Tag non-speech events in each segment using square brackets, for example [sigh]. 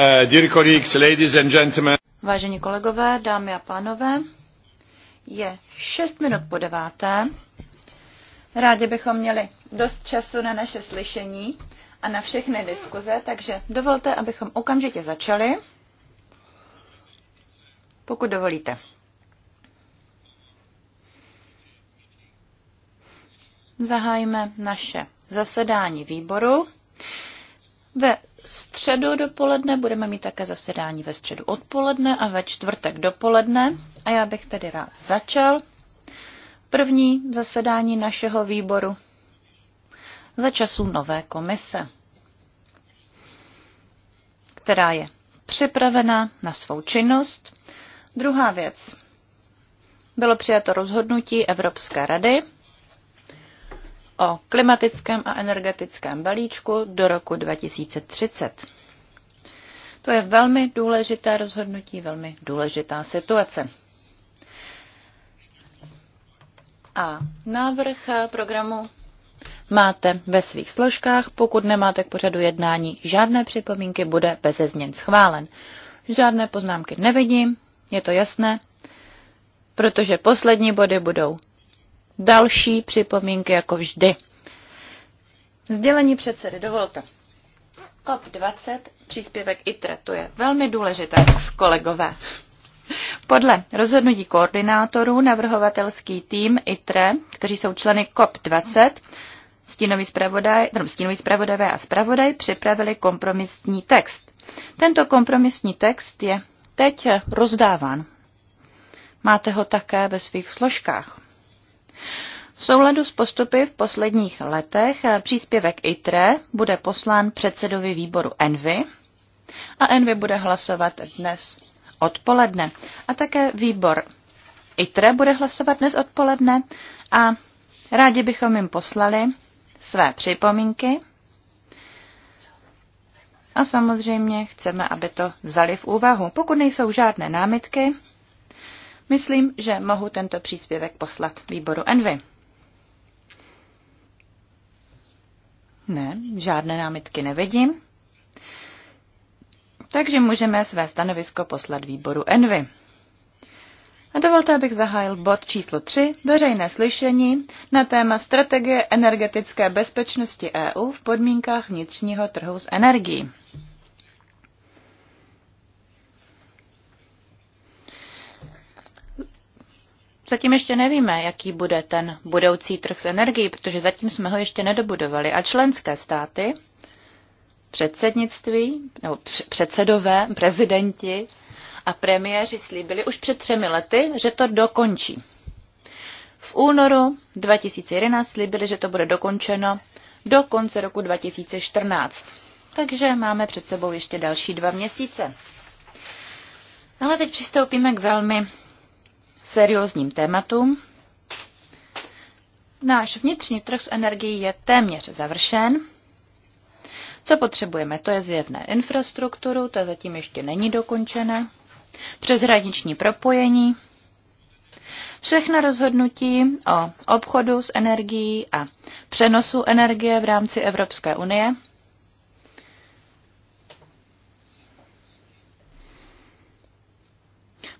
Eh, Vážení kolegové, dámy a pánové, je 6 minut po deváté. Rádi bychom měli dost času na naše slyšení a na všechny diskuze, takže dovolte, abychom okamžitě začali, pokud dovolíte. Zahájíme naše zasedání výboru. Ve středu dopoledne, budeme mít také zasedání ve středu odpoledne a ve čtvrtek dopoledne. A já bych tedy rád začal první zasedání našeho výboru za času nové komise, která je připravena na svou činnost. Druhá věc. Bylo přijato rozhodnutí Evropské rady o klimatickém a energetickém balíčku do roku 2030. To je velmi důležité rozhodnutí, velmi důležitá situace. A návrh programu máte ve svých složkách. Pokud nemáte k pořadu jednání žádné připomínky, bude beze změn schválen. Žádné poznámky nevidím, je to jasné, protože poslední body budou další připomínky jako vždy. Sdělení předsedy, dovolte. COP20, příspěvek ITRE, to je velmi důležité, kolegové. Podle rozhodnutí koordinátorů navrhovatelský tým ITRE, kteří jsou členy COP20, stínový zpravodaj, no, stínový zpravodajové a zpravodaj připravili kompromisní text. Tento kompromisní text je teď rozdáván. Máte ho také ve svých složkách. V souladu s postupy v posledních letech eh, příspěvek ITRE bude poslán předsedovi výboru ENVY a ENVY bude hlasovat dnes odpoledne. A také výbor ITRE bude hlasovat dnes odpoledne a rádi bychom jim poslali své připomínky. A samozřejmě chceme, aby to vzali v úvahu. Pokud nejsou žádné námitky, Myslím, že mohu tento příspěvek poslat výboru Envy. Ne, žádné námitky nevidím. Takže můžeme své stanovisko poslat výboru Envy. A dovolte, abych zahájil bod číslo 3, veřejné slyšení na téma strategie energetické bezpečnosti EU v podmínkách vnitřního trhu s energií. Zatím ještě nevíme, jaký bude ten budoucí trh s energií, protože zatím jsme ho ještě nedobudovali. A členské státy, předsednictví, nebo předsedové, prezidenti a premiéři slíbili už před třemi lety, že to dokončí. V únoru 2011 slíbili, že to bude dokončeno do konce roku 2014. Takže máme před sebou ještě další dva měsíce. Ale teď přistoupíme k velmi seriózním tématům. Náš vnitřní trh s energií je téměř završen. Co potřebujeme, to je zjevné infrastrukturu, ta zatím ještě není dokončena, přeshraniční propojení, všechna rozhodnutí o obchodu s energií a přenosu energie v rámci Evropské unie.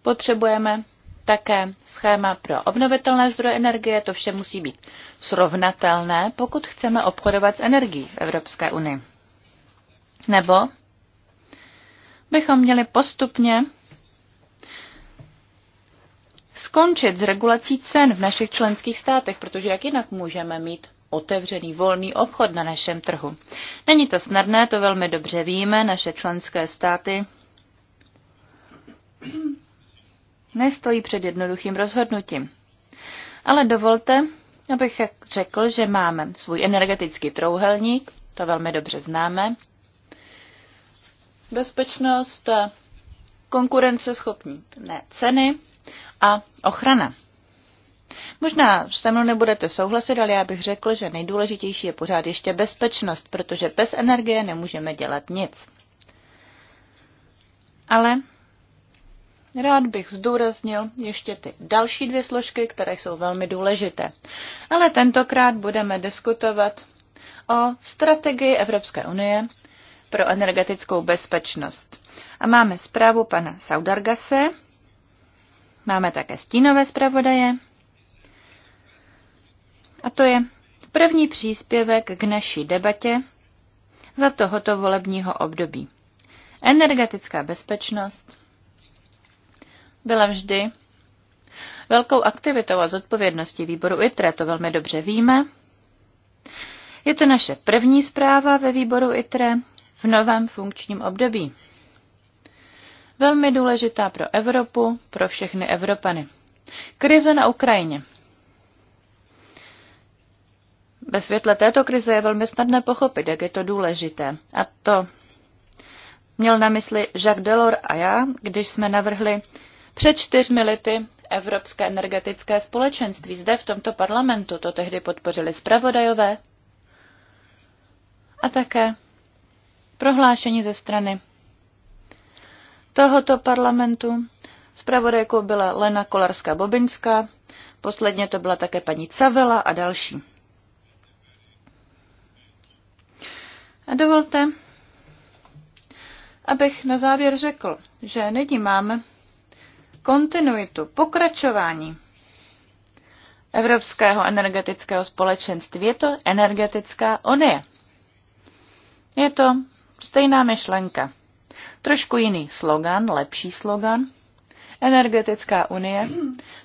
Potřebujeme také schéma pro obnovitelné zdroje energie. To vše musí být srovnatelné, pokud chceme obchodovat s energií v Evropské unii. Nebo bychom měli postupně skončit s regulací cen v našich členských státech, protože jak jinak můžeme mít otevřený volný obchod na našem trhu. Není to snadné, to velmi dobře víme, naše členské státy nestojí před jednoduchým rozhodnutím. Ale dovolte, abych řekl, že máme svůj energetický trouhelník, to velmi dobře známe. Bezpečnost, konkurenceschopní ne, ceny a ochrana. Možná se mnou nebudete souhlasit, ale já bych řekl, že nejdůležitější je pořád ještě bezpečnost, protože bez energie nemůžeme dělat nic. Ale Rád bych zdůraznil ještě ty další dvě složky, které jsou velmi důležité. Ale tentokrát budeme diskutovat o strategii Evropské unie pro energetickou bezpečnost. A máme zprávu pana Saudargase, máme také stínové zpravodaje. A to je první příspěvek k naší debatě za tohoto volebního období. Energetická bezpečnost byla vždy velkou aktivitou a zodpovědností výboru ITRE, to velmi dobře víme. Je to naše první zpráva ve výboru ITRE v novém funkčním období. Velmi důležitá pro Evropu, pro všechny Evropany. Krize na Ukrajině. Ve světle této krize je velmi snadné pochopit, jak je to důležité. A to měl na mysli Jacques Delors a já, když jsme navrhli před čtyřmi lety Evropské energetické společenství zde v tomto parlamentu. To tehdy podpořili zpravodajové a také prohlášení ze strany tohoto parlamentu. Zpravodajkou byla Lena Kolarská-Bobinská, posledně to byla také paní Cavela a další. A dovolte, abych na závěr řekl, že nyní máme kontinuitu, pokračování Evropského energetického společenství. Je to energetická unie. Je to stejná myšlenka. Trošku jiný slogan, lepší slogan. Energetická unie,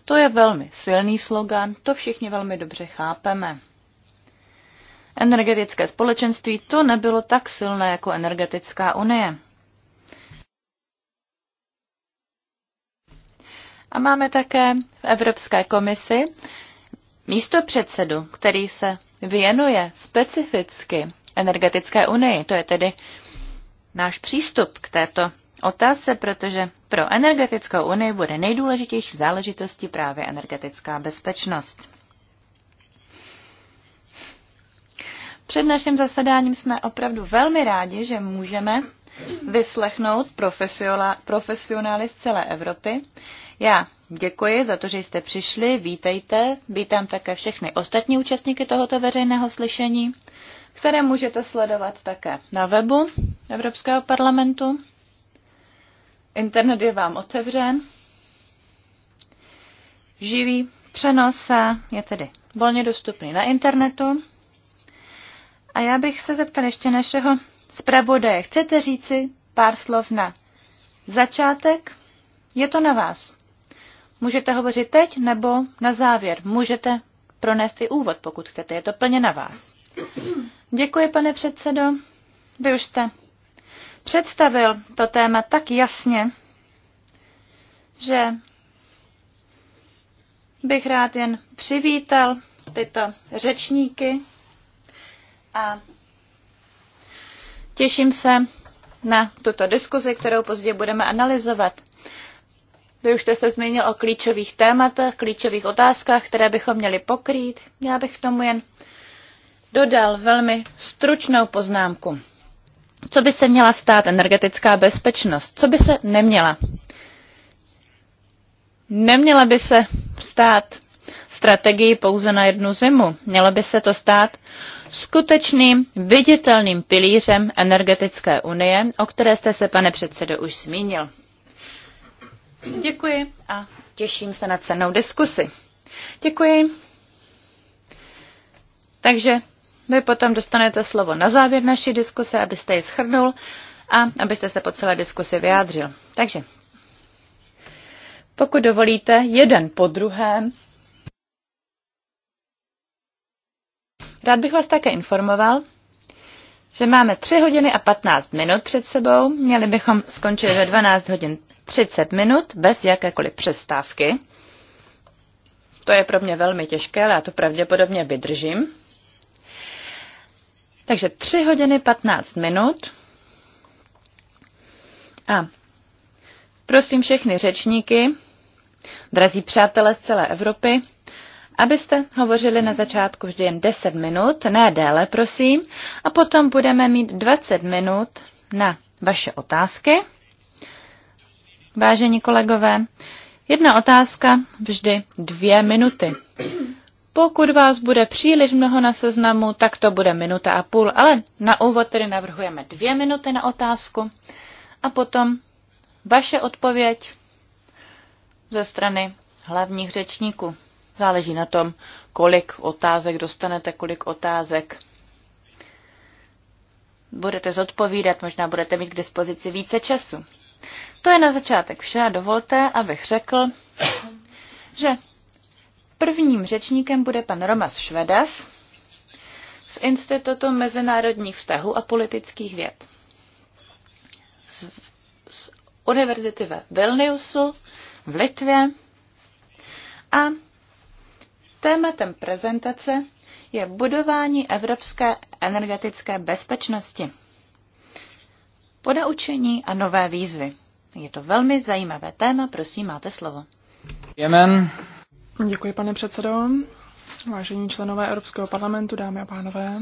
to je velmi silný slogan, to všichni velmi dobře chápeme. Energetické společenství to nebylo tak silné jako energetická unie. A máme také v Evropské komisi místo předsedu, který se věnuje specificky energetické unii. To je tedy náš přístup k této otázce, protože pro energetickou unii bude nejdůležitější záležitostí právě energetická bezpečnost. Před naším zasedáním jsme opravdu velmi rádi, že můžeme vyslechnout profesionály z celé Evropy, já děkuji za to, že jste přišli, vítejte, vítám také všechny ostatní účastníky tohoto veřejného slyšení, které můžete sledovat také na webu Evropského parlamentu. Internet je vám otevřen. Živý přenos je tedy volně dostupný na internetu. A já bych se zeptal ještě našeho zpravodaje. Chcete říci pár slov na začátek? Je to na vás. Můžete hovořit teď nebo na závěr. Můžete pronést i úvod, pokud chcete. Je to plně na vás. Děkuji, pane předsedo. Vy už jste představil to téma tak jasně, že bych rád jen přivítal tyto řečníky a těším se na tuto diskuzi, kterou později budeme analyzovat. Vy už jste se zmínil o klíčových tématech, klíčových otázkách, které bychom měli pokrýt. Já bych k tomu jen dodal velmi stručnou poznámku. Co by se měla stát energetická bezpečnost? Co by se neměla? Neměla by se stát strategii pouze na jednu zimu. Mělo by se to stát skutečným viditelným pilířem energetické unie, o které jste se, pane předsedo, už zmínil. Děkuji a těším se na cenou diskusi. Děkuji. Takže vy potom dostanete slovo na závěr naší diskuse, abyste ji schrnul a abyste se po celé diskusi vyjádřil. Takže pokud dovolíte, jeden po druhém. Rád bych vás také informoval, že máme 3 hodiny a 15 minut před sebou. Měli bychom skončit ve 12 hodin 30 minut bez jakékoliv přestávky. To je pro mě velmi těžké, ale já to pravděpodobně vydržím. Takže 3 hodiny 15 minut. A prosím všechny řečníky, drazí přátelé z celé Evropy, abyste hovořili na začátku vždy jen 10 minut, ne déle, prosím, a potom budeme mít 20 minut na vaše otázky Vážení kolegové, jedna otázka, vždy dvě minuty. Pokud vás bude příliš mnoho na seznamu, tak to bude minuta a půl, ale na úvod tedy navrhujeme dvě minuty na otázku a potom vaše odpověď ze strany hlavních řečníků. Záleží na tom, kolik otázek dostanete, kolik otázek budete zodpovídat, možná budete mít k dispozici více času. To je na začátek vše a dovolte, abych řekl, že prvním řečníkem bude pan Romas Švedas z Institutu mezinárodních vztahů a politických věd z, z univerzity ve Vilniusu v Litvě a tématem prezentace je budování evropské energetické bezpečnosti, Podaučení a nové výzvy. Je to velmi zajímavé téma, prosím, máte slovo. Jemen. Děkuji, pane předsedo. Vážení členové Evropského parlamentu, dámy a pánové,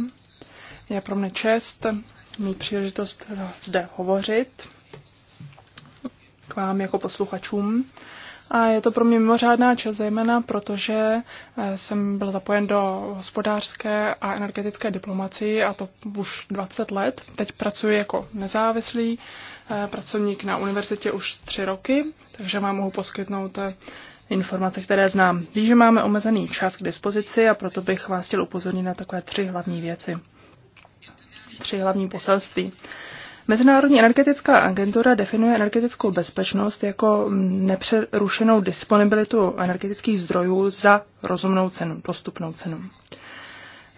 je pro mě čest mít příležitost zde hovořit k vám jako posluchačům. A je to pro mě mimořádná čest, zejména protože eh, jsem byl zapojen do hospodářské a energetické diplomacie a to už 20 let. Teď pracuji jako nezávislý Eh, pracovník na univerzitě už tři roky, takže vám mohu poskytnout eh, informace, které znám. Víš, že máme omezený čas k dispozici a proto bych vás chtěl upozornit na takové tři hlavní věci. Tři hlavní poselství. Mezinárodní energetická agentura definuje energetickou bezpečnost jako mm, nepřerušenou disponibilitu energetických zdrojů za rozumnou cenu, dostupnou cenu.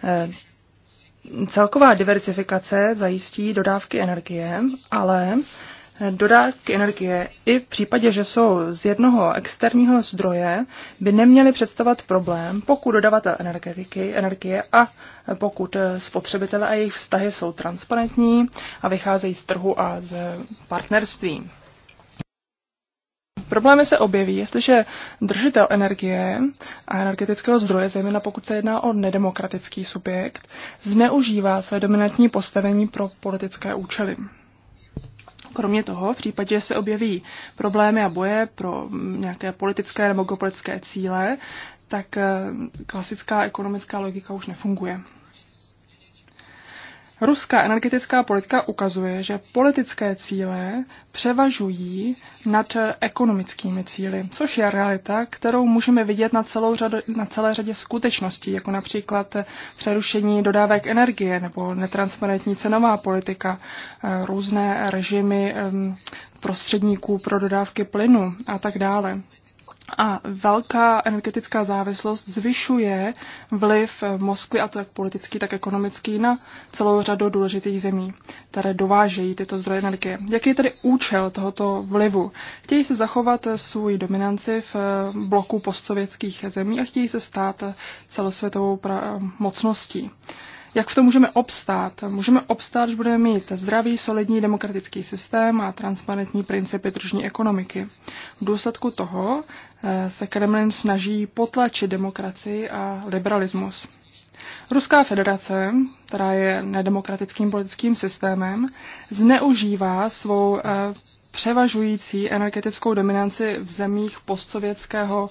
Eh, celková diversifikace zajistí dodávky energie, ale dodávky energie i v případě, že jsou z jednoho externího zdroje, by neměly představovat problém, pokud dodavatel energetiky, energie a pokud spotřebitele a jejich vztahy jsou transparentní a vycházejí z trhu a z partnerství. Problémy se objeví, jestliže držitel energie a energetického zdroje, zejména pokud se jedná o nedemokratický subjekt, zneužívá své dominantní postavení pro politické účely. Kromě toho, v případě, že se objeví problémy a boje pro nějaké politické nebo geopolitické cíle, tak eh, klasická ekonomická logika už nefunguje. Ruská energetická politika ukazuje, že politické cíle převažují nad ekonomickými cíly, což je realita, kterou můžeme vidět na, celou řadu, na celé řadě skutečností, jako například přerušení dodávek energie nebo netransparentní cenová politika, eh, různé režimy prostředníků pro dodávky plynu a tak dále. A velká energetická závislost zvyšuje vliv Moskvy, a to jak politický, tak ekonomický, na celou řadu důležitých zemí, které dovážejí tyto zdroje energie. Jaký je tedy účel tohoto vlivu? Chtějí se zachovat svůj dominanci v bloku postsovětských zemí a chtějí se stát celosvětovou mocností. Jak v tom můžeme obstát? Můžeme obstát, když budeme mít zdravý, solidní demokratický systém a transparentní principy tržní ekonomiky. V důsledku toho eh, se Kremlin snaží potlačit demokracii a liberalismus. Ruská federace, která je nedemokratickým politickým systémem, zneužívá svou eh, převažující energetickou dominanci v zemích postsovětského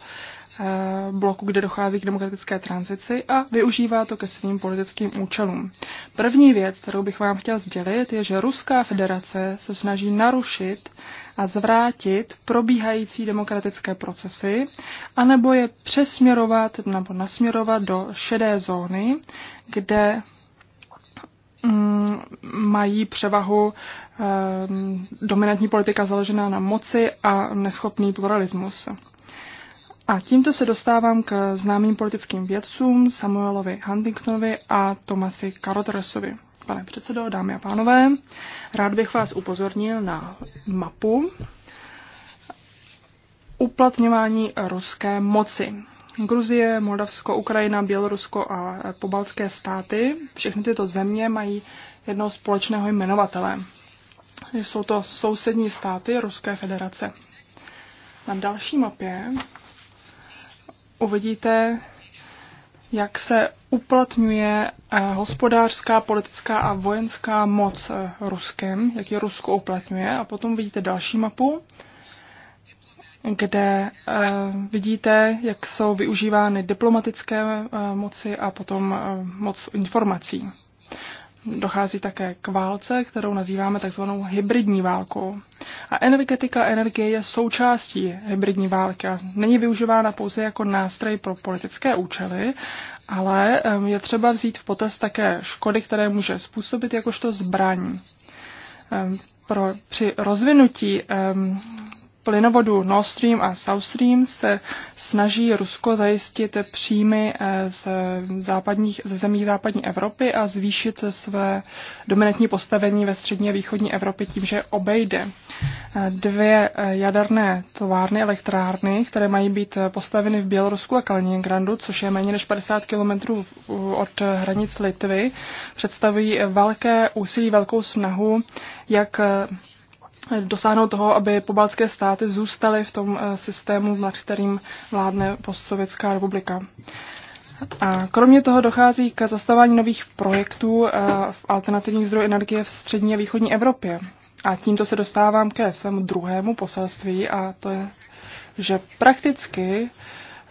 Eh, bloku, kde dochází k demokratické tranzici a využívá to ke svým politickým účelům. První věc, kterou bych vám chtěl sdělit, je, že Ruská federace se snaží narušit a zvrátit probíhající demokratické procesy, anebo je přesměrovat nebo nasměrovat do šedé zóny, kde mm, mají převahu eh, dominantní politika založená na moci a neschopný pluralismus. A tímto se dostávám k známým politickým vědcům Samuelovi Huntingtonovi a Tomasi Karotrasovi. Pane předsedo, dámy a pánové, rád bych vás upozornil na mapu uplatňování ruské moci. Gruzie, Moldavsko, Ukrajina, Bělorusko a pobaltské státy, všechny tyto země mají jednoho společného jmenovatele. Jsou to sousední státy Ruské federace. Na další mapě uvidíte, jak se uplatňuje eh, hospodářská, politická a vojenská moc eh, Ruskem, jak je Rusko uplatňuje. A potom vidíte další mapu, kde eh, vidíte, jak jsou využívány diplomatické moci a potom moc informací dochází také k válce, kterou nazýváme takzvanou hybridní válkou. A energetika energie je součástí hybridní války není využívána pouze jako nástroj pro politické účely, ale je třeba vzít v potaz také škody, které může způsobit jakožto zbraní. Pro, při rozvinutí plynovodu Nord Stream a South Stream se snaží Rusko zajistit příjmy eh, z západních, ze zemí západní Evropy a zvýšit své dominantní postavení ve střední a východní Evropě tím, že obejde eh, dvě eh, jaderné továrny, elektrárny, které mají být postaveny v Bělorusku a Kaliningradu, což je méně než 50 kilometrů od hranic Litvy, představují velké úsilí, velkou snahu, jak dosáhnout toho, aby pobaltské státy zůstaly v tom eh, systému, nad kterým vládne postsovětská republika. A kromě toho dochází k zastavování nových projektů eh, v alternativních zdrojů energie v střední a východní Evropě. A tímto se dostávám ke svému druhému poselství a to je, že prakticky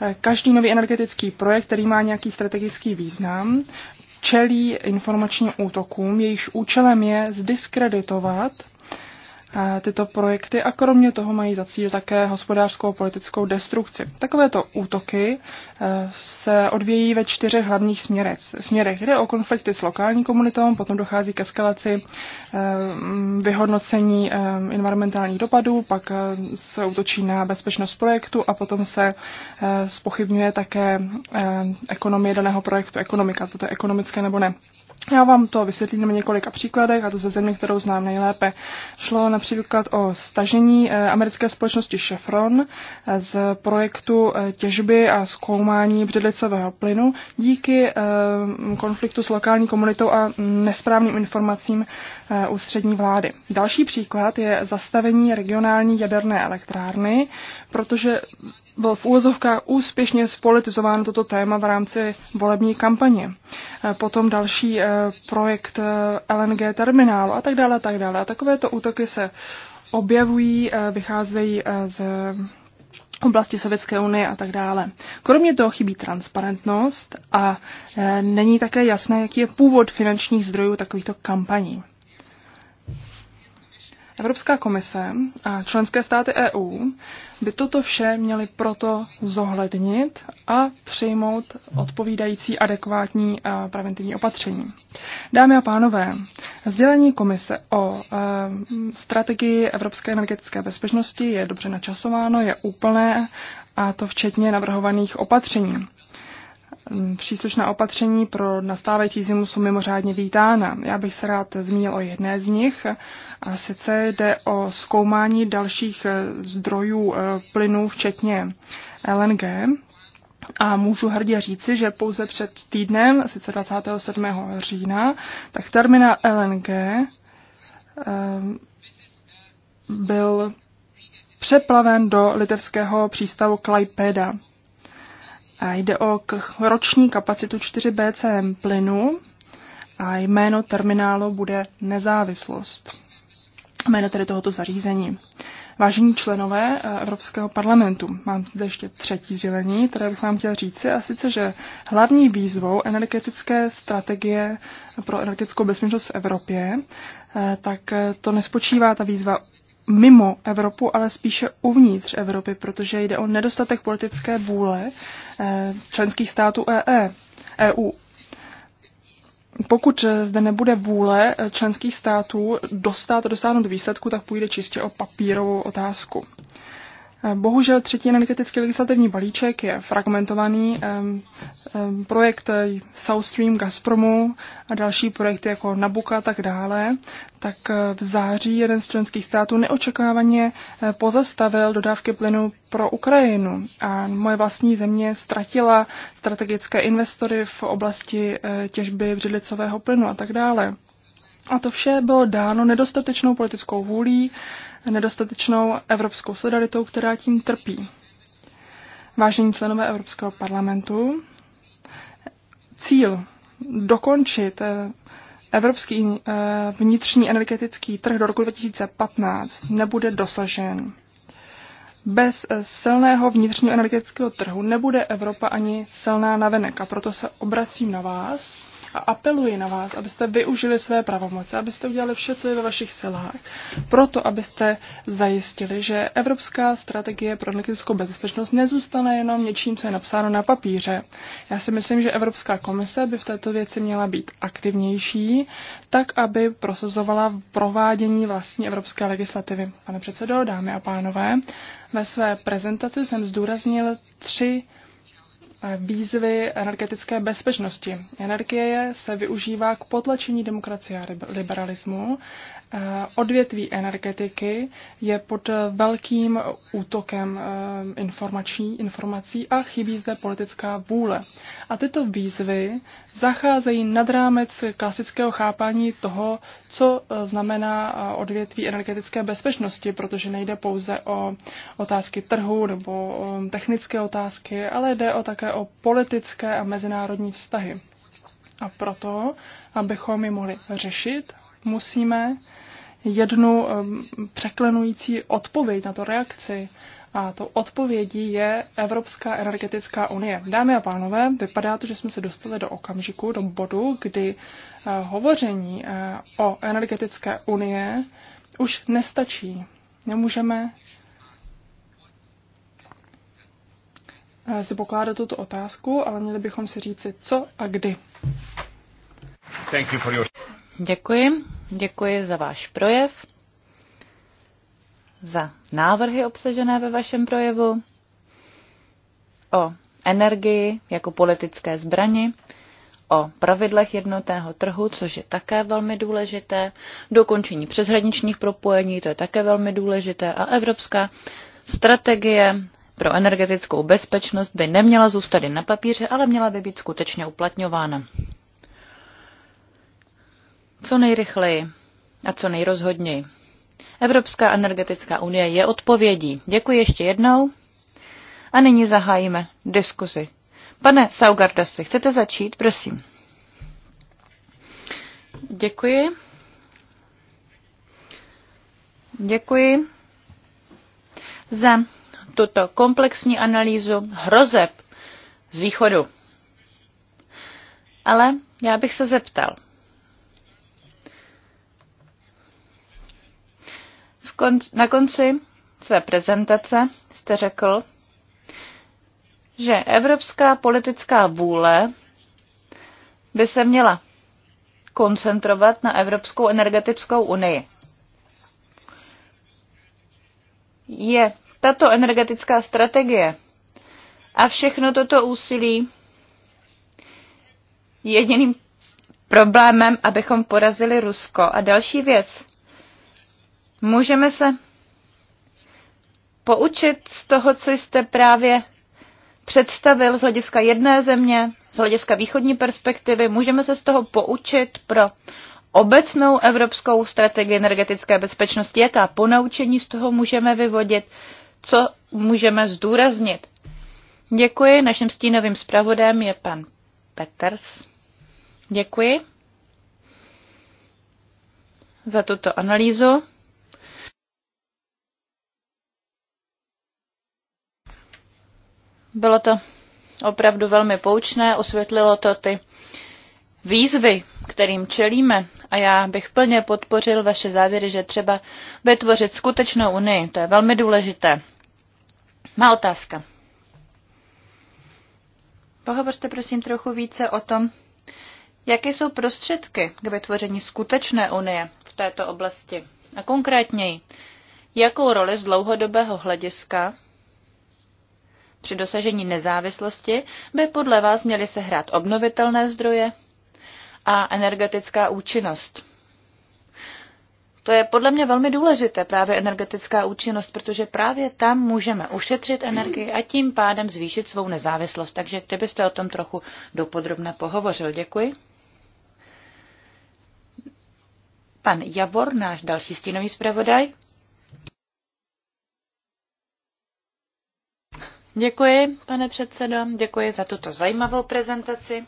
eh, každý nový energetický projekt, který má nějaký strategický význam, čelí informačním útokům, jejichž účelem je zdiskreditovat tyto projekty a kromě toho mají za cíl také hospodářskou a politickou destrukci. Takovéto útoky e, se odvějí ve čtyřech hlavních směrech. směrech. Jde o konflikty s lokální komunitou, potom dochází k eskalaci e, vyhodnocení e, environmentálních dopadů, pak se útočí na bezpečnost projektu a potom se spochybňuje také ekonomie daného projektu, ekonomika, zda to je ekonomické nebo ne. Já vám to vysvětlím na několika příkladech, a to ze země, kterou znám nejlépe. Šlo například o stažení eh, americké společnosti Chevron eh, z projektu eh, těžby a zkoumání břidlicového plynu díky konfliktu s lokální komunitou a nesprávným informacím ústřední vlády. Další příklad je zastavení regionální jaderné elektrárny, protože bylo v úvozovkách úspěšně spolitizováno toto téma v rámci volební kampaně. Eh, potom další eh, projekt eh, LNG terminálu a tak dále a tak dále. A takovéto útoky se objevují, vycházejí z oblasti Sovětské unie a tak dále. Kromě toho chybí transparentnost a není také jasné, jaký je původ finančních zdrojů takovýchto kampaní. Evropská komise a členské státy EU by toto vše měly proto zohlednit a přijmout odpovídající adekvátní eh, preventivní opatření. Dámy a pánové, sdělení komise o eh, strategii Evropské energetické bezpečnosti je dobře načasováno, je úplné a to včetně navrhovaných opatření příslušná opatření pro nastávající zimu jsou mimořádně vítána. Já bych se rád zmínil o jedné z nich, a sice jde o zkoumání dalších eh, zdrojů eh, plynů, včetně LNG. A můžu hrdě říci, že pouze před týdnem, sice 27. října, tak terminál LNG byl přeplaven do litevského přístavu Klaipeda. A jde o roční kapacitu 4 BCM plynu a jméno terminálu bude nezávislost. Jméno tedy tohoto zařízení. Vážení členové eh, Evropského parlamentu, mám zde ještě třetí sdělení, které bych vám chtěla říci, a sice, že hlavní výzvou energetické strategie pro energetickou bezpečnost v Evropě, eh, tak eh, to nespočívá ta výzva mimo Evropu, ale spíše uvnitř Evropy, protože jde o nedostatek politické vůle eh, členských států EE, EU. E Pokud eh, zde nebude vůle eh, členských států dostat, dosáhnout výsledku, tak půjde čistě o papírovou otázku. Bohužel třetí energetický legislativní balíček je fragmentovaný. Projekt South Stream Gazpromu a další projekty jako Nabuka a tak dále, tak eh, v září jeden z členských států neočekávaně eh, pozastavil dodávky plynu pro Ukrajinu a moje vlastní země ztratila strategické investory v oblasti eh, těžby břidlicového plynu a tak dále. A to vše bylo dáno nedostatečnou politickou vůlí, nedostatečnou evropskou solidaritou, která tím trpí. Vážení členové Evropského parlamentu, cíl dokončit eh, evropský eh, vnitřní energetický trh do roku 2015 nebude dosažen. Bez eh, silného vnitřního energetického trhu nebude Evropa ani silná navenek a proto se obracím na vás, a apeluji na vás, abyste využili své pravomoce, abyste udělali vše, co je ve vašich silách, proto abyste zajistili, že evropská strategie pro energetickou bezpečnost nezůstane jenom něčím, co je napsáno na papíře. Já si myslím, že Evropská komise by v této věci měla být aktivnější, tak aby prosazovala provádění vlastní evropské legislativy. Pane předsedo, dámy a pánové, ve své prezentaci jsem zdůraznil tři výzvy energetické bezpečnosti. Energie se využívá k potlačení demokracie a liberalismu Eh, odvětví energetiky je pod velkým útokem eh, informační, informací a chybí zde politická vůle. A tyto výzvy zacházejí nad rámec klasického chápání toho, co eh, znamená odvětví energetické bezpečnosti, protože nejde pouze o otázky trhu nebo o technické otázky, ale jde o také o politické a mezinárodní vztahy. A proto, abychom je mohli řešit, musíme uh, jednu překlenující odpověď na to reakci. A to odpovědí je Evropská energetická unie. Dámy a pánové, vypadá to, že jsme se dostali do okamžiku, do bodu, kdy eh, hovoření eh, o energetické unie už nestačí. Nemůžeme eh, si pokládat tuto otázku, ale měli bychom si říci, co a kdy. Thank you for your... Děkuji. Děkuji za váš projev, za návrhy obsažené ve vašem projevu, o energii jako politické zbrani, o pravidlech jednotného trhu, což je také velmi důležité, dokončení přeshraničních propojení, to je také velmi důležité, a evropská strategie pro energetickou bezpečnost by neměla zůstat jen na papíře, ale měla by být skutečně uplatňována co nejrychleji a co nejrozhodněji. Evropská energetická unie je odpovědí. Děkuji ještě jednou a nyní zahájíme diskuzi. Pane Saugardasi, chcete začít? Prosím. Děkuji. Děkuji za tuto komplexní analýzu hrozeb z východu. Ale já bych se zeptal, na konci své prezentace jste řekl, že evropská politická vůle by se měla koncentrovat na Evropskou energetickou unii. Je tato energetická strategie a všechno toto úsilí jediným problémem, abychom porazili Rusko. A další věc, Můžeme se poučit z toho, co jste právě představil z hlediska jedné země, z hlediska východní perspektivy. Můžeme se z toho poučit pro obecnou evropskou strategii energetické bezpečnosti, jaká ponaučení z toho můžeme vyvodit, co můžeme zdůraznit. Děkuji. Naším stínovým zpravodem je pan Peters. Děkuji za tuto analýzu. Bylo to opravdu velmi poučné, osvětlilo to ty výzvy, kterým čelíme a já bych plně podpořil vaše závěry, že třeba vytvořit skutečnou unii. To je velmi důležité. Má otázka. Pohovořte prosím trochu více o tom, jaké jsou prostředky k vytvoření skutečné unie v této oblasti. A konkrétněji, jakou roli z dlouhodobého hlediska při dosažení nezávislosti by podle vás měly sehrát obnovitelné zdroje a energetická účinnost. To je podle mě velmi důležité, právě energetická účinnost, protože právě tam můžeme ušetřit energii a tím pádem zvýšit svou nezávislost. Takže kdybyste o tom trochu dopodrobně pohovořil, děkuji. Pan Javor, náš další stínový zpravodaj. Děkuji, pane předsedo, děkuji za tuto zajímavou prezentaci.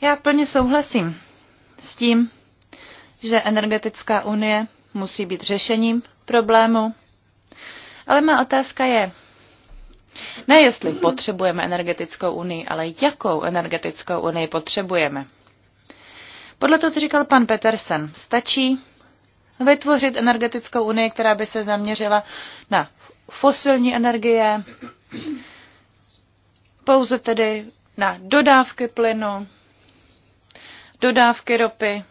Já plně souhlasím s tím, že energetická unie musí být řešením problému. Ale má otázka je, ne jestli potřebujeme energetickou unii, ale jakou energetickou unii potřebujeme. Podle toho, co říkal pan Petersen, stačí vytvořit energetickou unii, která by se zaměřila na fosilní energie, pouze tedy na dodávky plynu, dodávky ropy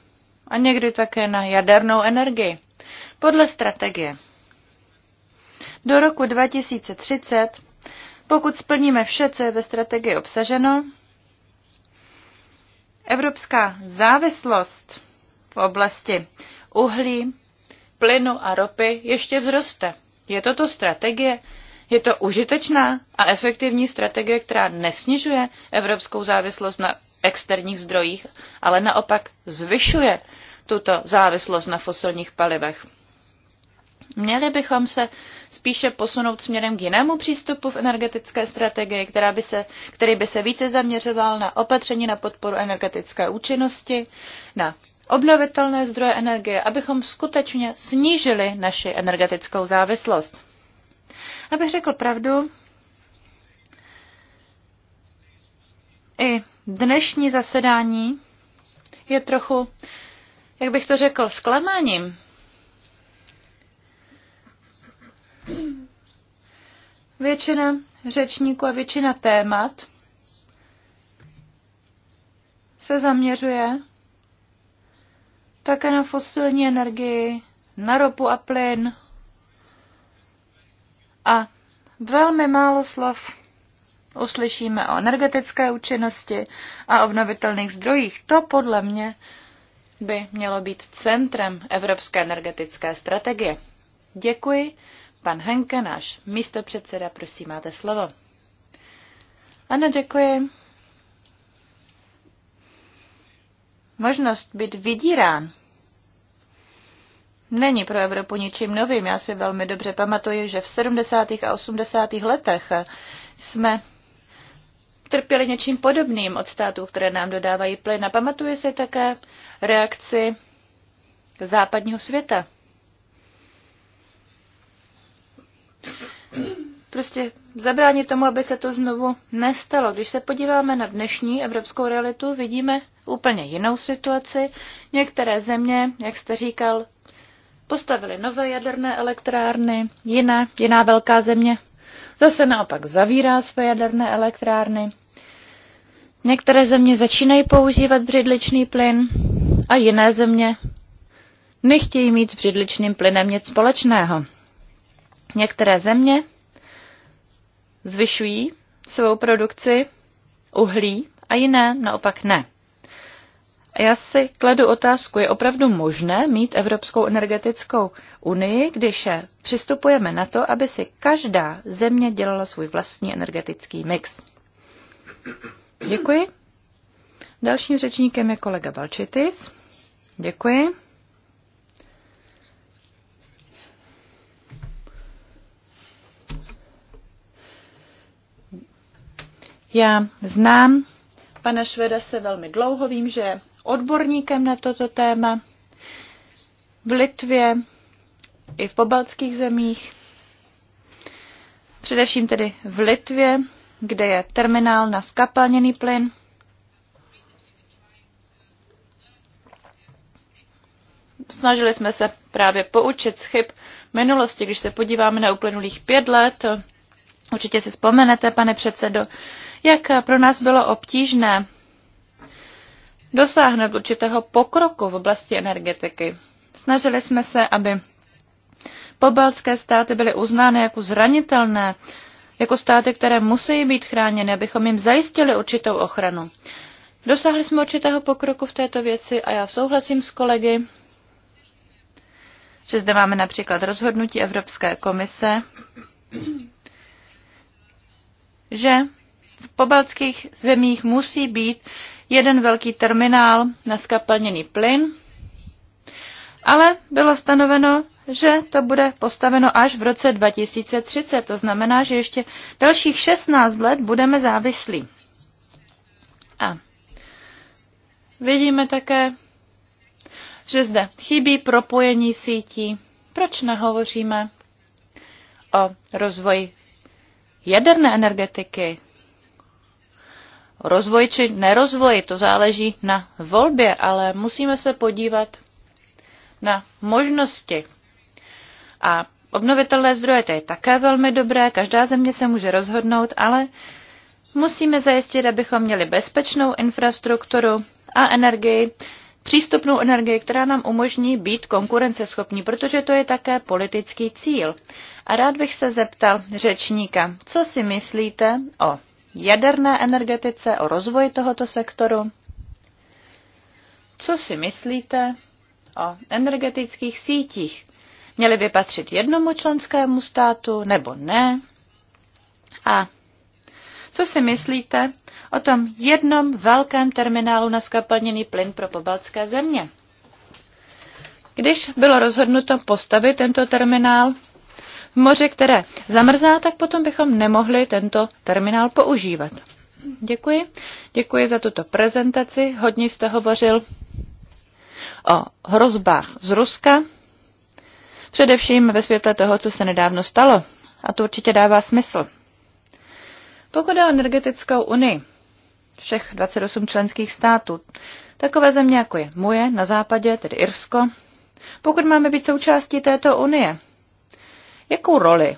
a někdy také na jadernou energii. Podle strategie. Do roku 2030, pokud splníme vše, co je ve strategii obsaženo, evropská závislost v oblasti uhlí, plynu a ropy ještě vzroste. Je toto strategie, je to užitečná a efektivní strategie, která nesnižuje evropskou závislost na externích zdrojích, ale naopak zvyšuje tuto závislost na fosilních palivech. Měli bychom se spíše posunout směrem k jinému přístupu v energetické strategii, která by se, který by se více zaměřoval na opatření na podporu energetické účinnosti, na obnovitelné zdroje energie, abychom skutečně snížili naši energetickou závislost. Abych řekl pravdu, i dnešní zasedání je trochu, jak bych to řekl, zklamáním. Většina řečníků a většina témat se zaměřuje také na fosilní energii, na ropu a plyn, a velmi málo slov uslyšíme o energetické účinnosti a obnovitelných zdrojích. To podle mě by mělo být centrem Evropské energetické strategie. Děkuji. Pan Henke, náš místopředseda, prosím, máte slovo. Ano, děkuji. Možnost být vydírán není pro Evropu ničím novým. Já si velmi dobře pamatuju, že v 70. a 80. letech jsme trpěli něčím podobným od států, které nám dodávají plyn. A pamatuje si také reakci západního světa. Prostě zabránit tomu, aby se to znovu nestalo. Když se podíváme na dnešní evropskou realitu, vidíme úplně jinou situaci. Některé země, jak jste říkal, postavili nové jaderné elektrárny, jiné, jiná velká země zase naopak zavírá své jaderné elektrárny. Některé země začínají používat břidličný plyn a jiné země nechtějí mít s břidličným plynem nic společného. Některé země zvyšují svou produkci uhlí a jiné naopak ne já si kladu otázku, je opravdu možné mít Evropskou energetickou unii, když přistupujeme na to, aby si každá země dělala svůj vlastní energetický mix. Děkuji. Dalším řečníkem je kolega Balčitis. Děkuji. Já znám pana Šveda se velmi dlouho, vím, že odborníkem na toto téma v Litvě i v pobaltských zemích. Především tedy v Litvě, kde je terminál na skapalněný plyn. Snažili jsme se právě poučit z chyb minulosti, když se podíváme na uplynulých pět let. Určitě si vzpomenete, pane předsedo, jak pro nás bylo obtížné dosáhnout určitého pokroku v oblasti energetiky. Snažili jsme se, aby pobaltské státy byly uznány jako zranitelné, jako státy, které musí být chráněny, abychom jim zajistili určitou ochranu. Dosáhli jsme určitého pokroku v této věci a já souhlasím s kolegy, že zde máme například rozhodnutí Evropské komise, že v pobaltských zemích musí být jeden velký terminál na skapalněný plyn, ale bylo stanoveno, že to bude postaveno až v roce 2030. To znamená, že ještě dalších 16 let budeme závislí. A vidíme také, že zde chybí propojení sítí. Proč nehovoříme o rozvoji jaderné energetiky, rozvoj či nerozvoj, to záleží na volbě, ale musíme se podívat na možnosti. A obnovitelné zdroje to je také velmi dobré, každá země se může rozhodnout, ale musíme zajistit, abychom měli bezpečnou infrastrukturu a energii, přístupnou energii, která nám umožní být konkurenceschopní, protože to je také politický cíl. A rád bych se zeptal řečníka, co si myslíte o jaderné energetice, o rozvoji tohoto sektoru. Co si myslíte o energetických sítích? Měly by patřit jednomu členskému státu nebo ne? A co si myslíte o tom jednom velkém terminálu na skapalněný plyn pro pobaltské země? Když bylo rozhodnuto postavit tento terminál, moře, které zamrzá, tak potom bychom nemohli tento terminál používat. Děkuji. Děkuji za tuto prezentaci. Hodně jste hovořil o hrozbách z Ruska, především ve světle toho, co se nedávno stalo. A to určitě dává smysl. Pokud je o energetickou unii všech 28 členských států, takové země jako je moje na západě, tedy Irsko, pokud máme být součástí této unie, Jakou roli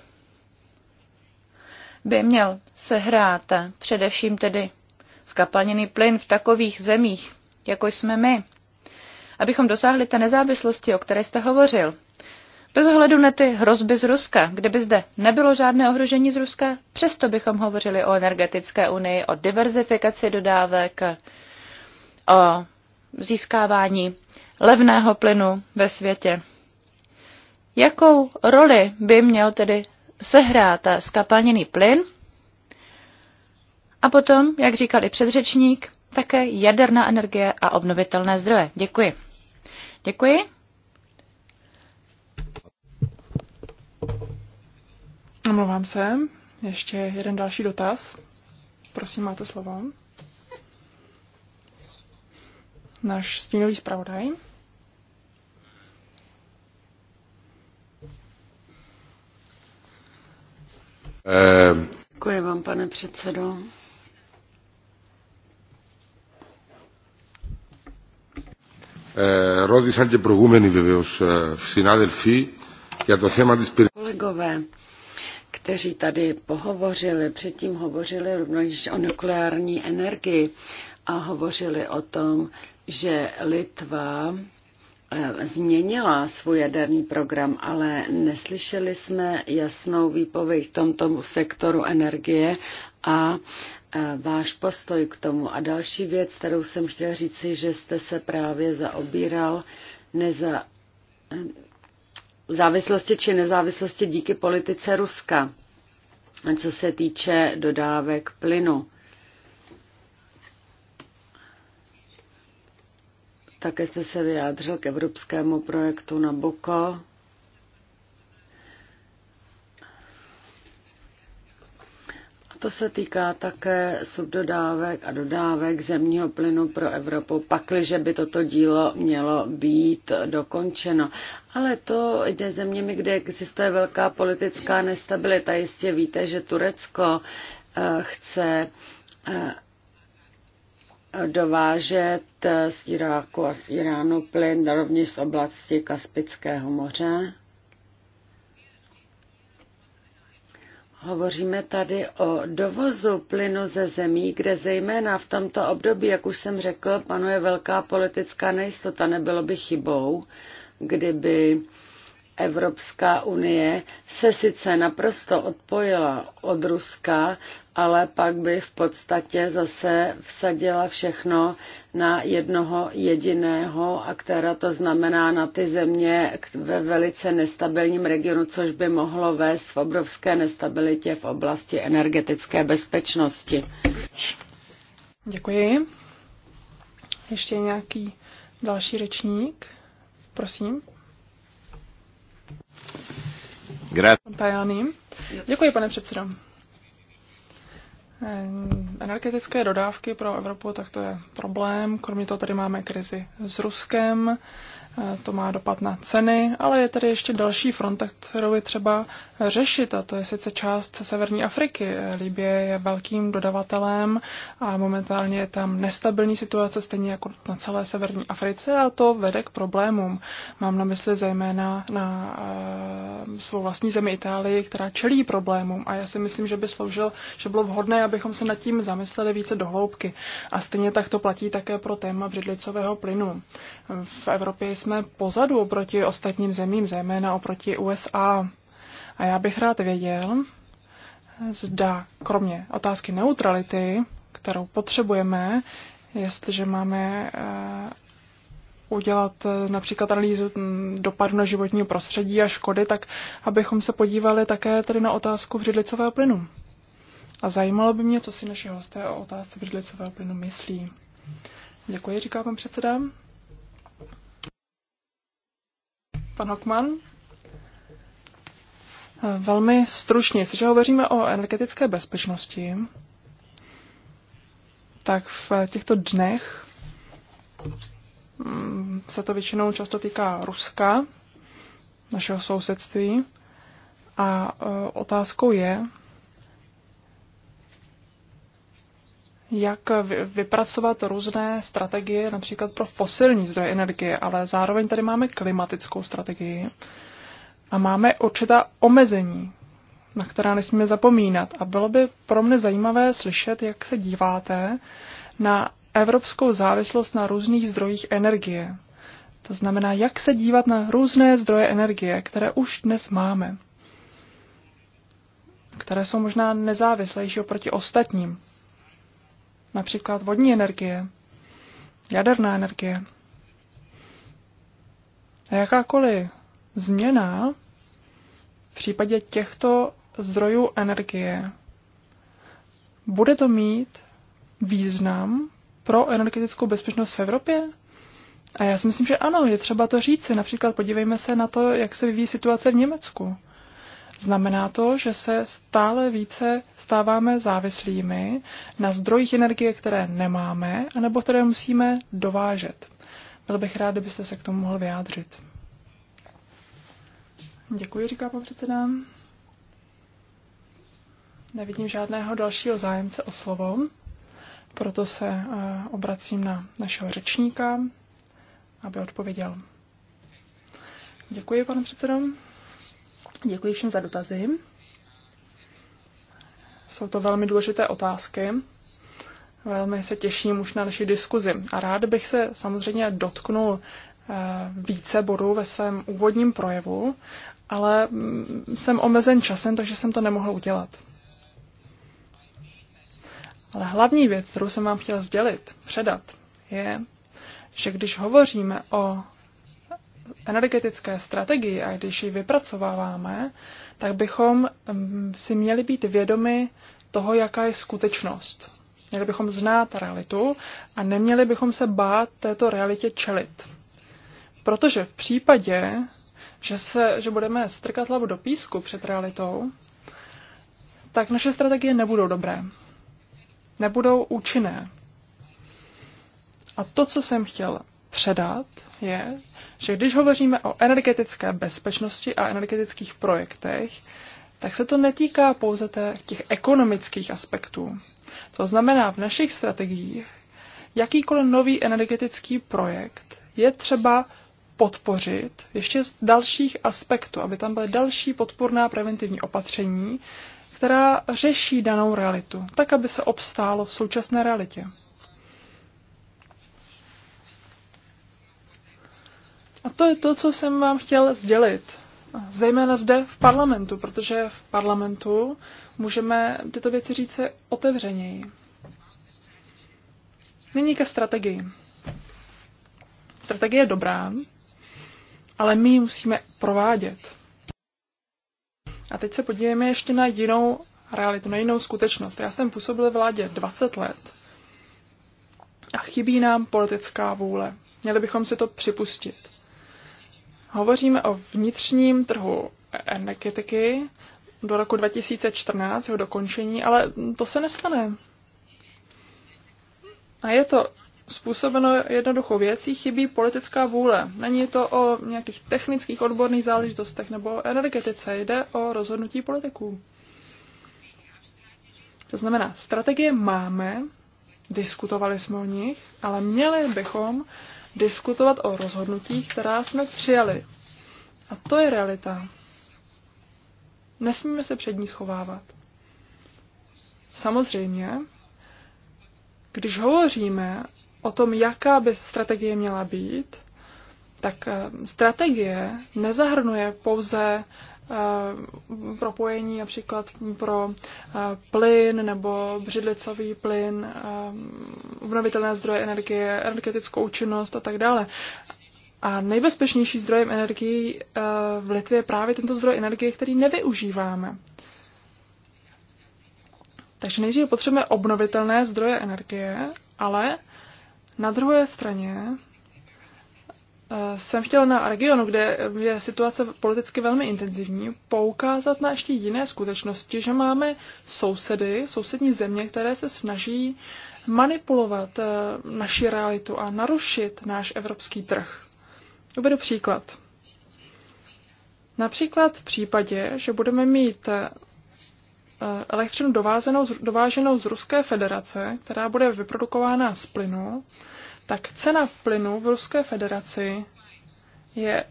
by měl sehrát především tedy skapalněný plyn v takových zemích, jako jsme my, abychom dosáhli té nezávislosti, o které jste hovořil? Bez ohledu na ty hrozby z Ruska, kdyby zde nebylo žádné ohrožení z Ruska, přesto bychom hovořili o energetické unii, o diverzifikaci dodávek, o získávání levného plynu ve světě. Jakou roli by měl tedy sehrát skapalněný plyn? A potom, jak říkal i předřečník, také jaderná energie a obnovitelné zdroje. Děkuji. Děkuji. Omlouvám se. Ještě jeden další dotaz. Prosím, máte slovo. Náš stínový zpravodaj. Děkuji vám, pane předsedo. Ρώτησαν και προηγούμενοι βεβαίως συνάδελφοι για το θέμα της Kolegové, kteří tady pohovořili, předtím hovořili rovněž o nukleární energii a hovořili o tom, že Litva Eh, změnila svůj jaderný program, ale neslyšeli jsme jasnou výpověď v tomto sektoru energie a eh, váš postoj k tomu. A další věc, kterou jsem chtěla říci, že jste se právě zaobíral neza, eh, závislosti či nezávislosti díky politice Ruska, co se týče dodávek plynu. Také jste se vyjádřil k evropskému projektu na A to se týká také subdodávek a dodávek zemního plynu pro Evropu, pakliže by toto dílo mělo být dokončeno. Ale to jde zeměmi, kde existuje velká politická nestabilita. Jistě víte, že Turecko eh, chce eh, dovážet z Iráku a z Iránu plyn rovněž z oblasti Kaspického moře. Hovoříme tady o dovozu plynu ze zemí, kde zejména v tomto období, jak už jsem řekl, panuje velká politická nejistota. Nebylo by chybou, kdyby Evropská unie se sice naprosto odpojila od Ruska, ale pak by v podstatě zase vsadila všechno na jednoho jediného aktéra, to znamená na ty země ve velice nestabilním regionu, což by mohlo vést v obrovské nestabilitě v oblasti energetické bezpečnosti. Děkuji. Ještě nějaký další řečník? Prosím. Děkuji, pane předsedo. Eh, energetické dodávky pro Evropu, tak to je problém. Kromě toho tady máme krizi s Ruskem Eh, to má dopad na ceny, ale je tady ještě další fronta, kterou je třeba řešit, a to je sice část Severní Afriky. Eh, Libie je velkým dodavatelem a momentálně je tam nestabilní situace, stejně jako na celé Severní Africe, a to vede k problémům. Mám na mysli zejména na eh, svou vlastní zemi Itálii, která čelí problémům a já si myslím, že by sloužil, že bylo vhodné, abychom se nad tím zamysleli více dohloubky. A stejně tak to platí také pro téma břidlicového plynu. V Evropě jsme pozadu oproti ostatním zemím, zejména oproti USA. A já bych rád věděl, zda kromě otázky neutrality, kterou potřebujeme, jestliže máme eh, udělat eh, například analýzu hm, dopadu na životní prostředí a škody, tak abychom se podívali také tedy na otázku břidlicového plynu. A zajímalo by mě, co si naši hosté o otázce břidlicového plynu myslí. Děkuji, říká pan předseda. Pan Hockman. Velmi stručně, jestliže hovoříme o energetické bezpečnosti, tak v těchto dnech mm, se to většinou často týká Ruska, našeho sousedství. A e, otázkou je, jak vypracovat různé strategie, například pro fosilní zdroje energie, ale zároveň tady máme klimatickou strategii a máme určitá omezení, na která nesmíme zapomínat. A bylo by pro mě zajímavé slyšet, jak se díváte na evropskou závislost na různých zdrojích energie. To znamená, jak se dívat na různé zdroje energie, které už dnes máme, které jsou možná nezávislejší oproti ostatním například vodní energie, jaderná energie. A jakákoliv změna v případě těchto zdrojů energie bude to mít význam pro energetickou bezpečnost v Evropě? A já si myslím, že ano, je třeba to říci. Například podívejme se na to, jak se vyvíjí situace v Německu. Znamená to, že se stále více stáváme závislými na zdrojích energie, které nemáme, anebo které musíme dovážet. Byl bych rád, kdybyste se k tomu mohl vyjádřit. Děkuji, říká pan předseda. Nevidím žádného dalšího zájemce o slovo, proto se eh, obracím na našeho řečníka, aby odpověděl. Děkuji, pane předsedo. Vlastně děkuji všem za dotazy. Jsou to velmi důležité otázky. Velmi se těším už na naši diskuzi. A rád bych se samozřejmě dotknul eh, více bodů ve svém úvodním projevu, ale mm, jsem omezen časem, takže jsem to nemohl udělat. Ale hlavní věc, kterou jsem vám chtěl sdělit, předat, je, že když hovoříme o energetické strategii a když ji vypracováváme, tak bychom mm, si měli být vědomi toho, jaká je skutečnost. Měli bychom znát realitu a neměli bychom se bát této realitě čelit. Protože v případě, že, se, že budeme strkat hlavu do písku před realitou, tak naše strategie nebudou dobré. Nebudou účinné. A to, co jsem chtěl předat, je, že když hovoříme o energetické bezpečnosti a energetických projektech, tak se to netýká pouze těch ekonomických aspektů. To znamená, v našich strategiích jakýkoliv nový energetický projekt je třeba podpořit ještě z dalších aspektů, aby tam byly další podporná preventivní opatření, která řeší danou realitu, tak aby se obstálo v současné realitě. A to je to, co jsem vám chtěl sdělit. Zejména zde v parlamentu, protože v parlamentu můžeme tyto věci říct se otevřeněji. Nyní ke strategii. Strategie je dobrá, ale my ji musíme provádět. A teď se podívejme ještě na jinou realitu, na jinou skutečnost. Já jsem působil vládě 20 let a chybí nám politická vůle. Měli bychom si to připustit. Hovoříme o vnitřním trhu energetiky do roku 2014, jeho dokončení, ale to se nestane. A je to způsobeno jednoduchou věcí, chybí politická vůle. Není to o nějakých technických odborných záležitostech nebo o energetice, jde o rozhodnutí politiků. To znamená, strategie máme, diskutovali jsme o nich, ale měli bychom diskutovat o rozhodnutích, která jsme přijali. A to je realita. Nesmíme se před ní schovávat. Samozřejmě, když hovoříme o tom, jaká by strategie měla být, tak eh, strategie nezahrnuje pouze Eh, propojení například pro eh, plyn nebo břidlicový plyn, eh, obnovitelné zdroje energie, energetickou účinnost a tak dále. A nejbezpečnější zdrojem energie v Litvě je právě tento zdroj energie, který nevyužíváme. Takže nejdříve potřebujeme obnovitelné zdroje energie, ale na druhé straně jsem chtěla na regionu, kde je situace politicky velmi intenzivní, poukázat na ještě jiné skutečnosti, že máme sousedy, sousední země, které se snaží manipulovat eh, naši realitu a narušit náš evropský trh. Uvedu příklad. Například v případě, že budeme mít eh, elektřinu dováženou, z Ruské federace, která bude vyprodukována z plynu, tak cena plynu v Ruské federaci je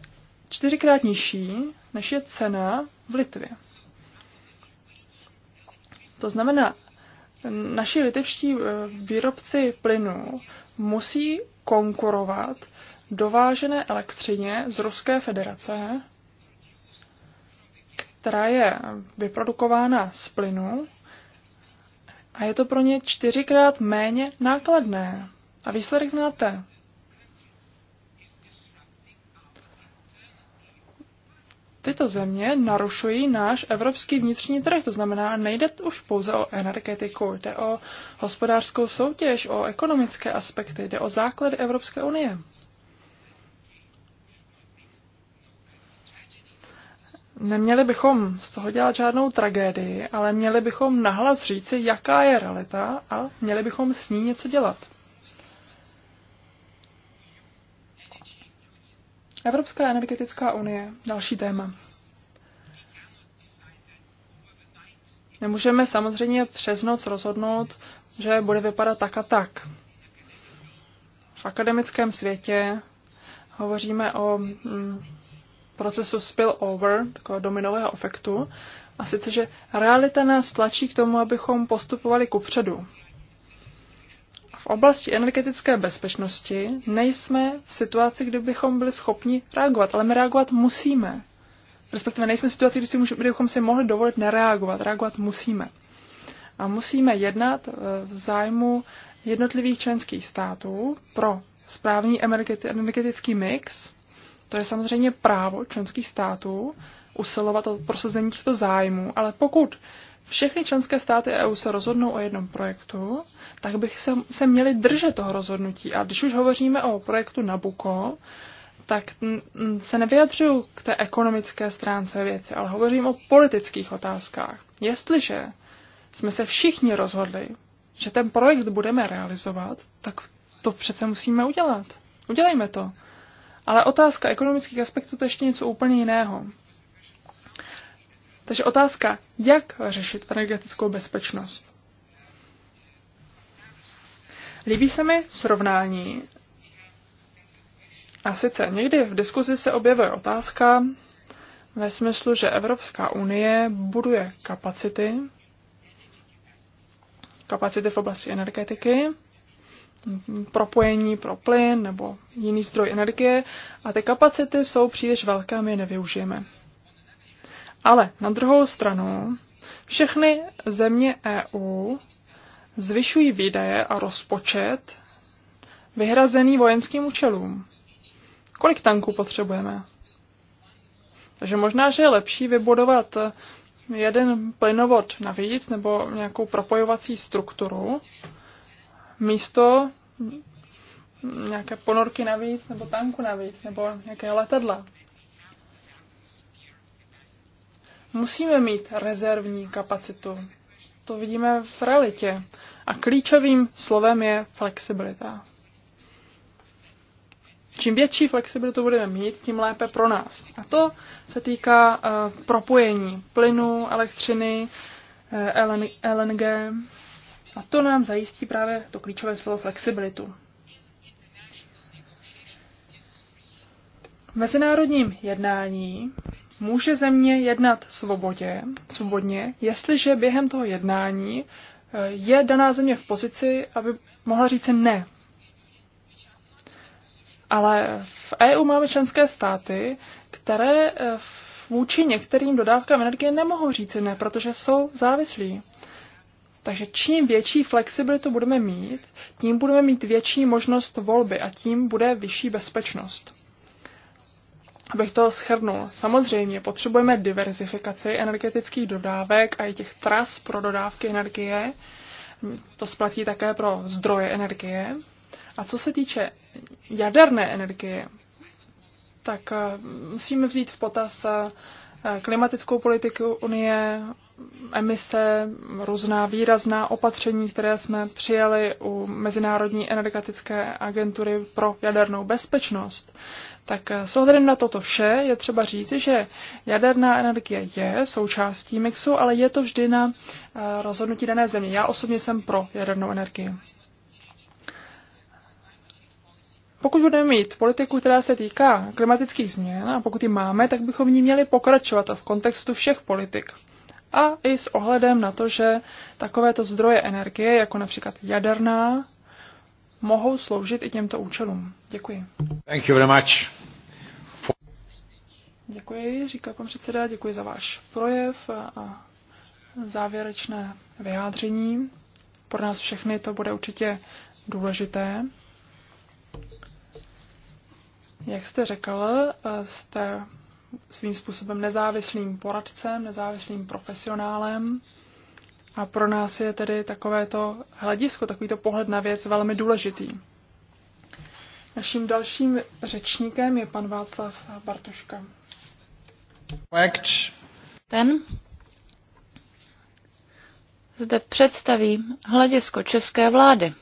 čtyřikrát nižší, než je cena v Litvě. To znamená, naši litevští eh, výrobci plynu musí konkurovat dovážené elektřině z Ruské federace, která je vyprodukována z plynu a je to pro ně čtyřikrát méně nákladné, a výsledek znáte. Tyto země narušují náš evropský vnitřní trh, to znamená, nejde už pouze o energetiku, jde o hospodářskou soutěž, o ekonomické aspekty, jde o základy Evropské unie. Neměli bychom z toho dělat žádnou tragédii, ale měli bychom nahlas říci, jaká je realita a měli bychom s ní něco dělat. Evropská energetická unie, další téma. Nemůžeme samozřejmě přes noc rozhodnout, že bude vypadat tak a tak. V akademickém světě hovoříme o mm, procesu spillover, takového dominového efektu, a sice, že realita nás tlačí k tomu, abychom postupovali kupředu. V oblasti energetické bezpečnosti nejsme v situaci, kdy bychom byli schopni reagovat, ale my reagovat musíme. Respektive nejsme v situaci, kdy, kdy bychom si mohli dovolit nereagovat. Reagovat musíme. A musíme jednat eh, v zájmu jednotlivých členských států pro správný energetický mix. To je samozřejmě právo členských států usilovat o prosazení těchto zájmů, ale pokud všechny členské státy EU se rozhodnou o jednom projektu, tak bych se, se měli držet toho rozhodnutí. A když už hovoříme o projektu Nabuko, tak se nevyjadřuju k té ekonomické stránce věci, ale hovořím o politických otázkách. Jestliže jsme se všichni rozhodli, že ten projekt budeme realizovat, tak to přece musíme udělat. Udělejme to. Ale otázka ekonomických aspektů to ještě něco úplně jiného. Takže otázka, jak řešit energetickou bezpečnost. Líbí se mi srovnání. A sice někdy v diskuzi se objevuje otázka ve smyslu, že Evropská unie buduje kapacity, kapacity v oblasti energetiky, propojení pro plyn nebo jiný zdroj energie a ty kapacity jsou příliš velké a my je nevyužijeme. Ale na druhou stranu všechny země EU zvyšují výdaje a rozpočet vyhrazený vojenským účelům. Kolik tanků potřebujeme? Takže možná, že je lepší vybudovat jeden plynovod navíc nebo nějakou propojovací strukturu místo nějaké ponorky navíc nebo tanku navíc nebo nějaké letadla. Musíme mít rezervní kapacitu. To vidíme v realitě. A klíčovým slovem je flexibilita. Čím větší flexibilitu budeme mít, tím lépe pro nás. A to se týká uh, propojení plynu, elektřiny, uh, eh, LNG. A to nám zajistí právě to klíčové slovo flexibilitu. V mezinárodním jednání Může země jednat svobodě, svobodně, jestliže během toho jednání eh, je daná země v pozici, aby mohla říct ne. Ale v EU máme členské státy, které eh, vůči některým dodávkám energie nemohou říci ne, protože jsou závislí. Takže čím větší flexibilitu budeme mít, tím budeme mít větší možnost volby a tím bude vyšší bezpečnost. Abych to schrnul, samozřejmě potřebujeme diverzifikaci energetických dodávek a i těch tras pro dodávky energie. To splatí také pro zdroje energie. A co se týče jaderné energie, tak eh, musíme vzít v potaz eh, klimatickou politiku Unie, emise, různá výrazná opatření, které jsme přijali u Mezinárodní energetické agentury pro jadernou bezpečnost. Tak s ohledem na toto vše je třeba říci, že jaderná energie je součástí mixu, ale je to vždy na eh, rozhodnutí dané země. Já osobně jsem pro jadernou energii. Pokud budeme mít politiku, která se týká klimatických změn, a pokud ji máme, tak bychom v ní měli pokračovat v kontextu všech politik. A i s ohledem na to, že takovéto zdroje energie, jako například jaderná, mohou sloužit i těmto účelům. Děkuji. Thank you very much. For... Děkuji, říká pan předseda, děkuji za váš projev a závěrečné vyjádření. Pro nás všechny to bude určitě důležité. Jak jste řekl, eh, jste svým způsobem nezávislým poradcem, nezávislým profesionálem. A pro nás je tedy takovéto hledisko, takovýto pohled na věc velmi důležitý. Naším dalším řečníkem je pan Václav Bartuška. Ten zde představí hledisko české vlády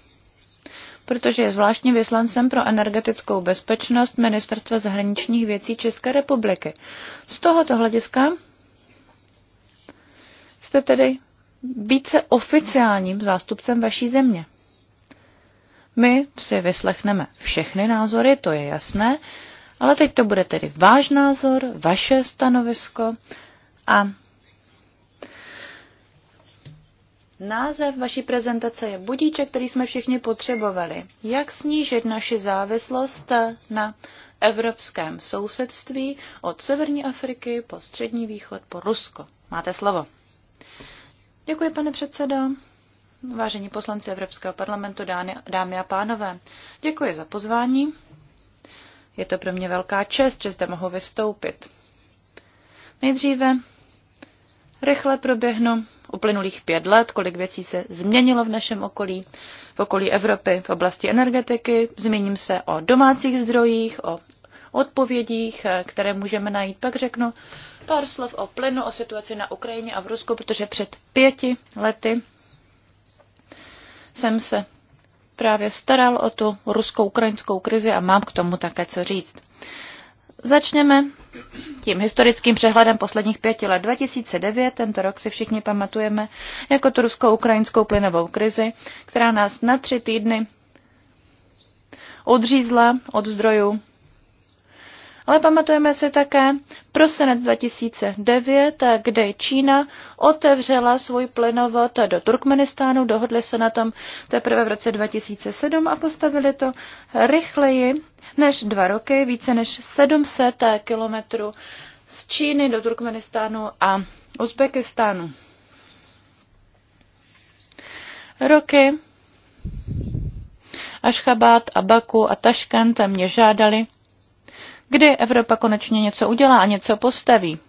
protože je zvláštním vyslancem pro energetickou bezpečnost Ministerstva zahraničních věcí České republiky. Z tohoto hlediska jste tedy více oficiálním zástupcem vaší země. My si vyslechneme všechny názory, to je jasné, ale teď to bude tedy váš názor, vaše stanovisko a Název vaší prezentace je budíček, který jsme všichni potřebovali. Jak snížit naši závislost na evropském sousedství od severní Afriky po střední východ po Rusko. Máte slovo. Děkuji, pane předsedo. Vážení poslanci Evropského parlamentu, dámy a pánové, děkuji za pozvání. Je to pro mě velká čest, že zde mohu vystoupit. Nejdříve rychle proběhnu uplynulých pět let, kolik věcí se změnilo v našem okolí, v okolí Evropy v oblasti energetiky. Zmíním se o domácích zdrojích, o odpovědích, eh, které můžeme najít. Pak řeknu pár slov o plynu, o situaci na Ukrajině a v Rusku, protože před pěti lety jsem se právě staral o tu rusko-ukrajinskou krizi a mám k tomu také co říct. Začněme tím historickým přehledem posledních pěti let 2009, tento rok si všichni pamatujeme, jako tu rusko-ukrajinskou plynovou krizi, která nás na tři týdny odřízla od zdrojů ale pamatujeme si také prosinec 2009, kde Čína otevřela svůj plynovod do Turkmenistánu, dohodli se na tom teprve v roce 2007 a postavili to rychleji než dva roky, více než 700 kilometrů z Číny do Turkmenistánu a Uzbekistánu. Roky Ašchabát a Baku a Taškent mě žádali, kdy Evropa konečně něco udělá a něco postaví.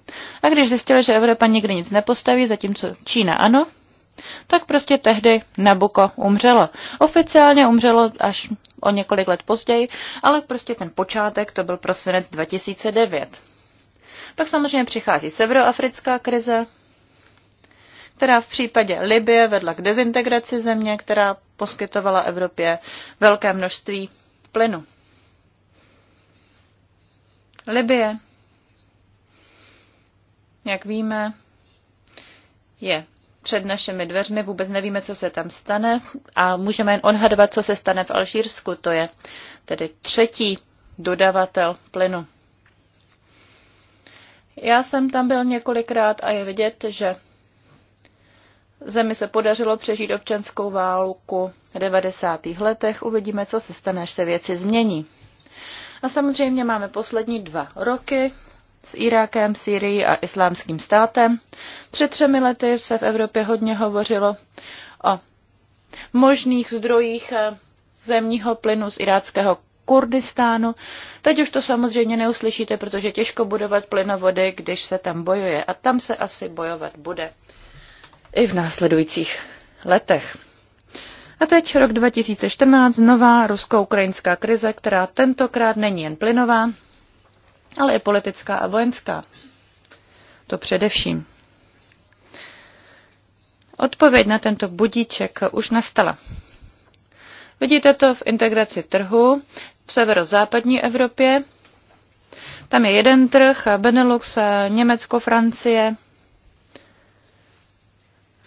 A když zjistili, že Evropa nikdy nic nepostaví, zatímco Čína ano, tak prostě tehdy Nabuko umřelo. Oficiálně umřelo až o několik let později, ale prostě ten počátek to byl prosinec 2009. Pak samozřejmě přichází severoafrická krize, která v případě Libie vedla k dezintegraci země, která poskytovala Evropě velké množství plynu. Libie, jak víme, je před našimi dveřmi, vůbec nevíme, co se tam stane a můžeme jen odhadovat, co se stane v Alžírsku. To je tedy třetí dodavatel plynu. Já jsem tam byl několikrát a je vidět, že zemi se podařilo přežít občanskou válku v 90. letech. Uvidíme, co se stane, až se věci změní. A samozřejmě máme poslední dva roky s Irákem, Syrií a islámským státem. Před třemi lety se v Evropě hodně hovořilo o možných zdrojích eh, zemního plynu z iráckého Kurdistánu. Teď už to samozřejmě neuslyšíte, protože těžko budovat plynovody, když se tam bojuje. A tam se asi bojovat bude i v následujících letech. A teď rok 2014, nová rusko-ukrajinská krize, která tentokrát není jen plynová, ale i politická a vojenská. To především. Odpověď na tento budíček už nastala. Vidíte to v integraci trhu v severozápadní Evropě. Tam je jeden trh, Benelux, Německo, Francie,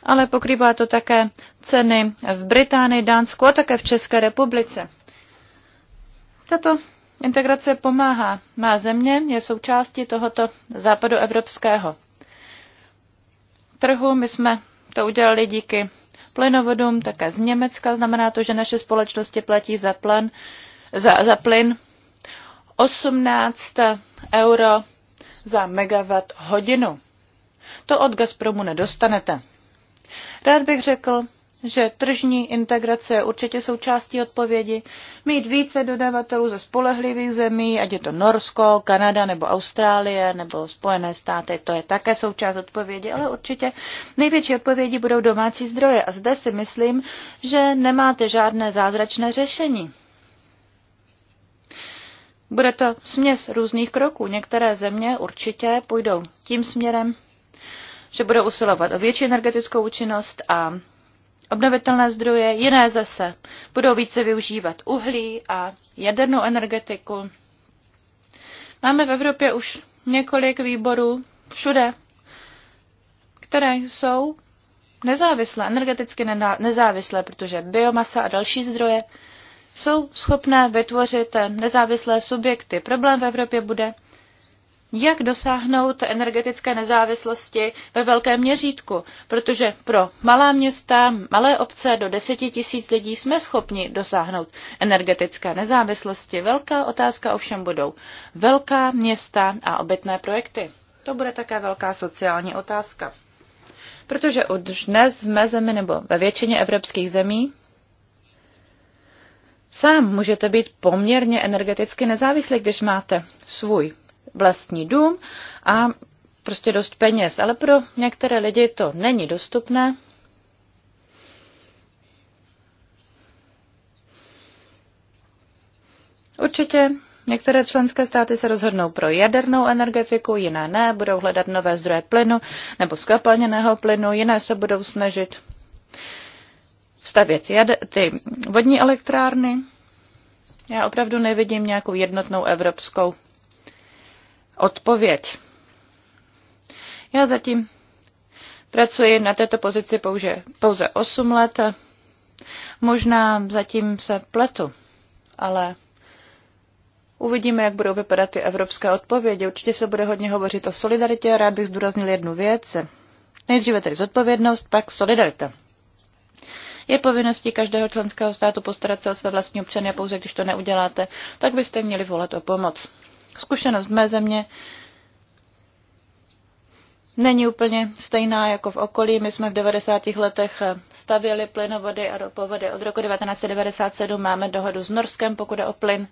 ale pokrývá to také ceny v Británii, Dánsku a také v České republice. Tato integrace pomáhá. Má země je součástí tohoto západu evropského trhu. My jsme to udělali díky plynovodům, také z Německa. Znamená to, že naše společnosti platí za, plen, za, za plyn 18 euro za megawatt hodinu. To od Gazpromu nedostanete. Rád bych řekl, že tržní integrace je určitě součástí odpovědi. Mít více dodavatelů ze spolehlivých zemí, ať je to Norsko, Kanada nebo Austrálie nebo Spojené státy, to je také součást odpovědi, ale určitě největší odpovědi budou domácí zdroje. A zde si myslím, že nemáte žádné zázračné řešení. Bude to směs různých kroků. Některé země určitě půjdou tím směrem, že budou usilovat o větší energetickou účinnost a obnovitelné zdroje, jiné zase budou více využívat uhlí a jadernou energetiku. Máme v Evropě už několik výborů všude, které jsou nezávislé, energeticky nezávislé, protože biomasa a další zdroje jsou schopné vytvořit nezávislé subjekty. Problém v Evropě bude, jak dosáhnout energetické nezávislosti ve velkém měřítku, protože pro malá města, malé obce do deseti tisíc lidí jsme schopni dosáhnout energetické nezávislosti. Velká otázka ovšem budou velká města a obytné projekty. To bude také velká sociální otázka. Protože už dnes v mé zemi nebo ve většině evropských zemí Sám můžete být poměrně energeticky nezávislý, když máte svůj vlastní dům a prostě dost peněz. Ale pro některé lidi to není dostupné. Určitě Některé členské státy se rozhodnou pro jadernou energetiku, jiné ne, budou hledat nové zdroje plynu nebo skapalněného plynu, jiné se budou snažit stavět ty vodní elektrárny. Já opravdu nevidím nějakou jednotnou evropskou odpověď. Já zatím pracuji na této pozici pouze, pouze 8 let. Možná zatím se pletu, ale uvidíme, jak budou vypadat ty evropské odpovědi. Určitě se bude hodně hovořit o solidaritě. Rád bych zdůraznil jednu věc. Nejdříve tedy zodpovědnost, pak solidarita. Je povinností každého členského státu postarat se o své vlastní občany a pouze když to neuděláte, tak byste měli volat o pomoc. Zkušenost mé země není úplně stejná jako v okolí. My jsme v 90. letech stavěli plynovody a ropovody. Od roku 1997 máme dohodu s Norskem, pokud je o plyn.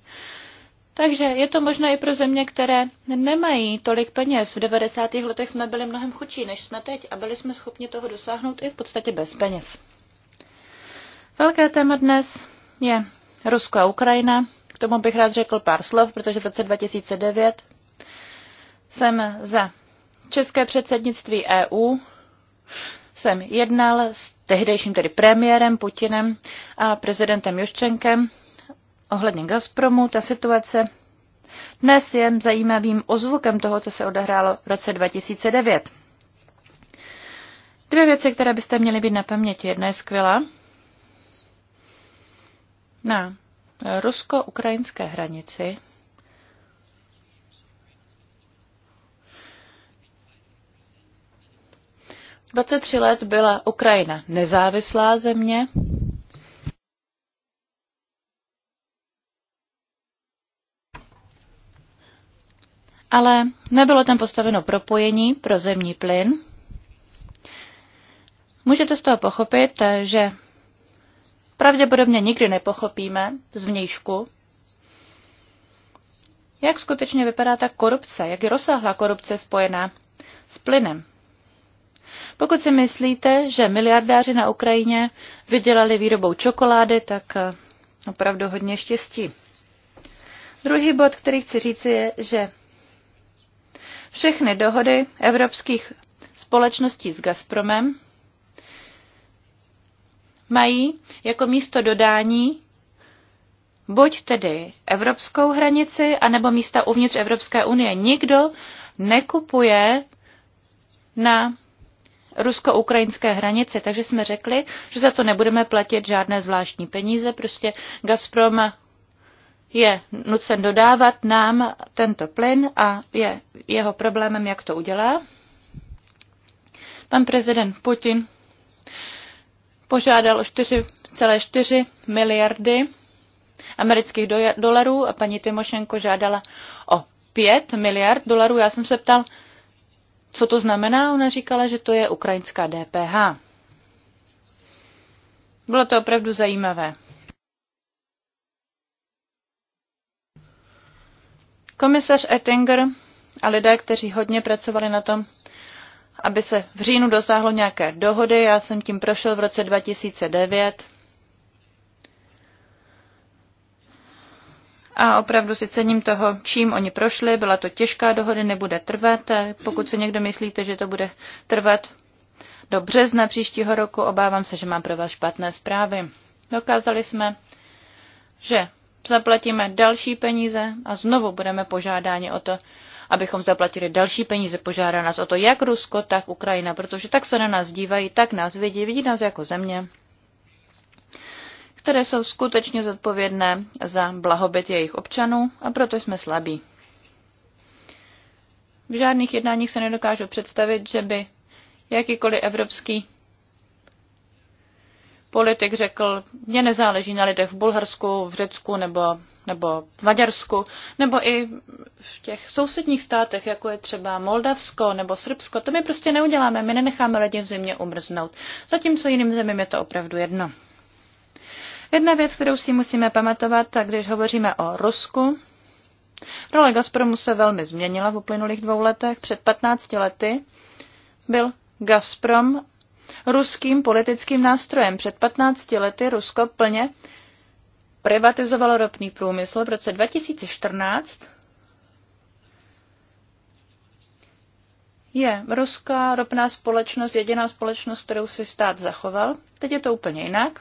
Takže je to možné i pro země, které nemají tolik peněz. V 90. letech jsme byli mnohem chudší, než jsme teď a byli jsme schopni toho dosáhnout i v podstatě bez peněz. Velké téma dnes je Rusko a Ukrajina tomu bych rád řekl pár slov, protože v roce 2009 jsem za české předsednictví EU jsem jednal s tehdejším tedy premiérem Putinem a prezidentem Juščenkem ohledně Gazpromu. Ta situace dnes je zajímavým ozvukem toho, co se odehrálo v roce 2009. Dvě věci, které byste měli být na paměti. Jedna je skvělá. Na rusko-ukrajinské hranici Dvacet tři let byla Ukrajina nezávislá země. Ale nebylo tam postaveno propojení pro zemní plyn. Můžete z toho pochopit, že pravděpodobně nikdy nepochopíme zvnějšku, jak skutečně vypadá ta korupce, jak je rozsáhlá korupce spojená s plynem. Pokud si myslíte, že miliardáři na Ukrajině vydělali výrobou čokolády, tak eh, opravdu hodně štěstí. Druhý bod, který chci říci, je, že všechny dohody evropských společností s Gazpromem mají jako místo dodání buď tedy evropskou hranici, anebo místa uvnitř Evropské unie. Nikdo nekupuje na rusko-ukrajinské hranici, takže jsme řekli, že za to nebudeme platit žádné zvláštní peníze, prostě Gazprom je nucen dodávat nám tento plyn a je jeho problémem, jak to udělá. Pan prezident Putin požádal o 4,4 miliardy amerických dolarů a paní Timošenko žádala o 5 miliard dolarů. Já jsem se ptal, co to znamená. Ona říkala, že to je ukrajinská DPH. Bylo to opravdu zajímavé. Komisař Ettinger a lidé, kteří hodně pracovali na tom, aby se v říjnu dosáhlo nějaké dohody. Já jsem tím prošel v roce 2009. A opravdu si cením toho, čím oni prošli. Byla to těžká dohoda, nebude trvat. Pokud si někdo myslíte, že to bude trvat do března příštího roku, obávám se, že mám pro vás špatné zprávy. Dokázali jsme, že zaplatíme další peníze a znovu budeme požádáni o to, abychom zaplatili další peníze. Požádá nás o to jak Rusko, tak Ukrajina, protože tak se na nás dívají, tak nás vidí, vidí nás jako země, které jsou skutečně zodpovědné za blahobyt jejich občanů a proto jsme slabí. V žádných jednáních se nedokážu představit, že by jakýkoliv evropský politik řekl, mně nezáleží na lidech v Bulharsku, v Řecku nebo, nebo v Maďarsku, nebo i v těch sousedních státech, jako je třeba Moldavsko nebo Srbsko, to my prostě neuděláme, my nenecháme lidi v zimě umrznout, zatímco jiným zemím je to opravdu jedno. Jedna věc, kterou si musíme pamatovat, když hovoříme o Rusku, role Gazpromu se velmi změnila v uplynulých dvou letech. Před 15 lety byl Gazprom ruským politickým nástrojem. Před 15 lety Rusko plně privatizovalo ropný průmysl. V roce 2014 je ruská ropná společnost jediná společnost, kterou si stát zachoval. Teď je to úplně jinak.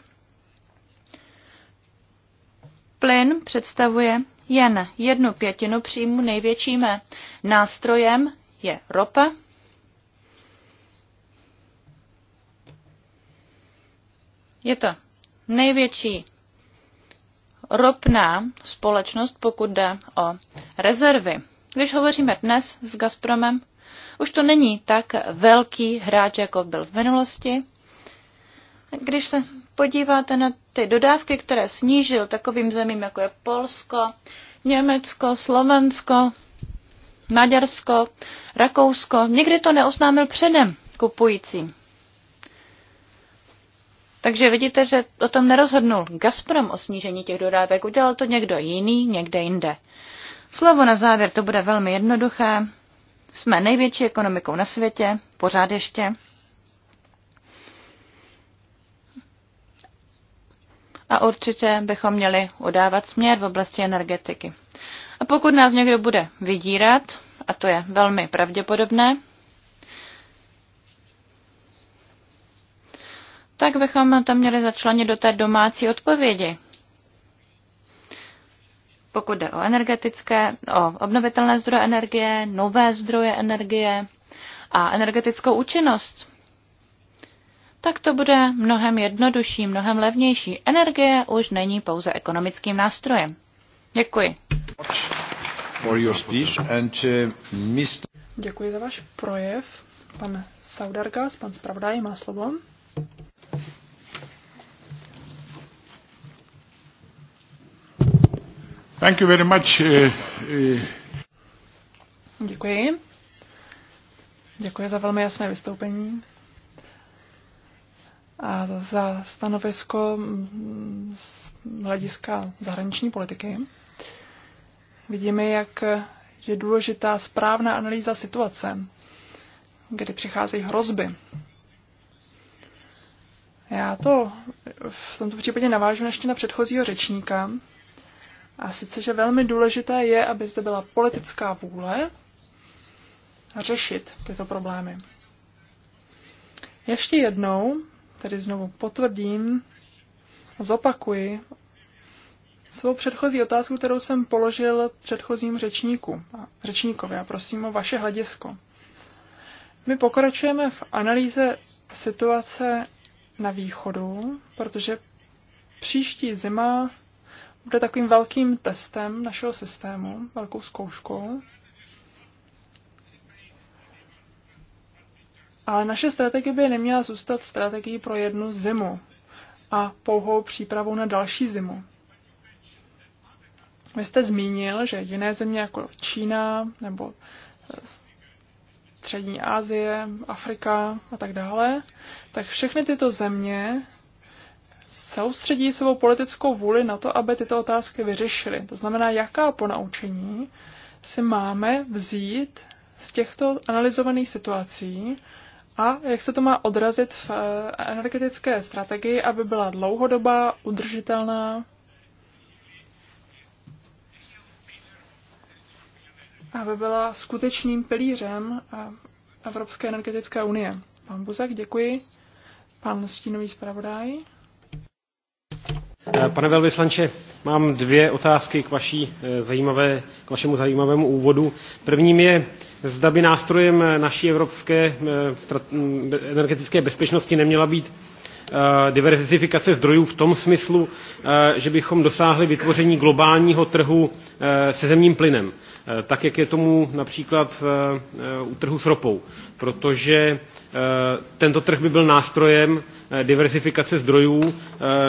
Plyn představuje jen jednu pětinu příjmu největším nástrojem je ropa, Je to největší ropná společnost, pokud jde o rezervy. Když hovoříme dnes s Gazpromem, už to není tak velký hráč, jako byl v minulosti. Když se podíváte na ty dodávky, které snížil takovým zemím, jako je Polsko, Německo, Slovensko, Maďarsko, Rakousko, nikdy to neoznámil předem kupujícím. Takže vidíte, že o tom nerozhodnul Gazprom o snížení těch dodávek, udělal to někdo jiný, někde jinde. Slovo na závěr to bude velmi jednoduché. Jsme největší ekonomikou na světě, pořád ještě. A určitě bychom měli udávat směr v oblasti energetiky. A pokud nás někdo bude vydírat, a to je velmi pravděpodobné, tak bychom to měli začlenit do té domácí odpovědi. Pokud jde o energetické, o obnovitelné zdroje energie, nové zdroje energie a energetickou účinnost, tak to bude mnohem jednodušší, mnohem levnější. Energie už není pouze ekonomickým nástrojem. Děkuji. Uh, Děkuji za váš projev. Pan Saudargas, pan zpravodaj, má slovo. Thank you very much. Eh, eh. Děkuji. Děkuji za velmi jasné vystoupení a za stanovisko mm, z hlediska zahraniční politiky. Vidíme, jak je důležitá správná analýza situace, kdy přicházejí hrozby. Já to v tomto případě navážu ještě na předchozího řečníka, a sice, že velmi důležité je, aby zde byla politická vůle řešit tyto problémy. Ještě jednou, tedy znovu potvrdím, zopakuji svou předchozí otázku, kterou jsem položil předchozím řečníku, řečníkovi a prosím o vaše hledisko. My pokračujeme v analýze situace na východu, protože příští zima bude takovým velkým testem našeho systému, velkou zkouškou. Ale naše strategie by neměla zůstat strategií pro jednu zimu a pouhou přípravou na další zimu. Vy jste zmínil, že jiné země jako Čína nebo eh, Střední Asie, Afrika a tak dále, tak všechny tyto země soustředí svou politickou vůli na to, aby tyto otázky vyřešili. To znamená, jaká ponaučení si máme vzít z těchto analyzovaných situací a jak se to má odrazit v eh, energetické strategii, aby byla dlouhodobá, udržitelná aby byla skutečným pilířem eh, Evropské energetické unie. Pan Buzak, děkuji. Pan stínový zpravodaj. Eh, pane velvyslanče, mám dvě otázky k, vaší eh, zajímavé, k vašemu zajímavému úvodu. Prvním je, zda by nástrojem naší evropské eh, energetické bezpečnosti neměla být diverzifikace zdrojů v tom smyslu, že bychom dosáhli vytvoření globálního trhu se zemním plynem, tak jak je tomu například u trhu s ropou, protože tento trh by byl nástrojem Eh, diversifikace zdrojů.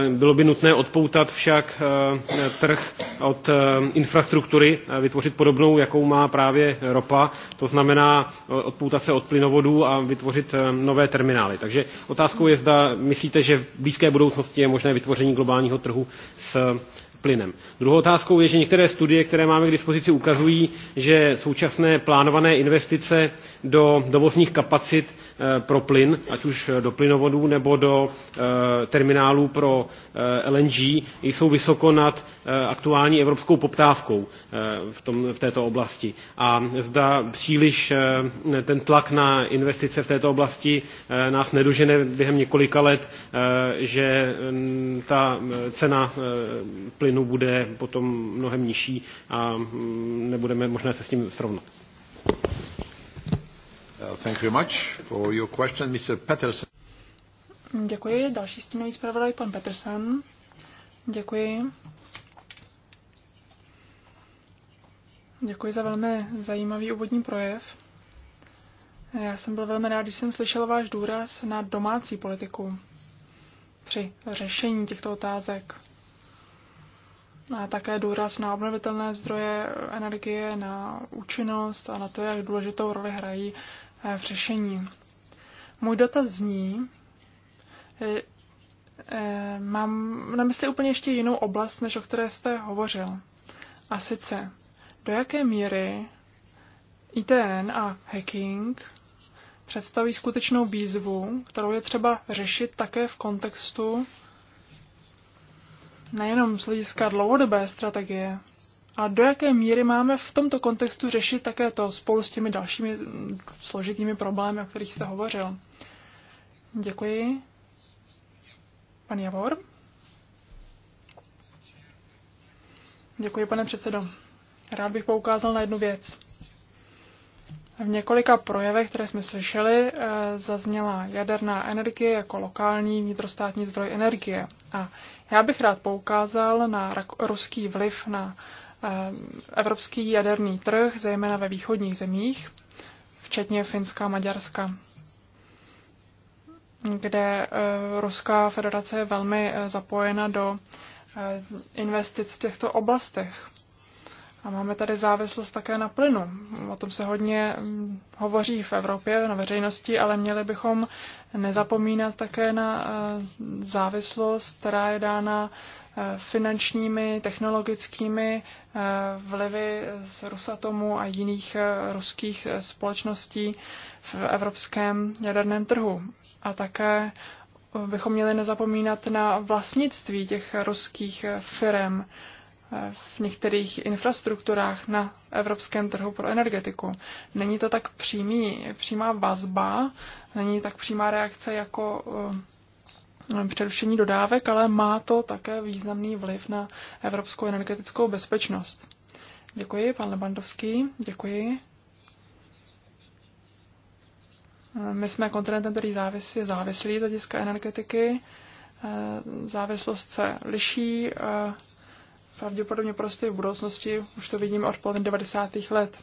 Eh, bylo by nutné odpoutat však eh, trh od infrastruktury, vytvořit podobnou, jakou má právě ropa, to znamená odpoutat se od plynovodů a vytvořit nové terminály. Takže otázkou je, zda myslíte, že v blízké budoucnosti je možné vytvoření globálního trhu s plynem. Druhou otázkou je, že některé studie, které máme k dispozici, ukazují, že současné plánované investice do dovozních kapacit Eh, pro plyn, ať už eh, do plynovodů nebo do eh, terminálů pro LNG, jsou vysoko nad aktuální evropskou poptávkou v, tom, v této oblasti. A zda příliš ten tlak na investice v této oblasti nás nedožene během několika let, že mm, ta cena plynu bude potom mnohem nižší a mm, nebudeme možné se s tím srovnat. Uh, thank you much for your question, Mr. Peterson. Děkuji. Další stínový zpravodaj, pan Peterson. Děkuji. Děkuji za velmi zajímavý úvodní projev. Já jsem byl velmi rád, když jsem slyšel váš důraz na domácí politiku při řešení těchto otázek. A také důraz na obnovitelné zdroje energie, na účinnost a na to, jak důležitou roli hrají Eh, v řešení. Můj dotaz zní, eh, eh, mám na mysli úplně ještě jinou oblast, než o které jste hovořil. A sice, do jaké míry ITN a hacking představí skutečnou výzvu, kterou je třeba řešit také v kontextu nejenom z hlediska dlouhodobé strategie, a do jaké míry máme v tomto kontextu řešit také to spolu s těmi dalšími složitými problémy, o kterých jste hovořil? Děkuji. Pan Javor? Děkuji, pane předsedo. Rád bych poukázal na jednu věc. V několika projevech, které jsme slyšeli, eh, zazněla jaderná energie jako lokální vnitrostátní zdroj energie. A já bych rád poukázal na ruský vliv na Eh, evropský jaderný trh, zejména ve východních zemích, včetně Finska a Maďarska, kde eh, Ruská federace je velmi eh, zapojena do investic v těchto oblastech. A máme tady závislost také na plynu. O tom se hodně mm, hovoří v Evropě, na veřejnosti, ale měli bychom nezapomínat také na závislost, která je dána finančními, technologickými eh, vlivy z Rusatomu a jiných eh, ruských eh, společností v evropském jaderném trhu. A také bychom měli nezapomínat na vlastnictví těch ruských firm v některých infrastrukturách na evropském trhu pro energetiku. Není to tak přímý, přímá vazba, není tak přímá reakce jako Eh, přerušení dodávek, ale má to také významný vliv na evropskou energetickou bezpečnost. Děkuji, pan Lebandovský, děkuji. Eh, my jsme kontinentem, který závisí, je závislý z hlediska energetiky. Eh, závislost se liší. Pravděpodobně prostě v budoucnosti už to vidíme od poloviny 90. let.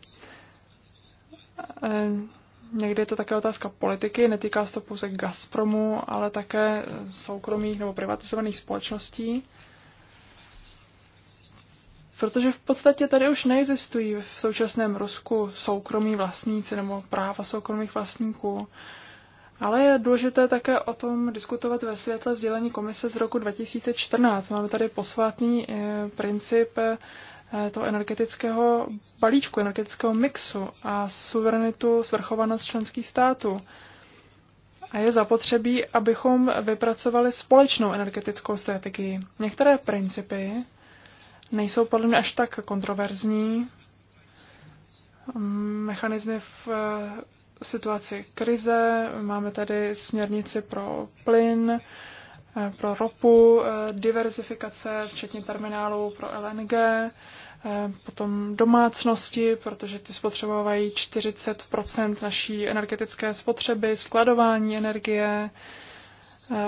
Někdy je to také otázka politiky, netýká se to pouze Gazpromu, ale také soukromých nebo privatizovaných společností. Protože v podstatě tady už neexistují v současném Rusku soukromí vlastníci nebo práva soukromých vlastníků. Ale je důležité také o tom diskutovat ve světle sdělení komise z roku 2014. Máme tady posvátný eh, princip Eh, toho energetického balíčku, energetického mixu a suverenitu, svrchovanost členských států. A je zapotřebí, abychom vypracovali společnou energetickou strategii. Některé principy nejsou podle mě až tak kontroverzní. Mm, mechanismy v eh, situaci krize, máme tady směrnici pro plyn, Eh, pro ropu, eh, diverzifikace, včetně terminálů pro LNG, eh, potom domácnosti, protože ty spotřebovají 40 naší energetické spotřeby, skladování energie, Eh,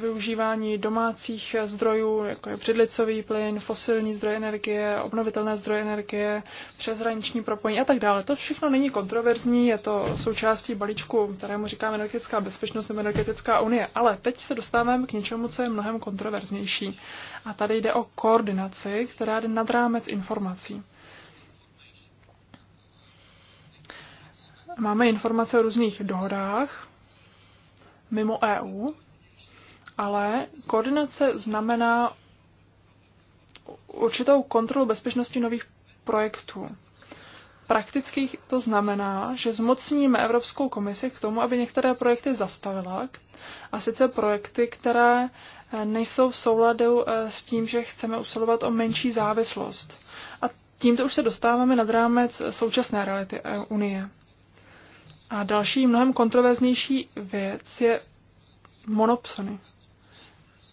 využívání domácích zdrojů, jako je předlicový plyn, fosilní zdroje energie, obnovitelné zdroje energie, přeshraniční propojení a tak dále. To všechno není kontroverzní, je to součástí balíčku, kterému říkáme energetická bezpečnost nebo energetická unie. Ale teď se dostáváme k něčemu, co je mnohem kontroverznější. A tady jde o koordinaci, která jde nad rámec informací. Máme informace o různých dohodách, mimo EU, ale koordinace znamená určitou kontrolu bezpečnosti nových projektů. Prakticky to znamená, že zmocníme Evropskou komisi k tomu, aby některé projekty zastavila, a sice projekty, které eh, nejsou v souladu eh, s tím, že chceme usilovat o menší závislost. A tímto už se dostáváme nad rámec současné reality eh, Unie. A další mnohem kontroverznější věc je monopsony.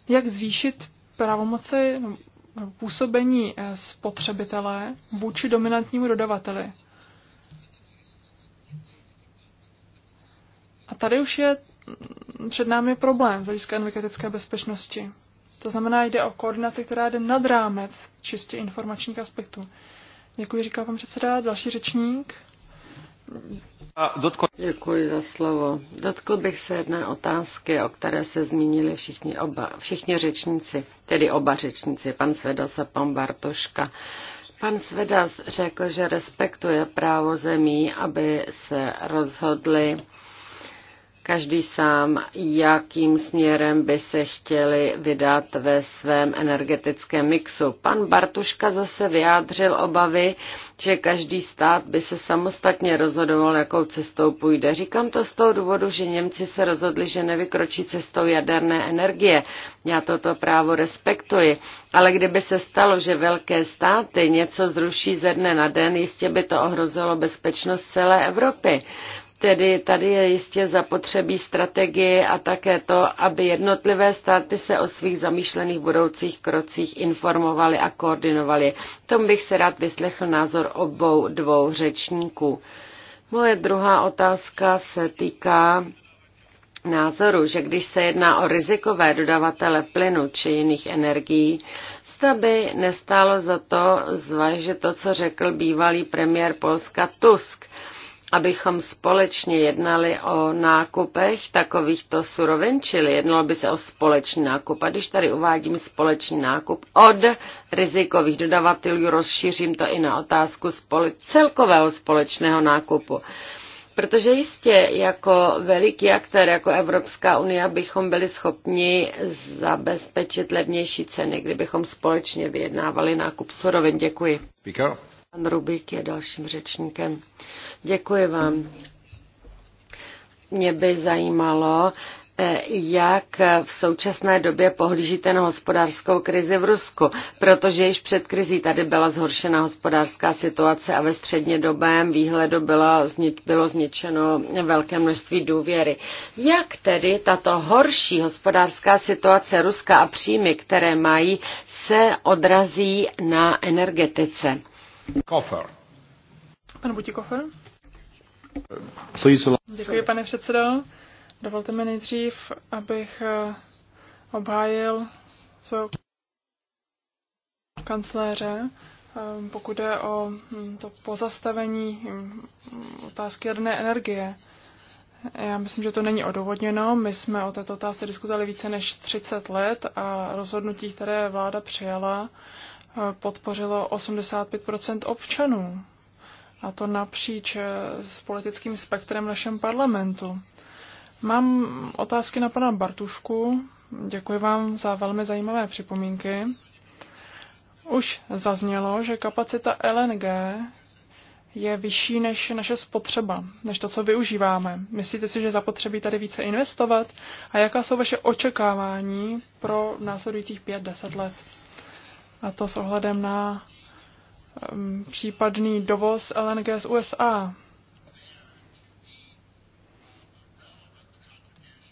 Jak zvýšit pravomoci působení eh, spotřebitele vůči dominantnímu dodavateli. A tady už je mm, před námi problém z hlediska energetické bezpečnosti. To znamená, jde o koordinaci, která jde nad rámec čistě informačních aspektů. Děkuji, říká pan předseda. Další řečník. Dotko... Děkuji za slovo. Dotkl bych se jedné otázky, o které se zmínili všichni, oba, všichni řečníci, tedy oba řečníci, pan Svedas a pan Bartoška. Pan Svedas řekl, že respektuje právo zemí, aby se rozhodli každý sám, jakým směrem by se chtěli vydat ve svém energetickém mixu. Pan Bartuška zase vyjádřil obavy, že každý stát by se samostatně rozhodoval, jakou cestou půjde. Říkám to z toho důvodu, že Němci se rozhodli, že nevykročí cestou jaderné energie. Já toto právo respektuji, ale kdyby se stalo, že velké státy něco zruší ze dne na den, jistě by to ohrozilo bezpečnost celé Evropy. Tedy tady je jistě zapotřebí strategie a také to, aby jednotlivé státy se o svých zamýšlených budoucích krocích informovali a koordinovali. Tom bych se rád vyslechl názor obou dvou řečníků. Moje druhá otázka se týká názoru, že když se jedná o rizikové dodavatele plynu či jiných energií, zda by nestálo za to zvažit to, co řekl bývalý premiér Polska Tusk – abychom společně jednali o nákupech takovýchto surovin, čili jednalo by se o společný nákup. A když tady uvádím společný nákup od rizikových dodavatelů, rozšířím to i na otázku spole- celkového společného nákupu. Protože jistě jako veliký aktér, jako Evropská unie, bychom byli schopni zabezpečit levnější ceny, kdybychom společně vyjednávali nákup surovin. Děkuji. Speaker. Pan Rubik je dalším řečníkem. Děkuji vám. Mě by zajímalo, eh, jak v současné době pohlížíte na hospodářskou krizi v Rusku, protože již před krizí tady byla zhoršena hospodářská situace a ve střednědobém výhledu bylo, bylo zničeno velké množství důvěry. Jak tedy tato horší hospodářská situace Ruska a příjmy, které mají, se odrazí na energetice? Kofer. Pan Butikofer. Děkuji, pane předsedo. Dovolte mi nejdřív, abych eh, obhájil svého kancléře, eh, pokud jde o hm, to pozastavení hm, otázky jedné energie. Já myslím, že to není odůvodněno. My jsme o této otázce diskutovali více než 30 let a rozhodnutí, které vláda přijala, podpořilo 85 občanů. A to napříč eh, s politickým spektrem v našem parlamentu. Mám otázky na pana Bartušku. Děkuji vám za velmi zajímavé připomínky. Už zaznělo, že kapacita LNG je vyšší než naše spotřeba, než to, co využíváme. Myslíte si, že zapotřebí tady více investovat? A jaká jsou vaše očekávání pro následujících 5-10 let? A to s ohledem na případný dovoz LNG z USA.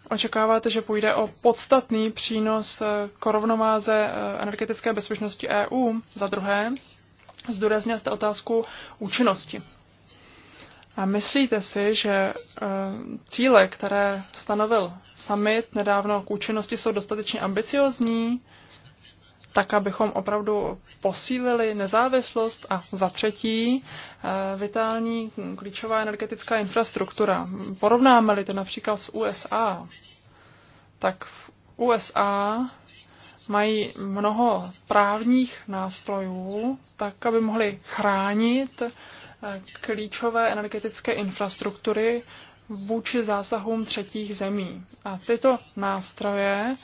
Očekáváte, že půjde o podstatný přínos eh, k rovnováze eh, energetické bezpečnosti EU? Za druhé, zdůraznil jste otázku účinnosti. A myslíte si, že eh, cíle, které stanovil summit nedávno k účinnosti, jsou dostatečně ambiciozní? tak abychom opravdu posílili nezávislost a za třetí eh, vitální klíčová energetická infrastruktura. Porovnáme-li to například s USA, tak v USA mají mnoho právních nástrojů, tak aby mohli chránit eh, klíčové energetické infrastruktury vůči zásahům třetích zemí. A tyto nástroje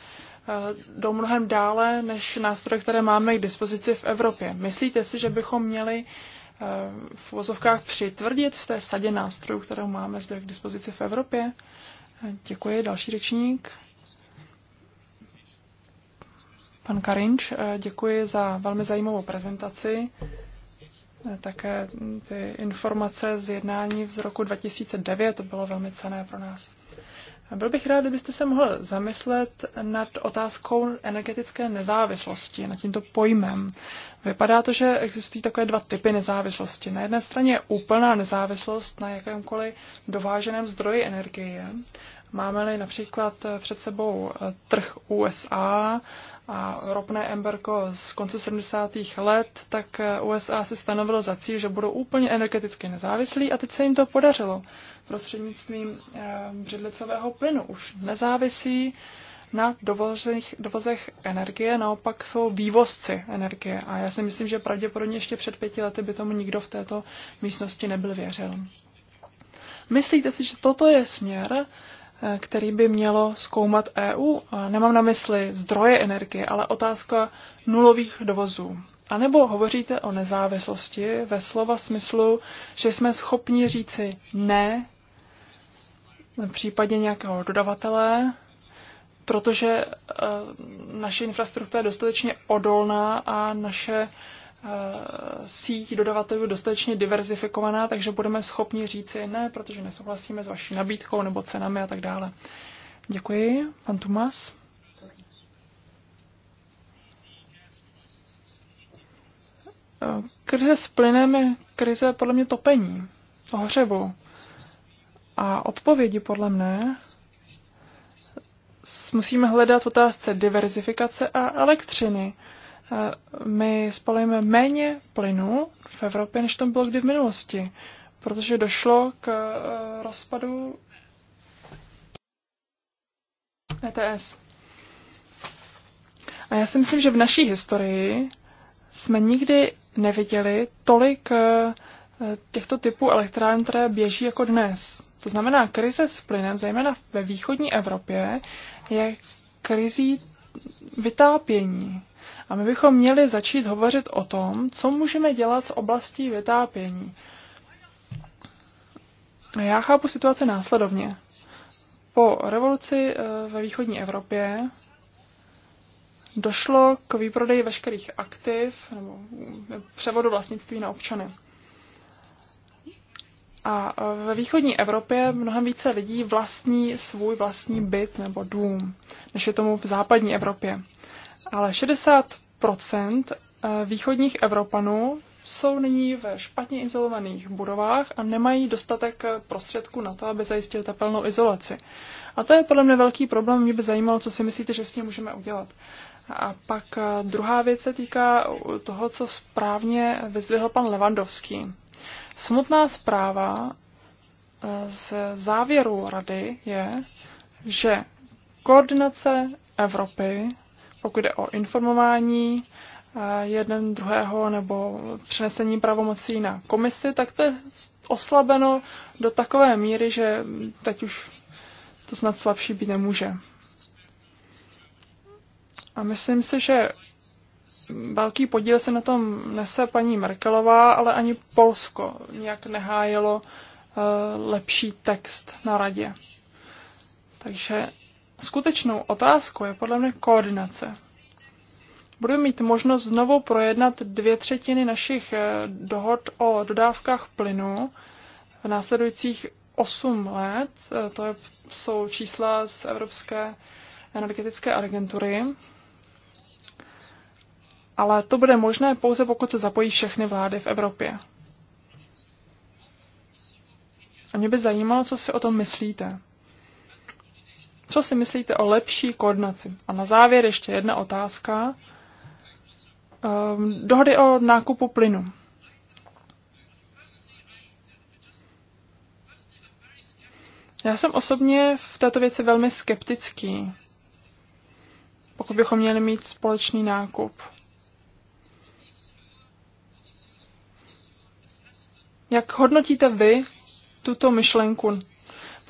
Eh, jdou mnohem dále než nástroje, které máme k dispozici v Evropě. Myslíte si, že bychom měli eh, v vozovkách přitvrdit v té sadě nástrojů, kterou máme zde k dispozici v Evropě? Eh, děkuji. Další řečník. Pan Karinč, děkuji za velmi zajímavou prezentaci. Také ty informace z jednání z roku 2009, to bylo velmi cené pro nás. Byl bych rád, kdybyste se mohl zamyslet nad otázkou energetické nezávislosti, nad tímto pojmem. Vypadá to, že existují takové dva typy nezávislosti. Na jedné straně je úplná nezávislost na jakémkoliv dováženém zdroji energie Máme-li například eh, před sebou eh, trh USA a ropné embargo z konce 70. let, tak eh, USA si stanovilo za cíl, že budou úplně energeticky nezávislí a teď se jim to podařilo. Prostřednictvím břidlicového plynu už nezávisí na dovozech, dovozech energie, naopak jsou vývozci energie. A já si myslím, že pravděpodobně ještě před pěti lety by tomu nikdo v této místnosti nebyl věřil. Myslíte si, že toto je směr, který by mělo zkoumat EU. Nemám na mysli zdroje energie, ale otázka nulových dovozů. A nebo hovoříte o nezávislosti ve slova smyslu, že jsme schopni říci ne v případě nějakého dodavatele, protože eh, naše infrastruktura je dostatečně odolná a naše Eh, síť dodavatelů dostatečně diverzifikovaná, takže budeme schopni říci ne, protože nesouhlasíme s vaší nabídkou nebo cenami a tak dále. Děkuji. Pan Tumas. Eh, krize s plynem je krize podle mě topení, ohřebu. A odpovědi podle mne musíme hledat v otázce diverzifikace a elektřiny my spalujeme méně plynu v Evropě, než tam bylo kdy v minulosti, protože došlo k eh, rozpadu ETS. A já si myslím, že v naší historii jsme nikdy neviděli tolik eh, těchto typů elektráren, které běží jako dnes. To znamená, krize s plynem, zejména ve východní Evropě, je krizí vytápění. A my bychom měli začít hovořit o tom, co můžeme dělat s oblastí vytápění. Já chápu situaci následovně. Po revoluci eh, ve východní Evropě došlo k výprodeji veškerých aktiv nebo převodu vlastnictví na občany. A eh, ve východní Evropě mnohem více lidí vlastní svůj vlastní byt nebo dům, než je tomu v západní Evropě. Ale 60 eh, východních Evropanů jsou nyní ve špatně izolovaných budovách a nemají dostatek eh, prostředků na to, aby zajistili tepelnou izolaci. A to je podle mě velký problém. Mě by zajímalo, co si myslíte, že s tím můžeme udělat. A pak eh, druhá věc se týká toho, co správně vyzvihl pan Levandovský. Smutná zpráva z závěru rady je, že koordinace Evropy pokud jde o informování eh, jeden druhého nebo přenesení pravomocí na komisi, tak to je oslabeno do takové míry, že teď už to snad slabší být nemůže. A myslím si, že velký podíl se na tom nese paní Merkelová, ale ani Polsko nějak nehájelo eh, lepší text na radě. Takže skutečnou otázkou je podle mě koordinace. Budeme mít možnost znovu projednat dvě třetiny našich eh, dohod o dodávkách plynu v následujících 8 let. Eh, to jsou čísla z Evropské energetické agentury. Ale to bude možné pouze, pokud se zapojí všechny vlády v Evropě. A mě by zajímalo, co si o tom myslíte. Co si myslíte o lepší koordinaci? A na závěr ještě jedna otázka. Um, dohody o nákupu plynu. Já jsem osobně v této věci velmi skeptický, pokud bychom měli mít společný nákup. Jak hodnotíte vy tuto myšlenku?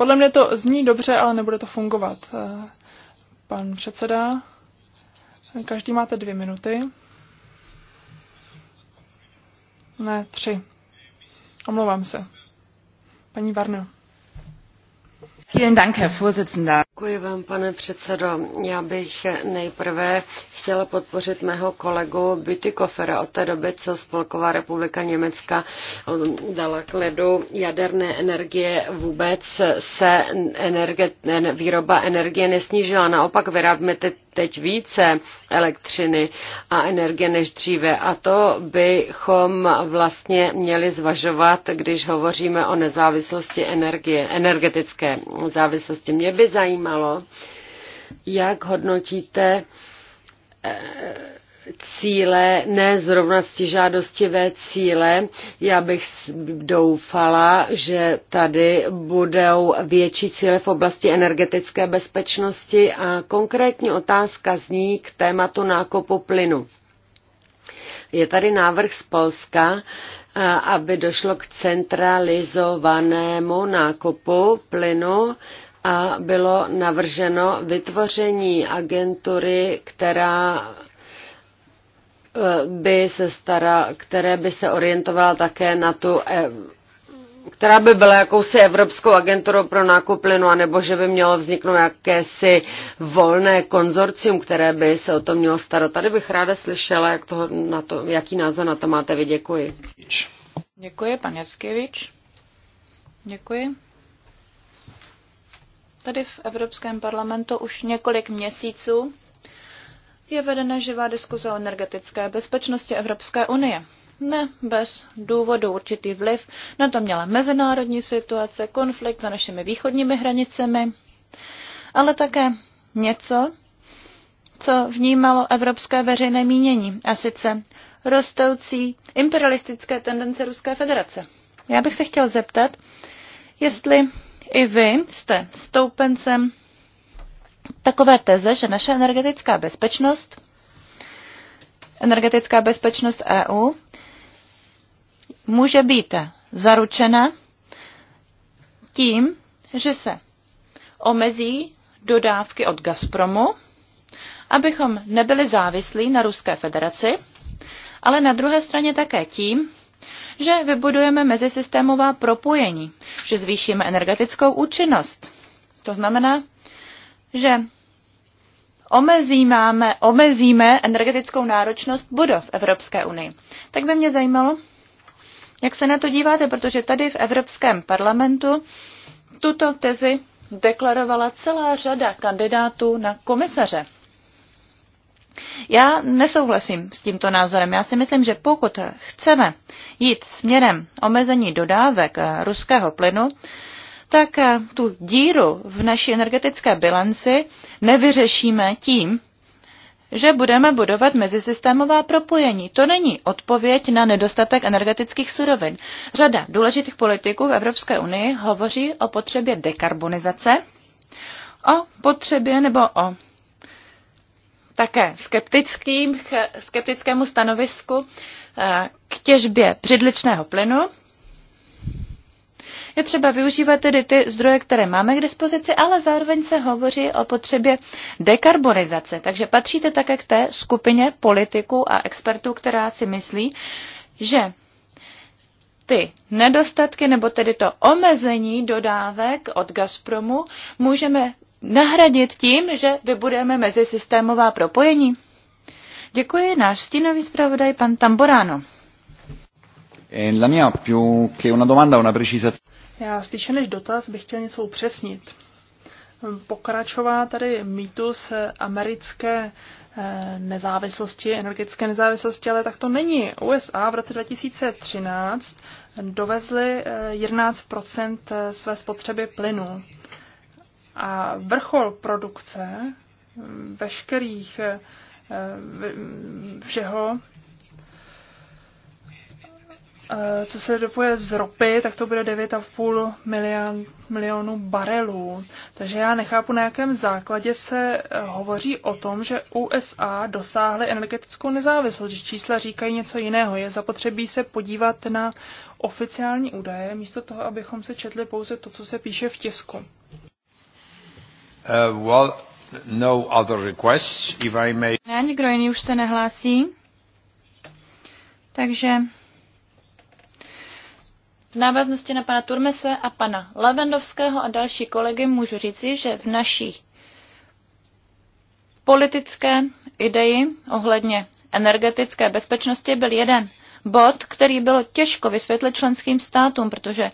Podle mě to zní dobře, ale nebude to fungovat. Eh, Pan předseda, každý máte dvě minuty. Ne, tři. Omlouvám se. Paní Varna. Vielen Dank, Herr Vorsitzender. Děkuji vám, pane předsedo. Já bych nejprve chtěla podpořit mého kolegu Bütikofera od té doby, co Spolková republika Německa eh, dala k ledu jaderné energie. Vůbec se energie, výroba energie nesnížila. Naopak vyrábíme teď teď více elektřiny a energie než dříve. A to bychom vlastně měli zvažovat, když hovoříme o nezávislosti energie, energetické závislosti. Mě by zajímalo, zajímalo, Jak hodnotíte eh, cíle, ne zrovna stižádostivé cíle. Já bych doufala, že tady budou větší cíle v oblasti energetické bezpečnosti a konkrétní otázka zní k tématu nákupu plynu. Je tady návrh z Polska, eh, aby došlo k centralizovanému nákupu plynu a bylo navrženo vytvoření agentury, která eh, by se starala, které by se orientovala také na tu, eh, která by byla jakousi Evropskou agenturou pro nákup plynu, anebo že by mělo vzniknout jakési volné konzorcium, které by se o to mělo starat. Tady bych ráda slyšela, jak toho, na to, jaký názor na to máte vy. Děkuji. Děkuji, pan Jackevič. Děkuji. Tady v Evropském parlamentu už několik měsíců je vedena živá diskuze o energetické bezpečnosti Evropské unie. Ne bez důvodu určitý vliv na to měla mezinárodní situace, konflikt za našimi východními hranicemi, ale také něco, co vnímalo evropské veřejné mínění, a sice rostoucí imperialistické tendence Ruské federace. Já bych se chtěl zeptat, jestli i vy jste stoupencem takové teze, že naše energetická bezpečnost, energetická bezpečnost EU, může být zaručena tím, že se omezí dodávky od Gazpromu, abychom nebyli závislí na Ruské federaci, ale na druhé straně také tím, že vybudujeme mezisystémová propojení, že zvýšíme energetickou účinnost. To znamená, že omezíme, omezíme energetickou náročnost budov v Evropské unii. Tak by mě zajímalo, jak se na to díváte, protože tady v Evropském parlamentu tuto tezi deklarovala celá řada kandidátů na komisaře. Já nesouhlasím s tímto názorem. Já si myslím, že pokud chceme jít směrem omezení dodávek eh, ruského plynu, tak eh, tu díru v naší energetické bilanci nevyřešíme tím, že budeme budovat mezisystémová propojení. To není odpověď na nedostatek energetických surovin. Řada důležitých politiků v Evropské unii hovoří o potřebě dekarbonizace, o potřebě nebo o také skeptickým, skeptickému stanovisku eh, k těžbě břidličného plynu. Je třeba využívat tedy ty zdroje, které máme k dispozici, ale zároveň se hovoří o potřebě dekarbonizace. Takže patříte také k té skupině politiků a expertů, která si myslí, že ty nedostatky nebo tedy to omezení dodávek od Gazpromu můžeme nahradit tím, že vybudeme mezisystémová propojení? Děkuji, náš stínový zpravodaj, pan Tamborano. Eh, la mia più che una domanda, una precisazione. Já spíše než dotaz bych chtěl něco upřesnit. Pokračová tady mýtus eh, americké eh, nezávislosti, energetické nezávislosti, ale tak to není. USA v roce 2013 dovezly 11 své spotřeby plynu. A vrchol produkce veškerých eh, všeho, eh, co se dopoje z ropy, tak to bude 9,5 milion, milionů barelů. Takže já nechápu, na jakém základě se eh, hovoří o tom, že USA dosáhly energetickou nezávislost, čísla říkají něco jiného. Je zapotřebí se podívat na oficiální údaje, místo toho, abychom se četli pouze to, co se píše v tisku. Uh, well, no other requests, if I may. Ne, nikdo jiný už se nehlásí. Takže v návaznosti na pana Turmese a pana Levendovského a další kolegy můžu říci, že v naší politické ideji ohledně energetické bezpečnosti byl jeden bod, který bylo těžko vysvětlit členským státům, protože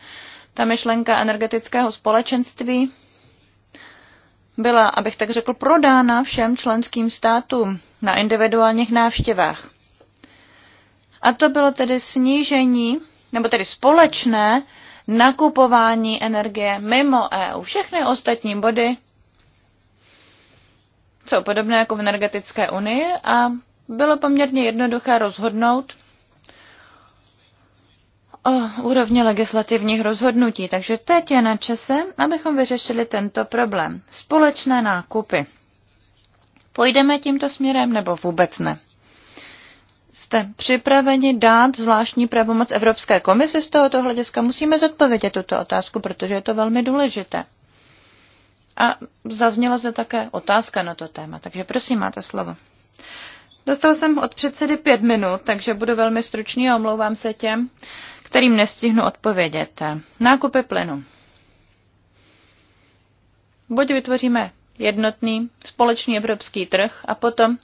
ta myšlenka energetického společenství byla, abych tak řekl, prodána všem členským státům na individuálních návštěvách. A to bylo tedy snížení, nebo tedy společné nakupování energie mimo EU. Všechny ostatní body jsou podobné jako v energetické unii a bylo poměrně jednoduché rozhodnout, o úrovni legislativních rozhodnutí, takže teď je na čase, abychom vyřešili tento problém. Společné nákupy. Pojdeme tímto směrem nebo vůbec ne? Jste připraveni dát zvláštní pravomoc Evropské komisi z tohoto hlediska? Musíme zodpovědět tuto otázku, protože je to velmi důležité. A zazněla se také otázka na to téma, takže prosím, máte slovo. Dostal jsem od předsedy pět minut, takže budu velmi stručný a omlouvám se těm, kterým nestihnu odpovědět. Nákupy plynu. Buď vytvoříme jednotný společný evropský trh a potom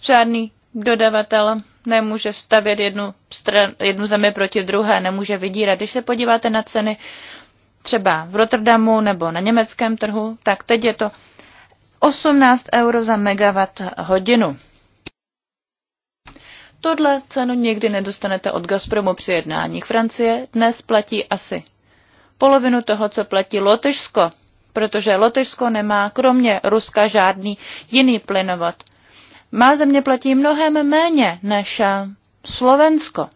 žádný dodavatel nemůže stavět jednu, stran, jednu zemi proti druhé, nemůže vydírat. Když se podíváte na ceny třeba v Rotterdamu nebo na německém trhu, tak teď je to 18 euro za megawatt hodinu. Tohle cenu někdy nedostanete od Gazpromu při jednání Francie dnes platí asi polovinu toho, co platí Lotyšsko, protože Lotyšsko nemá kromě Ruska žádný jiný plynovod. Má země platí mnohem méně než eh, Slovensko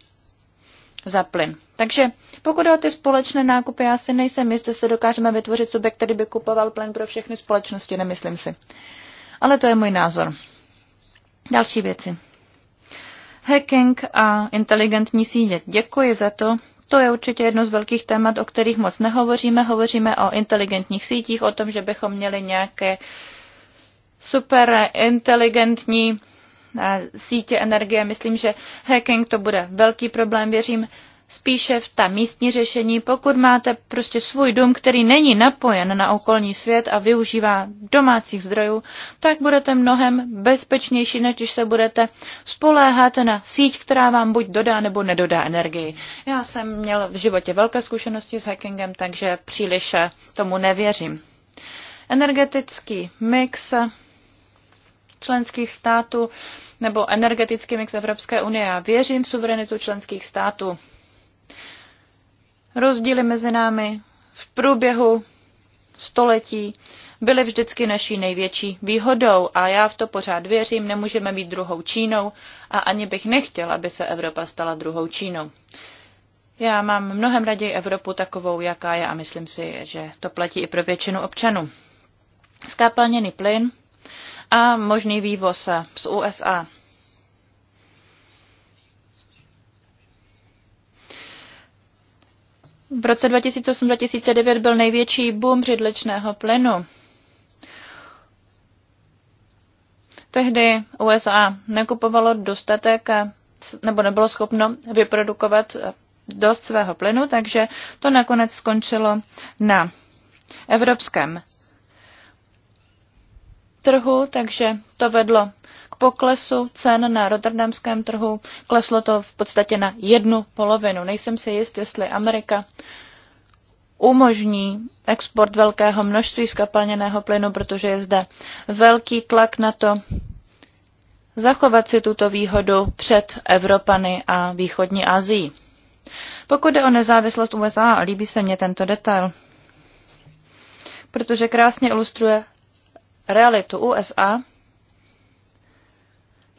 za plyn. Takže pokud o ty společné nákupy, já si nejsem jistý, se dokážeme vytvořit subjekt, který by kupoval plyn pro všechny společnosti, nemyslím si. Ale to je můj názor. Další věci. Hacking a inteligentní sítě. Děkuji za to. To je určitě jedno z velkých témat, o kterých moc nehovoříme. Hovoříme o inteligentních sítích, o tom, že bychom měli nějaké super inteligentní eh, sítě energie. Myslím, že hacking to bude velký problém. Věřím, spíše v ta místní řešení, pokud máte prostě svůj dům, který není napojen na okolní svět a využívá domácích zdrojů, tak budete mnohem bezpečnější, než když se budete spoléhat na síť, která vám buď dodá nebo nedodá energii. Já jsem měl v životě velké zkušenosti s hackingem, takže příliš tomu nevěřím. Energetický mix členských států nebo energetický mix Evropské unie. Já věřím v suverenitu členských států rozdíly mezi námi v průběhu století byly vždycky naší největší výhodou a já v to pořád věřím, nemůžeme být druhou Čínou a ani bych nechtěl, aby se Evropa stala druhou Čínou. Já mám mnohem raději Evropu takovou, jaká je a myslím si, že to platí i pro většinu občanů. Skápalněný plyn a možný vývoz z USA. V roce 2008-2009 byl největší boom břidličného plynu. Tehdy USA nekupovalo dostatek nebo nebylo schopno vyprodukovat dost svého plynu, takže to nakonec skončilo na evropském trhu, takže to vedlo poklesu cen na rotterdamském trhu. Kleslo to v podstatě na jednu polovinu. Nejsem si jist, jestli Amerika umožní export velkého množství skapalněného plynu, protože je zde velký tlak na to zachovat si tuto výhodu před Evropany a východní Asií. Pokud jde o nezávislost USA, líbí se mně tento detail, protože krásně ilustruje realitu USA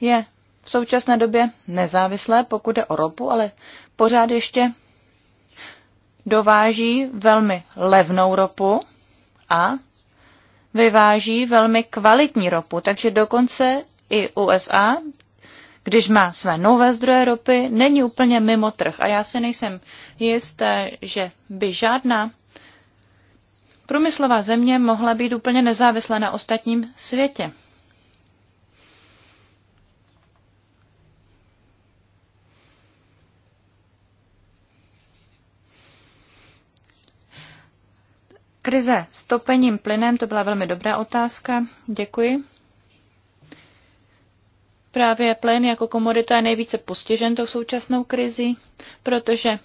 je v současné době nezávislé, pokud jde o ropu, ale pořád ještě dováží velmi levnou ropu a vyváží velmi kvalitní ropu. Takže dokonce i USA, když má své nové zdroje ropy, není úplně mimo trh. A já si nejsem jist, že by žádná průmyslová země mohla být úplně nezávislá na ostatním světě. Krize s topením plynem, to byla velmi dobrá otázka. Děkuji. Právě plyn jako komodita je nejvíce postižen tou současnou krizi, protože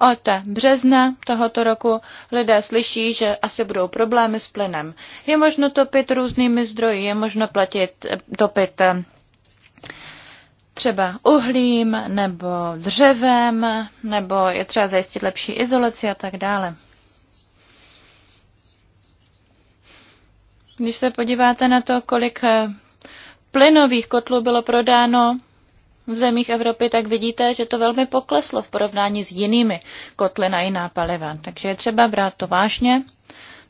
od března tohoto roku lidé slyší, že asi budou problémy s plynem. Je možno topit různými zdroji, je možno platit, topit eh, třeba uhlím nebo dřevem, nebo je třeba zajistit lepší izolaci a tak dále. Když se podíváte na to, kolik eh, plynových kotlů bylo prodáno v zemích Evropy, tak vidíte, že to velmi pokleslo v porovnání s jinými kotly na jiná paliva. Takže je třeba brát to vážně.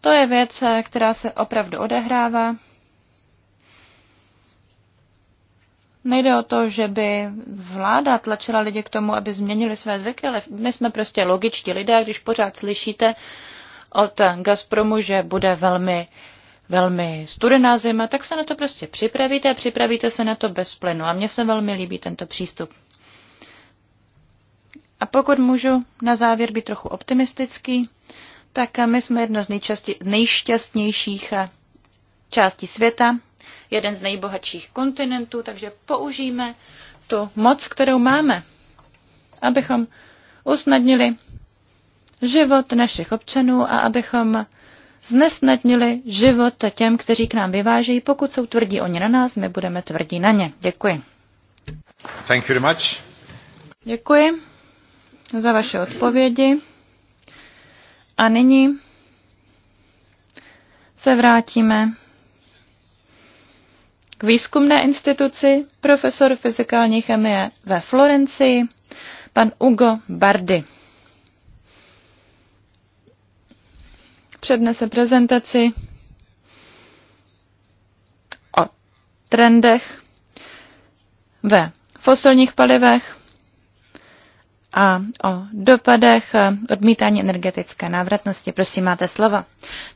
To je věc, eh, která se opravdu odehrává. Nejde o to, že by vláda tlačila lidi k tomu, aby změnili své zvyky, ale my jsme prostě logičtí lidé, když pořád slyšíte od Gazpromu, že bude velmi velmi studená zima, tak se na to prostě připravíte a připravíte se na to bez plynu. A mně se velmi líbí tento přístup. A pokud můžu na závěr být trochu optimistický, tak my jsme jedno z nejšťastnějších částí světa, jeden z nejbohatších kontinentů, takže použijeme tu moc, kterou máme, abychom usnadnili život našich občanů a abychom znesnadnili život těm, kteří k nám vyvážejí. Pokud jsou tvrdí oni na nás, my budeme tvrdí na ně. Děkuji. Thank you very much. Děkuji za vaše odpovědi. A nyní se vrátíme k výzkumné instituci profesor fyzikální chemie ve Florencii, pan Ugo Bardi. přednese prezentaci o trendech ve fosilních palivech a o dopadech odmítání energetické návratnosti. Prosím, máte slovo.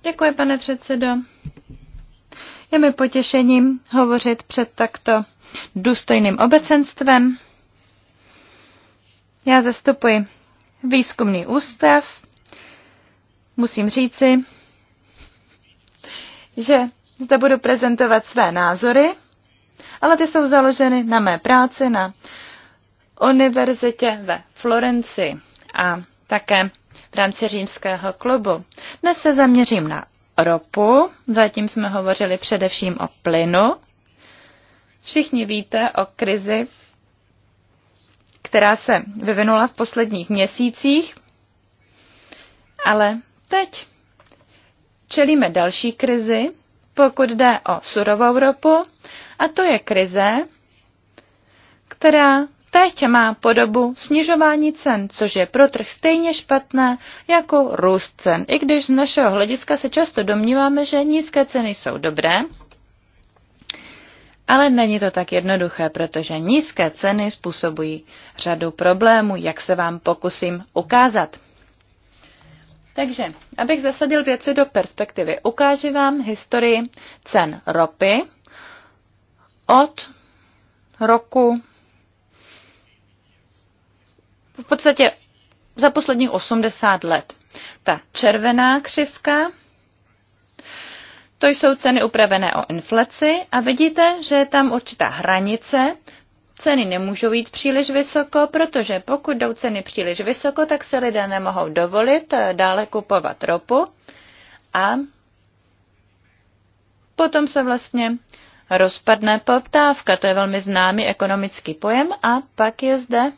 Děkuji, pane předsedo. Je mi potěšením hovořit před takto důstojným obecenstvem. Já zastupuji výzkumný ústav musím říci, že zde budu prezentovat své názory, ale ty jsou založeny na mé práci na univerzitě ve Florenci a také v rámci římského klubu. Dnes se zaměřím na ropu, zatím jsme hovořili především o plynu. Všichni víte o krizi, která se vyvinula v posledních měsících, ale Teď čelíme další krizi, pokud jde o surovou ropu, a to je krize, která teď má podobu snižování cen, což je pro trh stejně špatné jako růst cen. I když z našeho hlediska se často domníváme, že nízké ceny jsou dobré, ale není to tak jednoduché, protože nízké ceny způsobují řadu problémů, jak se vám pokusím ukázat. Takže, abych zasadil věci do perspektivy, ukážu vám historii cen ropy od roku v podstatě za posledních 80 let. Ta červená křivka, to jsou ceny upravené o inflaci a vidíte, že je tam určitá hranice, ceny nemůžou jít příliš vysoko, protože pokud jdou ceny příliš vysoko, tak se lidé nemohou dovolit eh, dále kupovat ropu a potom se vlastně rozpadne poptávka. To je velmi známý ekonomický pojem a pak je zde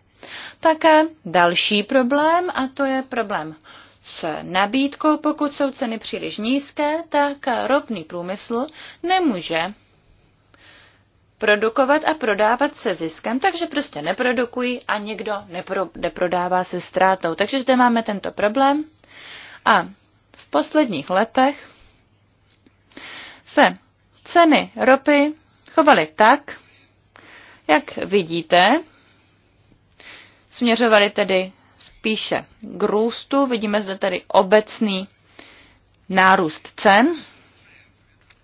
také další problém a to je problém s nabídkou. Pokud jsou ceny příliš nízké, tak ropný průmysl nemůže produkovat a prodávat se ziskem, takže prostě neprodukují a nikdo nepro, neprodává se ztrátou. Takže zde máme tento problém a v posledních letech se ceny ropy chovaly tak, jak vidíte, směřovaly tedy spíše k růstu. Vidíme zde tedy obecný nárůst cen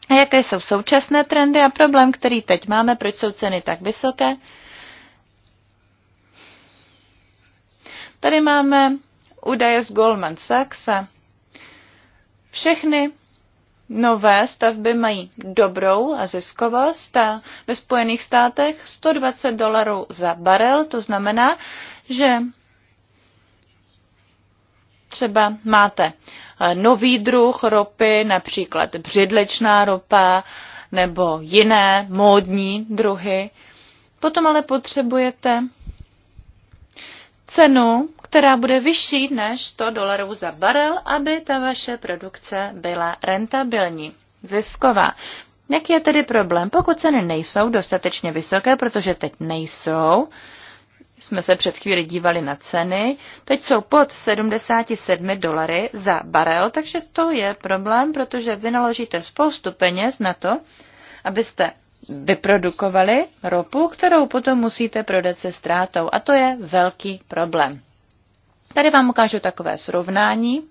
a jaké jsou současné trendy a problém, který teď máme, proč jsou ceny tak vysoké? Tady máme údaje z Goldman Sachs. Všechny nové stavby mají dobrou a ziskovost a ve Spojených státech 120 dolarů za barel, to znamená, že Třeba máte eh, nový druh ropy, například břidlečná ropa nebo jiné módní druhy. Potom ale potřebujete cenu, která bude vyšší než 100 dolarů za barel, aby ta vaše produkce byla rentabilní, zisková. Jaký je tedy problém? Pokud ceny nejsou dostatečně vysoké, protože teď nejsou, jsme se před chvíli dívali na ceny, teď jsou pod 77 dolary za barel, takže to je problém, protože vy naložíte spoustu peněz na to, abyste vyprodukovali ropu, kterou potom musíte prodat se ztrátou. A to je velký problém. Tady vám ukážu takové srovnání.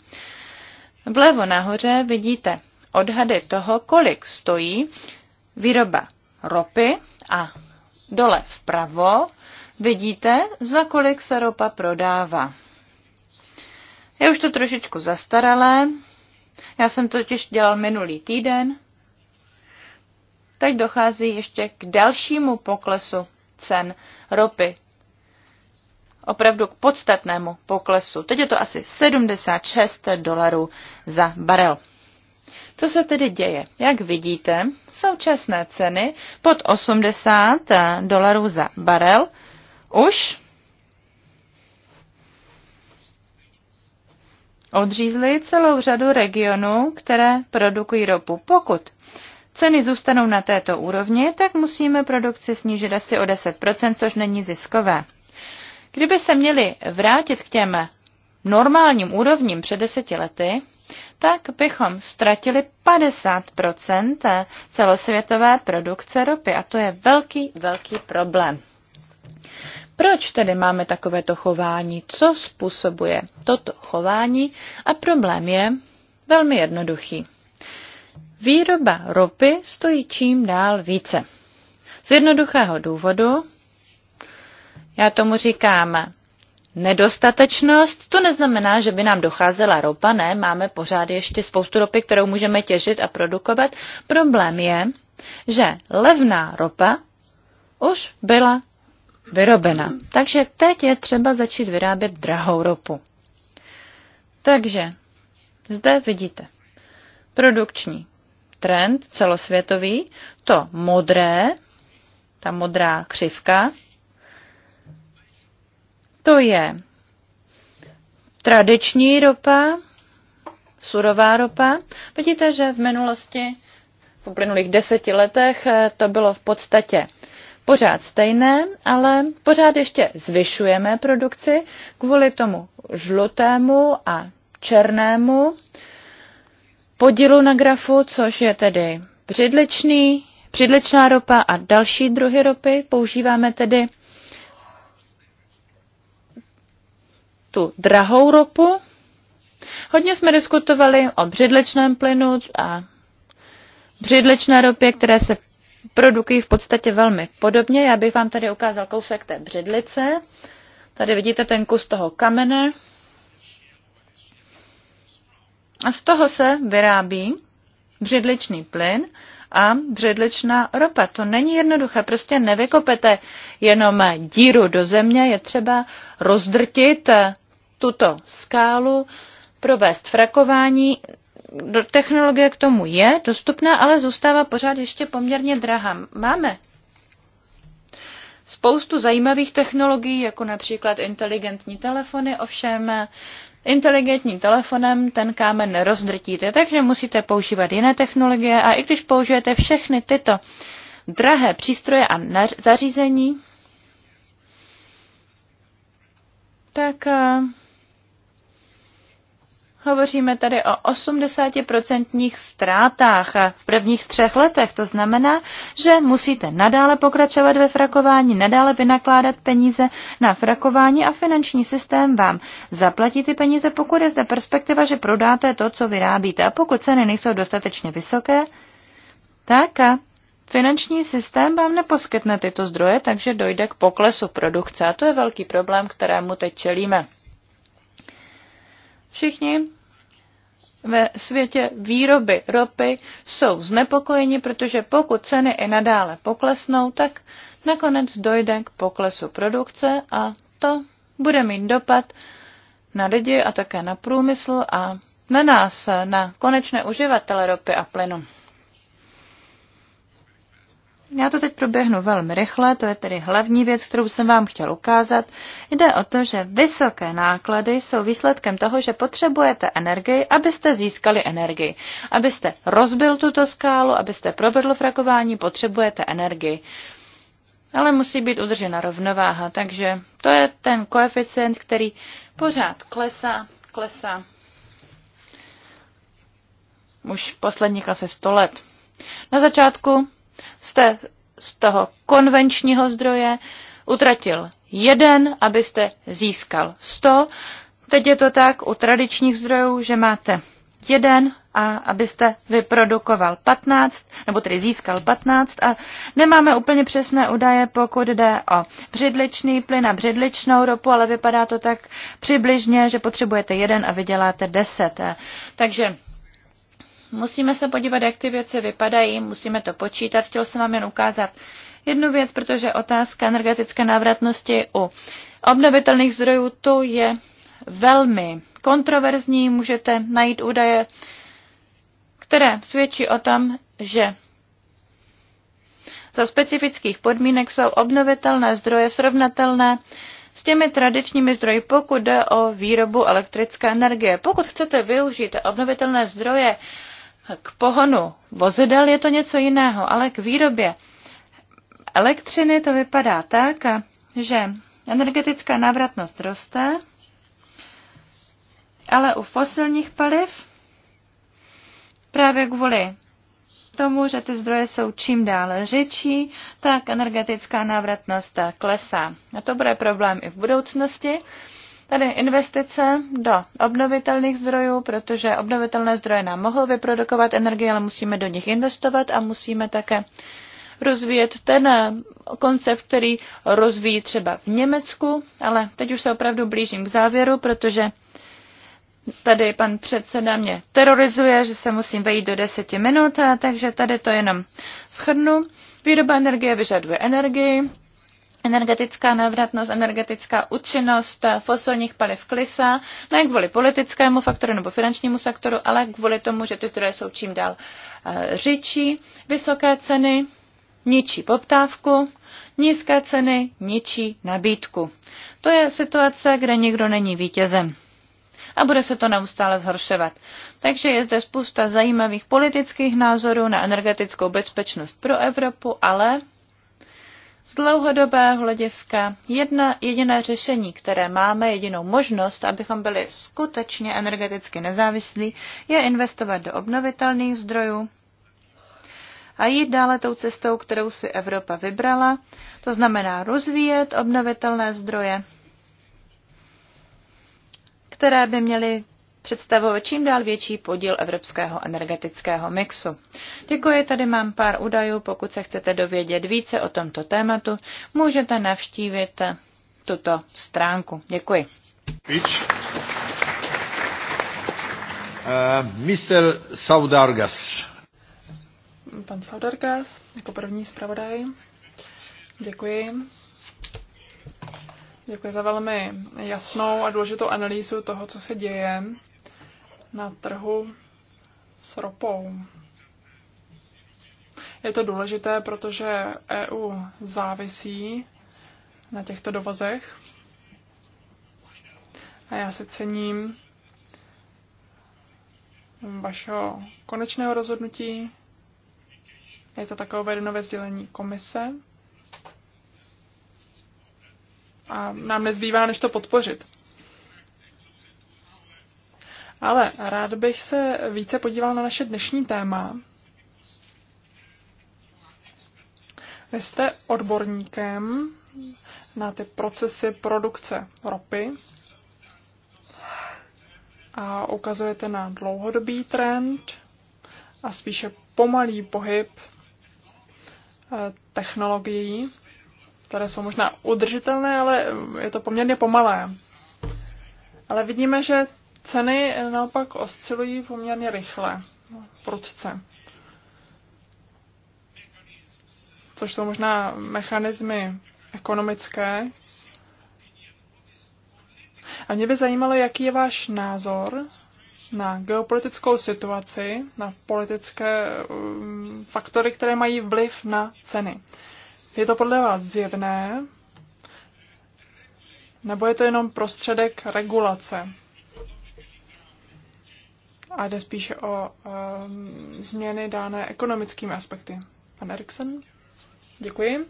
Vlevo nahoře vidíte odhady toho, kolik stojí výroba ropy a dole vpravo vidíte, za kolik se ropa prodává. Je už to trošičku zastaralé. Já jsem totiž dělal minulý týden. Teď dochází ještě k dalšímu poklesu cen ropy. Opravdu k podstatnému poklesu. Teď je to asi 76 dolarů za barel. Co se tedy děje? Jak vidíte, současné ceny pod 80 dolarů za barel už? Odřízli celou řadu regionů, které produkují ropu. Pokud ceny zůstanou na této úrovni, tak musíme produkci snížit asi o 10%, což není ziskové. Kdyby se měli vrátit k těm normálním úrovním před deseti lety, tak bychom ztratili 50 celosvětové produkce ropy a to je velký, velký problém. Proč tedy máme takovéto chování? Co způsobuje toto chování? A problém je velmi jednoduchý. Výroba ropy stojí čím dál více. Z jednoduchého důvodu, já tomu říkám nedostatečnost, to neznamená, že by nám docházela ropa, ne, máme pořád ještě spoustu ropy, kterou můžeme těžit a produkovat. Problém je, že levná ropa už byla vyrobena. Takže teď je třeba začít vyrábět drahou ropu. Takže zde vidíte produkční trend celosvětový, to modré, ta modrá křivka, to je tradiční ropa, surová ropa. Vidíte, že v minulosti, v uplynulých deseti letech, eh, to bylo v podstatě pořád stejné, ale pořád ještě zvyšujeme produkci kvůli tomu žlutému a černému podílu na grafu, což je tedy břidličný, přidličná ropa a další druhy ropy. Používáme tedy tu drahou ropu. Hodně jsme diskutovali o břidličném plynu a břidličné ropě, které se produkují v podstatě velmi podobně. Já bych vám tady ukázal kousek té břidlice. Tady vidíte ten kus toho kamene. A z toho se vyrábí břidličný plyn a břidličná ropa. To není jednoduché, prostě nevykopete jenom díru do země, je třeba rozdrtit tuto skálu, provést frakování, technologie k tomu je dostupná, ale zůstává pořád ještě poměrně drahá. Máme spoustu zajímavých technologií, jako například inteligentní telefony, ovšem inteligentním telefonem ten kámen rozdrtíte, takže musíte používat jiné technologie a i když použijete všechny tyto drahé přístroje a zařízení, tak eh, Hovoříme tady o 80% ztrátách v prvních třech letech. To znamená, že musíte nadále pokračovat ve frakování, nadále vynakládat peníze na frakování a finanční systém vám zaplatí ty peníze, pokud je zde perspektiva, že prodáte to, co vyrábíte. A pokud ceny nejsou dostatečně vysoké, tak a finanční systém vám neposkytne tyto zdroje, takže dojde k poklesu produkce. A to je velký problém, kterému teď čelíme. Všichni ve světě výroby ropy jsou znepokojeni, protože pokud ceny i nadále poklesnou, tak nakonec dojde k poklesu produkce a to bude mít dopad na lidi a také na průmysl a na nás, na konečné uživatele ropy a plynu. Já to teď proběhnu velmi rychle, to je tedy hlavní věc, kterou jsem vám chtěl ukázat. Jde o to, že vysoké náklady jsou výsledkem toho, že potřebujete energii, abyste získali energii. Abyste rozbil tuto skálu, abyste provedl frakování, potřebujete energii. Ale musí být udržena rovnováha, takže to je ten koeficient, který pořád klesá, klesá. Už posledních asi 100 let. Na začátku jste z toho konvenčního zdroje utratil jeden, abyste získal 100. Teď je to tak u tradičních zdrojů, že máte jeden, a abyste vyprodukoval 15, nebo tedy získal 15 a nemáme úplně přesné údaje, pokud jde o břidličný plyn a břidličnou ropu, ale vypadá to tak přibližně, že potřebujete jeden a vyděláte 10. Takže Musíme se podívat, jak ty věci vypadají, musíme to počítat. Chtěl jsem vám jen ukázat jednu věc, protože otázka energetické návratnosti u obnovitelných zdrojů, to je velmi kontroverzní. Můžete najít údaje, které svědčí o tom, že za specifických podmínek jsou obnovitelné zdroje srovnatelné s těmi tradičními zdroji, pokud jde o výrobu elektrické energie. Pokud chcete využít obnovitelné zdroje k pohonu vozidel je to něco jiného, ale k výrobě elektřiny to vypadá tak, že energetická návratnost roste, ale u fosilních paliv právě kvůli tomu, že ty zdroje jsou čím dále řečí, tak energetická návratnost klesá. A to bude problém i v budoucnosti. Tady investice do obnovitelných zdrojů, protože obnovitelné zdroje nám mohou vyprodukovat energii, ale musíme do nich investovat a musíme také rozvíjet ten eh, koncept, který rozvíjí třeba v Německu, ale teď už se opravdu blížím k závěru, protože tady pan předseda mě terorizuje, že se musím vejít do deseti minut, eh, takže tady to jenom schrnu. Výroba energie vyžaduje energii, energetická návratnost, energetická účinnost fosilních paliv klesá, ne kvůli politickému faktoru nebo finančnímu sektoru, ale kvůli tomu, že ty zdroje jsou čím dál eh, řidší, vysoké ceny ničí poptávku, nízké ceny ničí nabídku. To je situace, kde nikdo není vítězem. A bude se to neustále zhoršovat. Takže je zde spousta zajímavých politických názorů na energetickou bezpečnost pro Evropu, ale z dlouhodobého hlediska jedna jediné řešení, které máme, jedinou možnost, abychom byli skutečně energeticky nezávislí, je investovat do obnovitelných zdrojů a jít dále tou cestou, kterou si Evropa vybrala, to znamená rozvíjet obnovitelné zdroje, které by měly představuje čím dál větší podíl evropského energetického mixu. Děkuji, tady mám pár údajů. Pokud se chcete dovědět více o tomto tématu, můžete navštívit tuto stránku. Děkuji. Uh, eh, Mr. Saudargas. Pan Saudargas, jako první zpravodaj. Děkuji. Děkuji za velmi jasnou a důležitou analýzu toho, co se děje na trhu s ropou. Je to důležité, protože EU závisí na těchto dovozech a já si cením vašeho konečného rozhodnutí. Je to takové nové sdělení komise. A nám nezbývá, než to podpořit. Ale rád bych se více podíval na naše dnešní téma. Vy jste odborníkem na ty procesy produkce ropy a ukazujete na dlouhodobý trend a spíše pomalý pohyb eh, technologií, které jsou možná udržitelné, ale je to poměrně pomalé. Ale vidíme, že Ceny naopak oscilují poměrně rychle, no, prudce. Což jsou možná mechanismy ekonomické. A mě by zajímalo, jaký je váš názor na geopolitickou situaci, na politické mm, faktory, které mají vliv na ceny. Je to podle vás zjevné, nebo je to jenom prostředek regulace? a jde spíše o um, změny dané ekonomickými aspekty. Pan Eriksen, děkuji.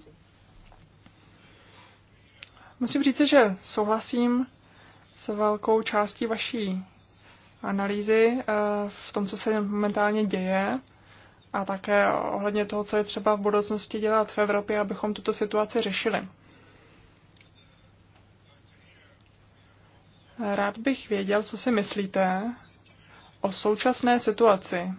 Musím říct, že souhlasím s velkou částí vaší analýzy eh, v tom, co se momentálně děje a také ohledně toho, co je třeba v budoucnosti dělat v Evropě, abychom tuto situaci řešili. Rád bych věděl, co si myslíte o současné situaci.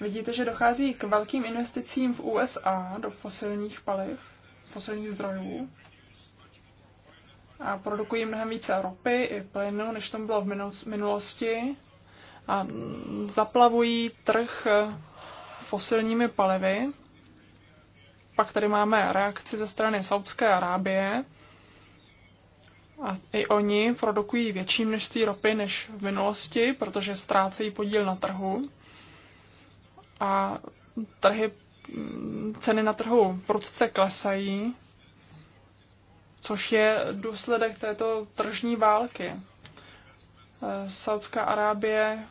Vidíte, že dochází k velkým investicím v USA do fosilních paliv, fosilních zdrojů a produkují mnohem více ropy i plynu, než tomu bylo v minulosti a zaplavují trh fosilními palivy pak tady máme reakci ze strany Saudské Arábie. A i oni produkují větší množství ropy než v minulosti, protože ztrácejí podíl na trhu. A trhy, ceny na trhu prudce klesají, což je důsledek této tržní války. Eh, Saudská Arábie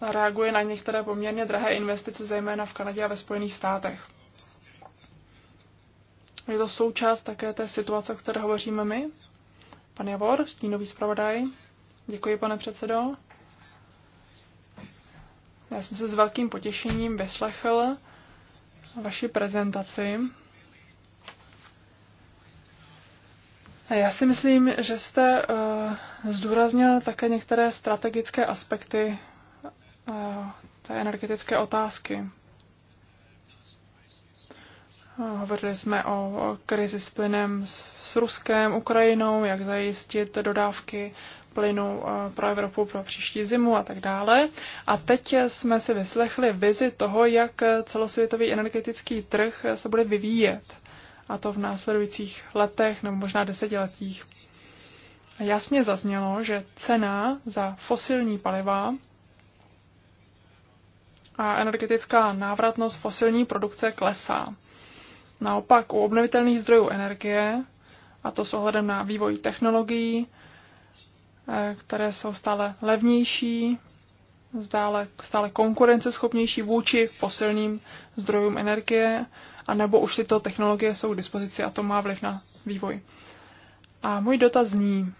reaguje na některé poměrně drahé investice, zejména v Kanadě a ve Spojených státech. Je to součást také té situace, o které hovoříme my. Pan Javor, stínový zpravodaj. Děkuji, pane předsedo. Já jsem se s velkým potěšením vyslechl vaši prezentaci. Já si myslím, že jste uh, zdůraznil také některé strategické aspekty Eh, té energetické otázky. Eh, hovořili jsme o krizi s plynem s Ruskem, Ukrajinou, jak zajistit dodávky plynu eh, pro Evropu pro příští zimu a tak dále. A teď jsme si vyslechli vizi toho, jak celosvětový energetický trh se bude vyvíjet. A to v následujících letech nebo možná desetiletích. Jasně zaznělo, že cena za fosilní paliva a energetická návratnost fosilní produkce klesá. Naopak u obnovitelných zdrojů energie, a to s ohledem na vývoj technologií, eh, které jsou stále levnější, stále, stále konkurenceschopnější vůči fosilním zdrojům energie, anebo už tyto technologie jsou k dispozici a to má vliv na vývoj. A můj dotaz zní,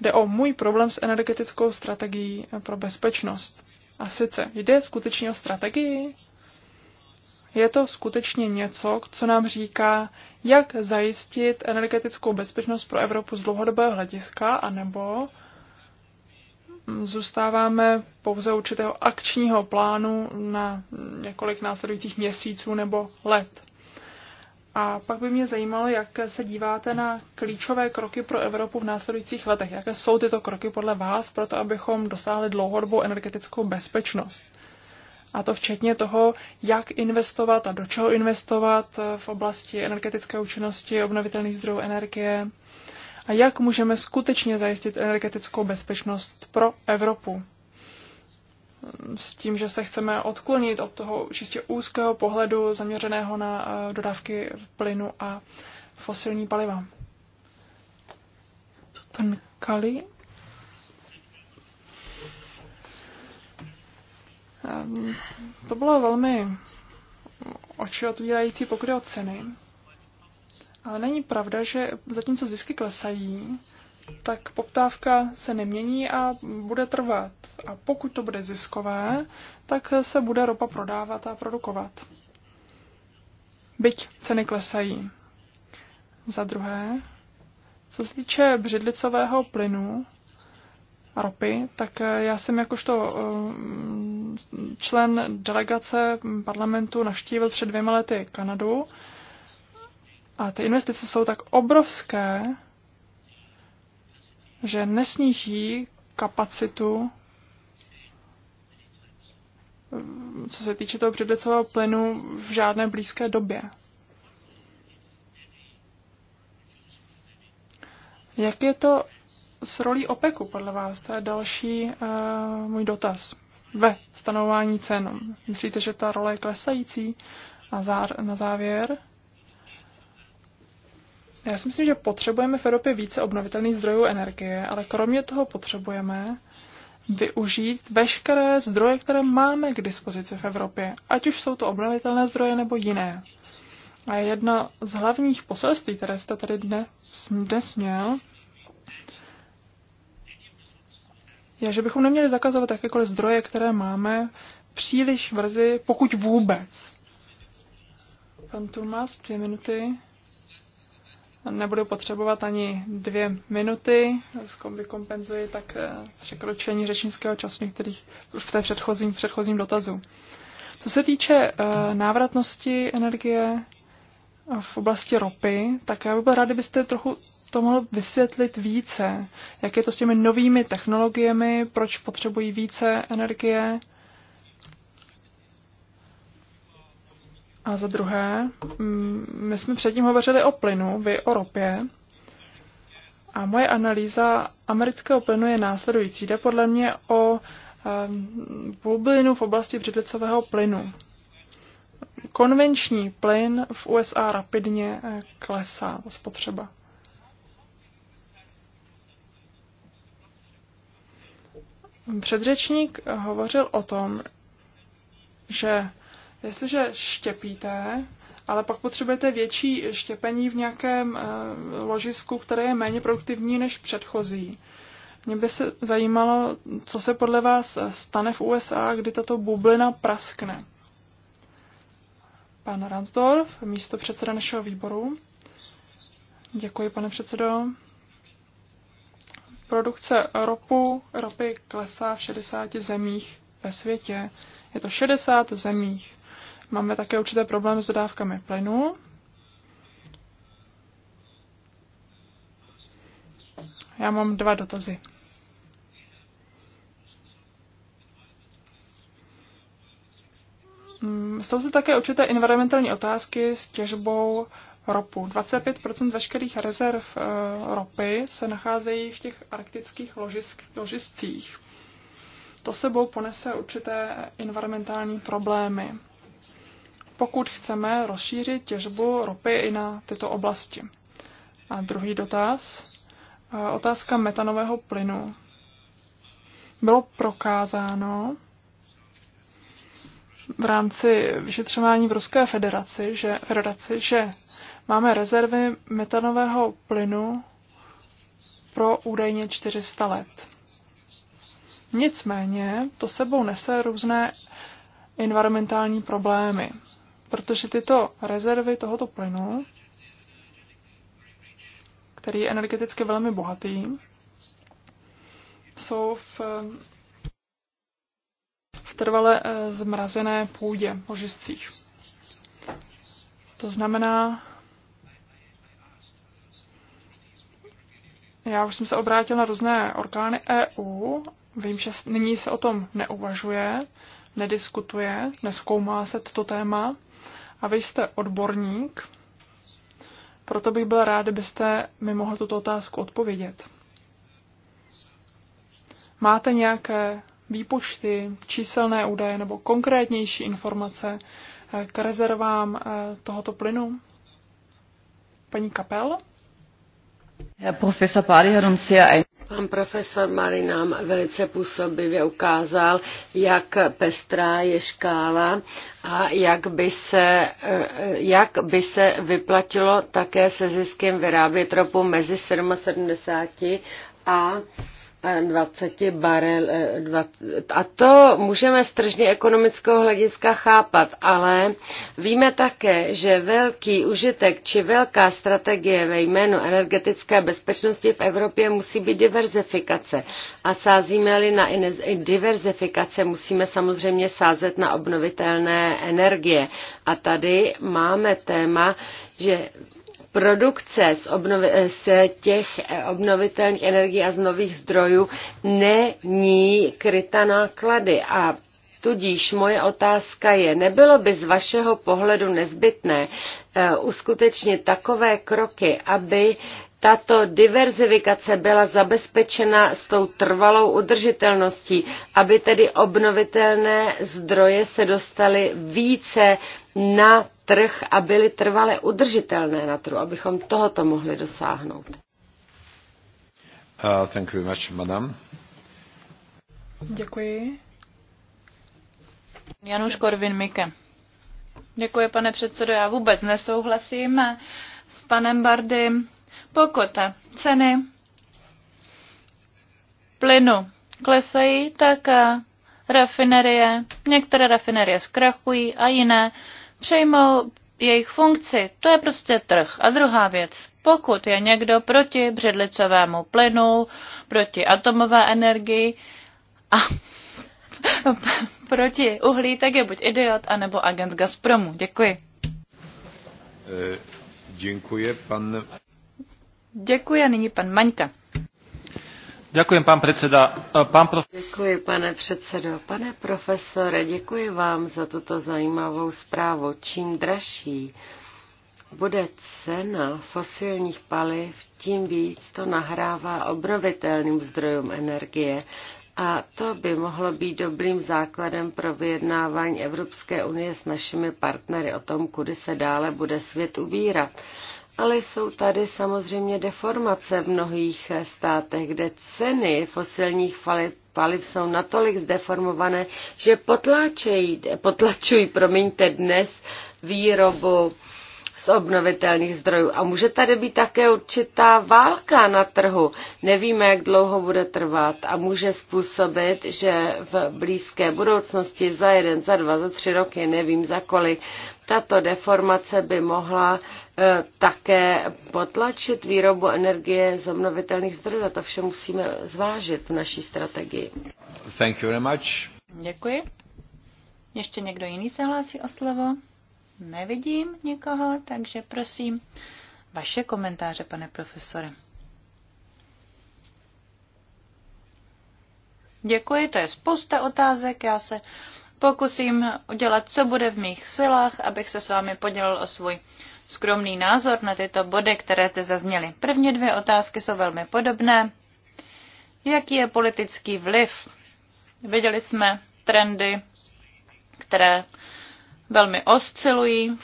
jde o můj problém s energetickou strategií pro bezpečnost. A sice jde skutečně o strategii? Je to skutečně něco, co nám říká, jak zajistit energetickou bezpečnost pro Evropu z dlouhodobého hlediska, anebo hm, zůstáváme pouze určitého akčního plánu na několik následujících měsíců nebo let. A pak by mě zajímalo, jak se díváte na klíčové kroky pro Evropu v následujících letech. Jaké jsou tyto kroky podle vás pro to, abychom dosáhli dlouhodobou energetickou bezpečnost? A to včetně toho, jak investovat a do čeho investovat v oblasti energetické účinnosti, obnovitelných zdrojů energie a jak můžeme skutečně zajistit energetickou bezpečnost pro Evropu s tím, že se chceme odklonit od toho čistě úzkého pohledu zaměřeného na eh, dodávky plynu a fosilní paliva. Pan Kali? Ehm, to bylo velmi oči otvírající, pokud je o ceny. Ale není pravda, že zatímco zisky klesají, tak poptávka se nemění a bude trvat. A pokud to bude ziskové, tak se bude ropa prodávat a produkovat. Byť ceny klesají. Za druhé, co se týče břidlicového plynu a ropy, tak já jsem jakožto um, člen delegace parlamentu navštívil před dvěma lety Kanadu a ty investice jsou tak obrovské, že nesníží kapacitu, eh, co se týče toho předlicového plynu, v žádné blízké době. Jak je to s rolí OPECu, podle vás? To je další uh, můj dotaz. Ve stanování cen. Myslíte, že ta role je klesající? Na, zá- na závěr já si myslím, že potřebujeme v Evropě více obnovitelných zdrojů energie, ale kromě toho potřebujeme využít veškeré zdroje, které máme k dispozici v Evropě, ať už jsou to obnovitelné zdroje nebo jiné. A jedna z hlavních poselství, které jste tady dnes, dnes měl, je, že bychom neměli zakazovat jakékoliv zdroje, které máme příliš brzy, pokud vůbec. Pan Turmas, dvě minuty. Nebudu potřebovat ani dvě minuty, vykompenzuji tak eh, překročení řečnického času některých v té předchozím, předchozím dotazu. Co se týče eh, návratnosti energie v oblasti ropy, tak já bych byl rád, kdybyste trochu to mohl vysvětlit více, jak je to s těmi novými technologiemi, proč potřebují více energie A za druhé, mm, my jsme předtím hovořili o plynu, vy o ropě. A moje analýza amerického plynu je následující. Jde podle mě o ehm, bublinu v oblasti břidlicového plynu. Konvenční plyn v USA rapidně eh, klesá spotřeba. Předřečník hovořil o tom, že Jestliže štěpíte, ale pak potřebujete větší štěpení v nějakém eh, ložisku, které je méně produktivní než předchozí. Mě by se zajímalo, co se podle vás eh, stane v USA, kdy tato bublina praskne. Pan Ransdorf, místo předseda našeho výboru. Děkuji, pane předsedo. Produkce ropu, ropy klesá v 60 zemích ve světě. Je to 60 zemích. Máme také určité problémy s dodávkami plynu. Já mám dva dotazy. Mm, jsou zde také určité environmentální otázky s těžbou ropu. 25 veškerých rezerv eh, ropy se nacházejí v těch arktických ložisk, ložiscích. To sebou ponese určité environmentální problémy pokud chceme rozšířit těžbu ropy i na tyto oblasti. A druhý dotaz, otázka metanového plynu. Bylo prokázáno v rámci vyšetřování v Ruské federaci, že, federaci, že máme rezervy metanového plynu pro údajně 400 let. Nicméně to sebou nese různé environmentální problémy protože tyto rezervy tohoto plynu, který je energeticky velmi bohatý, jsou v, v trvale eh, zmrazené půdě, ložiscích. To znamená, já už jsem se obrátil na různé orgány EU, vím, že nyní se o tom neuvažuje, nediskutuje, neskoumá se toto téma, a vy jste odborník, proto bych byl rád, kdybyste mi mohl tuto otázku odpovědět. Máte nějaké výpočty, číselné údaje nebo konkrétnější informace eh, k rezervám eh, tohoto plynu? Paní Kapel? Herr Professor Badi hat uns sehr ein Pan profesor Mary nám velice působivě ukázal, jak pestrá je škála a jak by se, eh, jak by se vyplatilo také se ziskem vyrábět ropu mezi 77 a 20 barel, eh, a to můžeme z tržně ekonomického hlediska chápat, ale víme také, že velký užitek či velká strategie ve jménu energetické bezpečnosti v Evropě musí být diverzifikace. A sázíme-li na diverzifikace, musíme samozřejmě sázet na obnovitelné energie. A tady máme téma, že produkce z, obnovi, eh, z těch eh, obnovitelných energií a z nových zdrojů není kryta náklady a Tudíž moje otázka je, nebylo by z vašeho pohledu nezbytné eh, uskutečnit takové kroky, aby tato diverzifikace byla zabezpečena s tou trvalou udržitelností, aby tedy obnovitelné zdroje se dostaly více na trh a byly trvale udržitelné na trhu, abychom tohoto mohli dosáhnout. Uh, thank you very much, madam. Děkuji. Januš korvin mike Děkuji, pane předsedo. Já vůbec nesouhlasím s panem Bardym pokud ceny plynu klesají, tak rafinerie, některé rafinerie zkrachují a jiné přejmou jejich funkci. To je prostě trh. A druhá věc, pokud je někdo proti břidlicovému plynu, proti atomové energii a [laughs] proti uhlí, tak je buď idiot, anebo agent Gazpromu. Děkuji. Eh, děkuji, pan... Děkuji a nyní pan Maňka. Děkuji, pan předseda. Eh, pan prof... Děkuji, pane předsedo. Pane profesore, děkuji vám za tuto zajímavou zprávu. Čím dražší bude cena fosilních paliv, tím víc to nahrává obnovitelným zdrojům energie. A to by mohlo být dobrým základem pro vyjednávání Evropské unie s našimi partnery o tom, kudy se dále bude svět ubírat ale jsou tady samozřejmě deformace v mnohých eh, státech, kde ceny fosilních paliv jsou natolik zdeformované, že potlačují, potlačují promiňte, dnes výrobu z obnovitelných zdrojů. A může tady být také určitá válka na trhu. Nevíme, jak dlouho bude trvat a může způsobit, že v blízké budoucnosti za jeden, za dva, za tři roky, nevím za kolik, tato deformace by mohla e, také potlačit výrobu energie z obnovitelných zdrojů. A to vše musíme zvážit v naší strategii. Thank you very much. Děkuji. Ještě někdo jiný se hlásí o slovo? Nevidím nikoho, takže prosím vaše komentáře, pane profesore. Děkuji, to je spousta otázek, já se pokusím udělat, co bude v mých silách, abych se s vámi podělil o svůj skromný názor na tyto body, které ty zazněly. První dvě otázky jsou velmi podobné. Jaký je politický vliv? Viděli jsme trendy, které velmi oscilují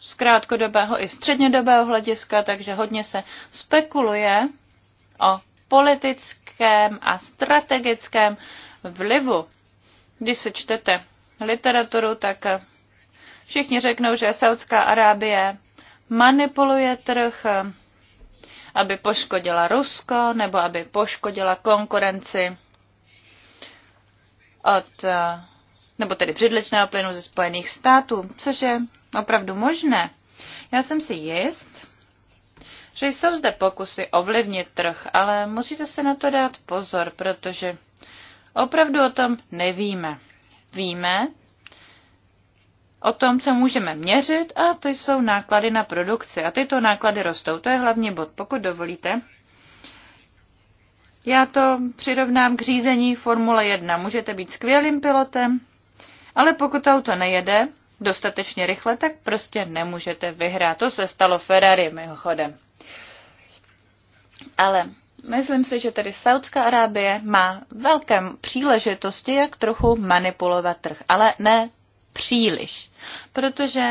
z krátkodobého i střednědobého hlediska, takže hodně se spekuluje o politickém a strategickém vlivu když se čtete literaturu, tak eh, všichni řeknou, že Saudská Arábie manipuluje trh, eh, aby poškodila Rusko nebo aby poškodila konkurenci od, eh, nebo tedy břidličného plynu ze Spojených států, což je opravdu možné. Já jsem si jist, že jsou zde pokusy ovlivnit trh, ale musíte se na to dát pozor, protože Opravdu o tom nevíme. Víme o tom, co můžeme měřit a to jsou náklady na produkci. A tyto náklady rostou. To je hlavní bod, pokud dovolíte. Já to přirovnám k řízení Formule 1. Můžete být skvělým pilotem, ale pokud auto nejede dostatečně rychle, tak prostě nemůžete vyhrát. To se stalo Ferrari mimochodem. Ale Myslím si, že tedy Saudská Arábie má velké příležitosti, jak trochu manipulovat trh, ale ne příliš, protože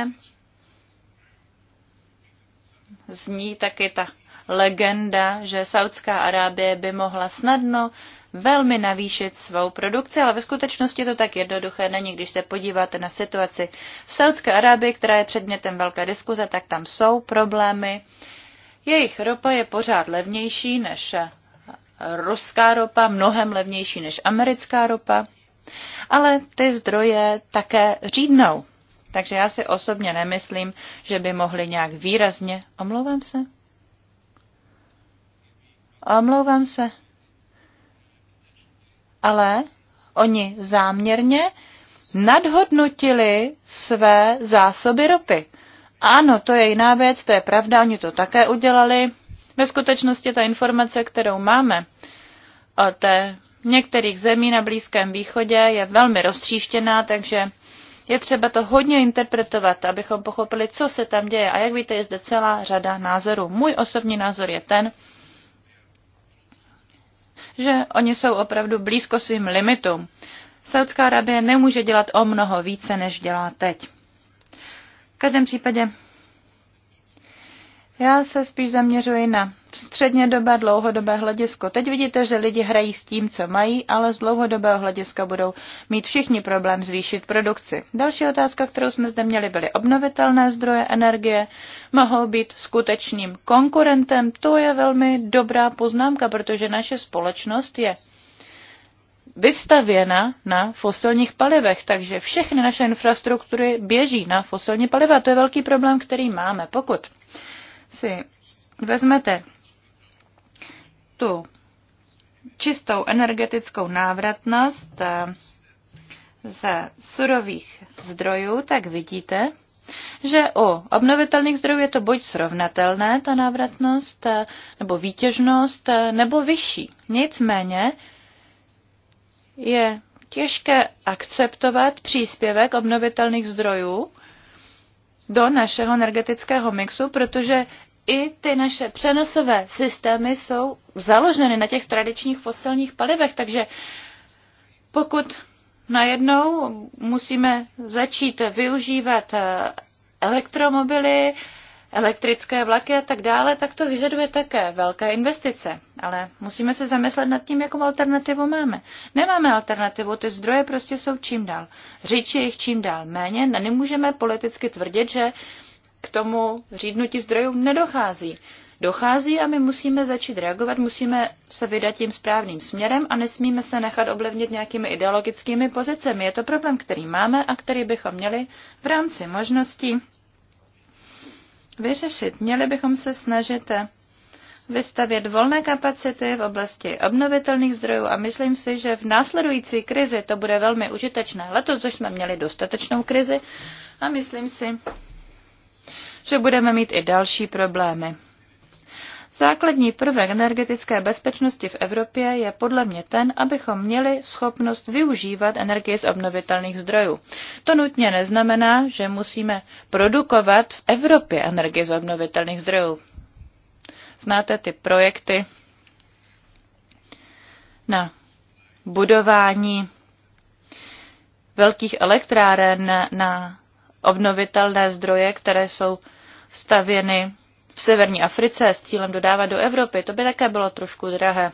zní taky ta legenda, že Saudská Arábie by mohla snadno velmi navýšit svou produkci, ale ve skutečnosti to tak jednoduché není. Když se podíváte na situaci v Saudské Arábii, která je předmětem velké diskuze, tak tam jsou problémy jejich ropa je pořád levnější než ruská ropa, mnohem levnější než americká ropa, ale ty zdroje také řídnou. Takže já si osobně nemyslím, že by mohli nějak výrazně. Omlouvám se? Omlouvám se. Ale oni záměrně nadhodnotili své zásoby ropy. Ano, to je jiná věc, to je pravda, oni to také udělali. Ve skutečnosti ta informace, kterou máme té eh, některých zemí na Blízkém východě, je velmi roztříštěná, takže je třeba to hodně interpretovat, abychom pochopili, co se tam děje. A jak víte, je zde celá řada názorů. Můj osobní názor je ten, že oni jsou opravdu blízko svým limitům. Saudská Arabie nemůže dělat o mnoho více, než dělá teď každém případě já se spíš zaměřuji na střednědobé, dlouhodobé hledisko. Teď vidíte, že lidi hrají s tím, co mají, ale z dlouhodobého hlediska budou mít všichni problém zvýšit produkci. Další otázka, kterou jsme zde měli, byly obnovitelné zdroje energie. Mohou být skutečným konkurentem. To je velmi dobrá poznámka, protože naše společnost je vystavěna na fosilních palivech, takže všechny naše infrastruktury běží na fosilní paliva. To je velký problém, který máme. Pokud si vezmete tu čistou energetickou návratnost eh, ze surových zdrojů, tak vidíte, že u obnovitelných zdrojů je to buď srovnatelné, ta návratnost, eh, nebo výtěžnost, eh, nebo vyšší. Nicméně je těžké akceptovat příspěvek obnovitelných zdrojů do našeho energetického mixu, protože i ty naše přenosové systémy jsou založeny na těch tradičních fosilních palivech, takže pokud najednou musíme začít využívat elektromobily, elektrické vlaky a tak dále, tak to vyžaduje také velké investice. Ale musíme se zamyslet nad tím, jakou alternativu máme. Nemáme alternativu, ty zdroje prostě jsou čím dál. Řidiči jich čím dál méně, nemůžeme politicky tvrdit, že k tomu řídnutí zdrojů nedochází. Dochází a my musíme začít reagovat, musíme se vydat tím správným směrem a nesmíme se nechat oblevnit nějakými ideologickými pozicemi. Je to problém, který máme a který bychom měli v rámci možností vyřešit. Měli bychom se snažit vystavět volné kapacity v oblasti obnovitelných zdrojů a myslím si, že v následující krizi to bude velmi užitečné. Letos už jsme měli dostatečnou krizi a myslím si, že budeme mít i další problémy. Základní prvek energetické bezpečnosti v Evropě je podle mě ten, abychom měli schopnost využívat energii z obnovitelných zdrojů. To nutně neznamená, že musíme produkovat v Evropě energii z obnovitelných zdrojů. Znáte ty projekty na budování velkých elektráren na obnovitelné zdroje, které jsou stavěny v severní Africe s cílem dodávat do Evropy, to by také bylo trošku drahé.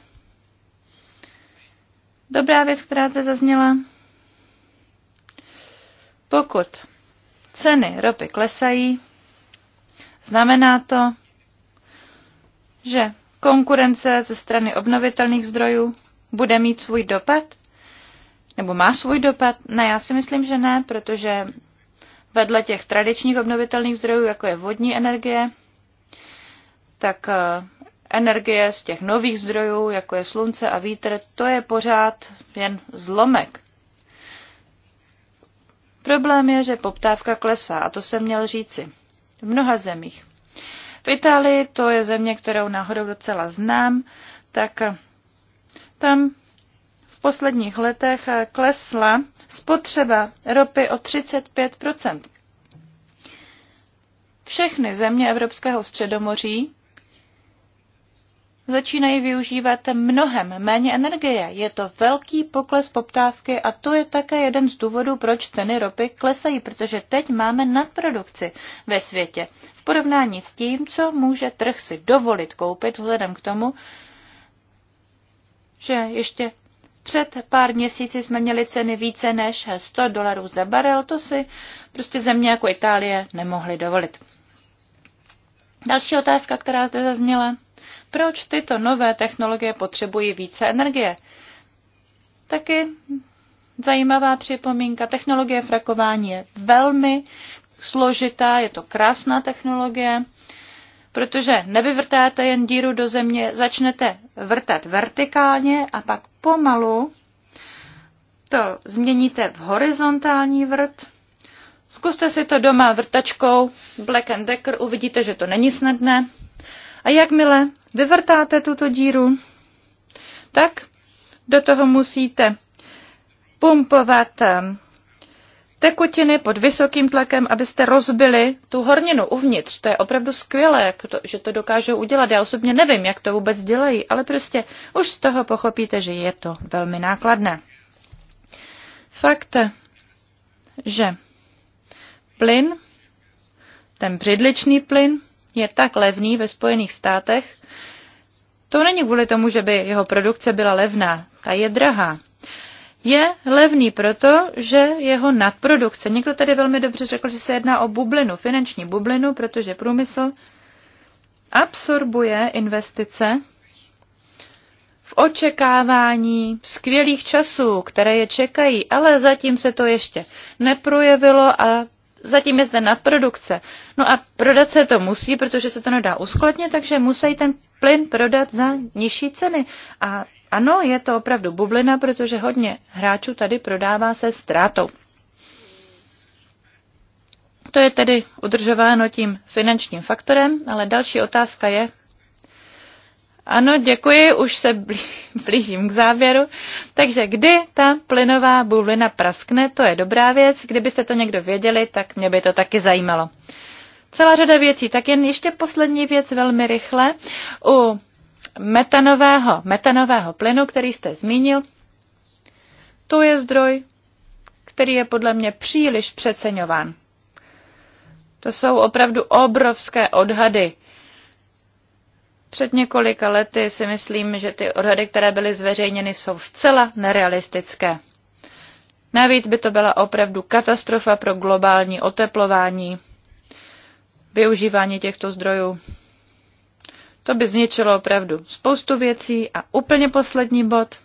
Dobrá věc, která zde zazněla. Pokud ceny ropy klesají, znamená to, že konkurence ze strany obnovitelných zdrojů bude mít svůj dopad? Nebo má svůj dopad? Ne, já si myslím, že ne, protože vedle těch tradičních obnovitelných zdrojů, jako je vodní energie, tak eh, energie z těch nových zdrojů, jako je slunce a vítr, to je pořád jen zlomek. Problém je, že poptávka klesá, a to jsem měl říci. V mnoha zemích. V Itálii, to je země, kterou náhodou docela znám, tak eh, tam v posledních letech eh, klesla spotřeba ropy o 35 Všechny země Evropského středomoří začínají využívat mnohem méně energie. Je to velký pokles poptávky a to je také jeden z důvodů, proč ceny ropy klesají, protože teď máme nadprodukci ve světě. V porovnání s tím, co může trh si dovolit koupit vzhledem k tomu, že ještě před pár měsíci jsme měli ceny více než 100 dolarů za barel, to si prostě země jako Itálie nemohly dovolit. Další otázka, která zde zazněla, proč tyto nové technologie potřebují více energie. Taky zajímavá připomínka. Technologie frakování je velmi složitá, je to krásná technologie, protože nevyvrtáte jen díru do země, začnete vrtat vertikálně a pak pomalu to změníte v horizontální vrt. Zkuste si to doma vrtačkou Black and Decker, uvidíte, že to není snadné. A jakmile vyvrtáte tuto díru, tak do toho musíte pumpovat eh, tekutiny pod vysokým tlakem, abyste rozbili tu horninu uvnitř. To je opravdu skvělé, jak to, že to dokážou udělat. Já osobně nevím, jak to vůbec dělají, ale prostě už z toho pochopíte, že je to velmi nákladné. Fakt, že plyn, ten břidličný plyn, je tak levný ve Spojených státech, to není kvůli tomu, že by jeho produkce byla levná, ta je drahá. Je levný proto, že jeho nadprodukce, někdo tady velmi dobře řekl, že se jedná o bublinu, finanční bublinu, protože průmysl absorbuje investice v očekávání skvělých časů, které je čekají, ale zatím se to ještě neprojevilo a zatím je zde nadprodukce. No a prodat se to musí, protože se to nedá uskladnit, takže musí ten plyn prodat za nižší ceny. A ano, je to opravdu bublina, protože hodně hráčů tady prodává se ztrátou. To je tedy udržováno tím finančním faktorem, ale další otázka je, ano, děkuji, už se [laughs] blížím k závěru. Takže kdy ta plynová bublina praskne, to je dobrá věc. Kdybyste to někdo věděli, tak mě by to taky zajímalo. Celá řada věcí. Tak jen ještě poslední věc velmi rychle. U metanového, metanového plynu, který jste zmínil, to je zdroj, který je podle mě příliš přeceňován. To jsou opravdu obrovské odhady před několika lety si myslím, že ty odhady, které byly zveřejněny, jsou zcela nerealistické. Navíc by to byla opravdu katastrofa pro globální oteplování, využívání těchto zdrojů. To by zničilo opravdu spoustu věcí a úplně poslední bod.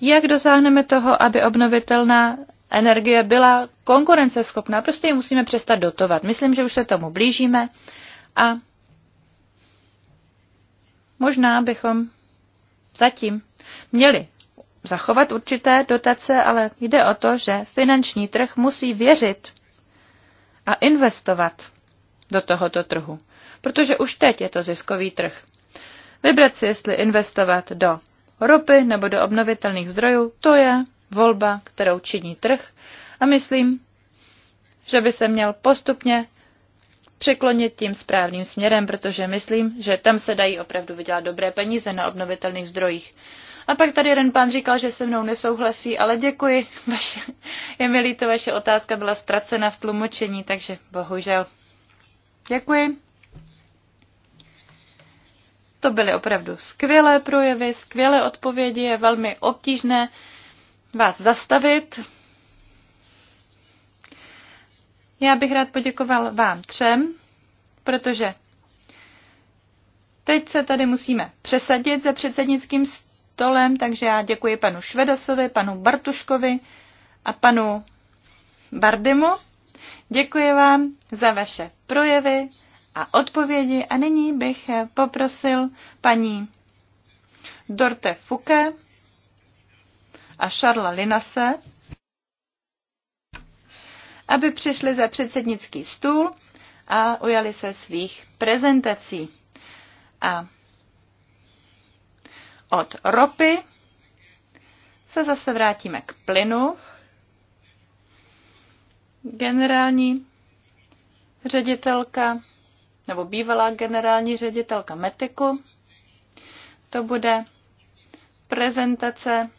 Jak dosáhneme toho, aby obnovitelná energie byla konkurenceschopná? Prostě ji musíme přestat dotovat. Myslím, že už se tomu blížíme a Možná bychom zatím měli zachovat určité dotace, ale jde o to, že finanční trh musí věřit a investovat do tohoto trhu, protože už teď je to ziskový trh. Vybrat si, jestli investovat do ropy nebo do obnovitelných zdrojů, to je volba, kterou činí trh a myslím, že by se měl postupně překlonit tím správným směrem, protože myslím, že tam se dají opravdu vydělat dobré peníze na obnovitelných zdrojích. A pak tady jeden pán říkal, že se mnou nesouhlasí, ale děkuji. [laughs] Vaše, je mi líto, vaše otázka byla ztracena v tlumočení, takže bohužel. Děkuji. To byly opravdu skvělé projevy, skvělé odpovědi. Je velmi obtížné vás zastavit. Já bych rád poděkoval vám třem, protože teď se tady musíme přesadit za předsednickým stolem, takže já děkuji panu Švedasovi, panu Bartuškovi a panu Bardimu. Děkuji vám za vaše projevy a odpovědi a nyní bych poprosil paní Dorte Fuke a Charla Linase, aby přišli za předsednický stůl a ujali se svých prezentací. A od ropy se zase vrátíme k plynu. Generální ředitelka nebo bývalá generální ředitelka Metiku. To bude prezentace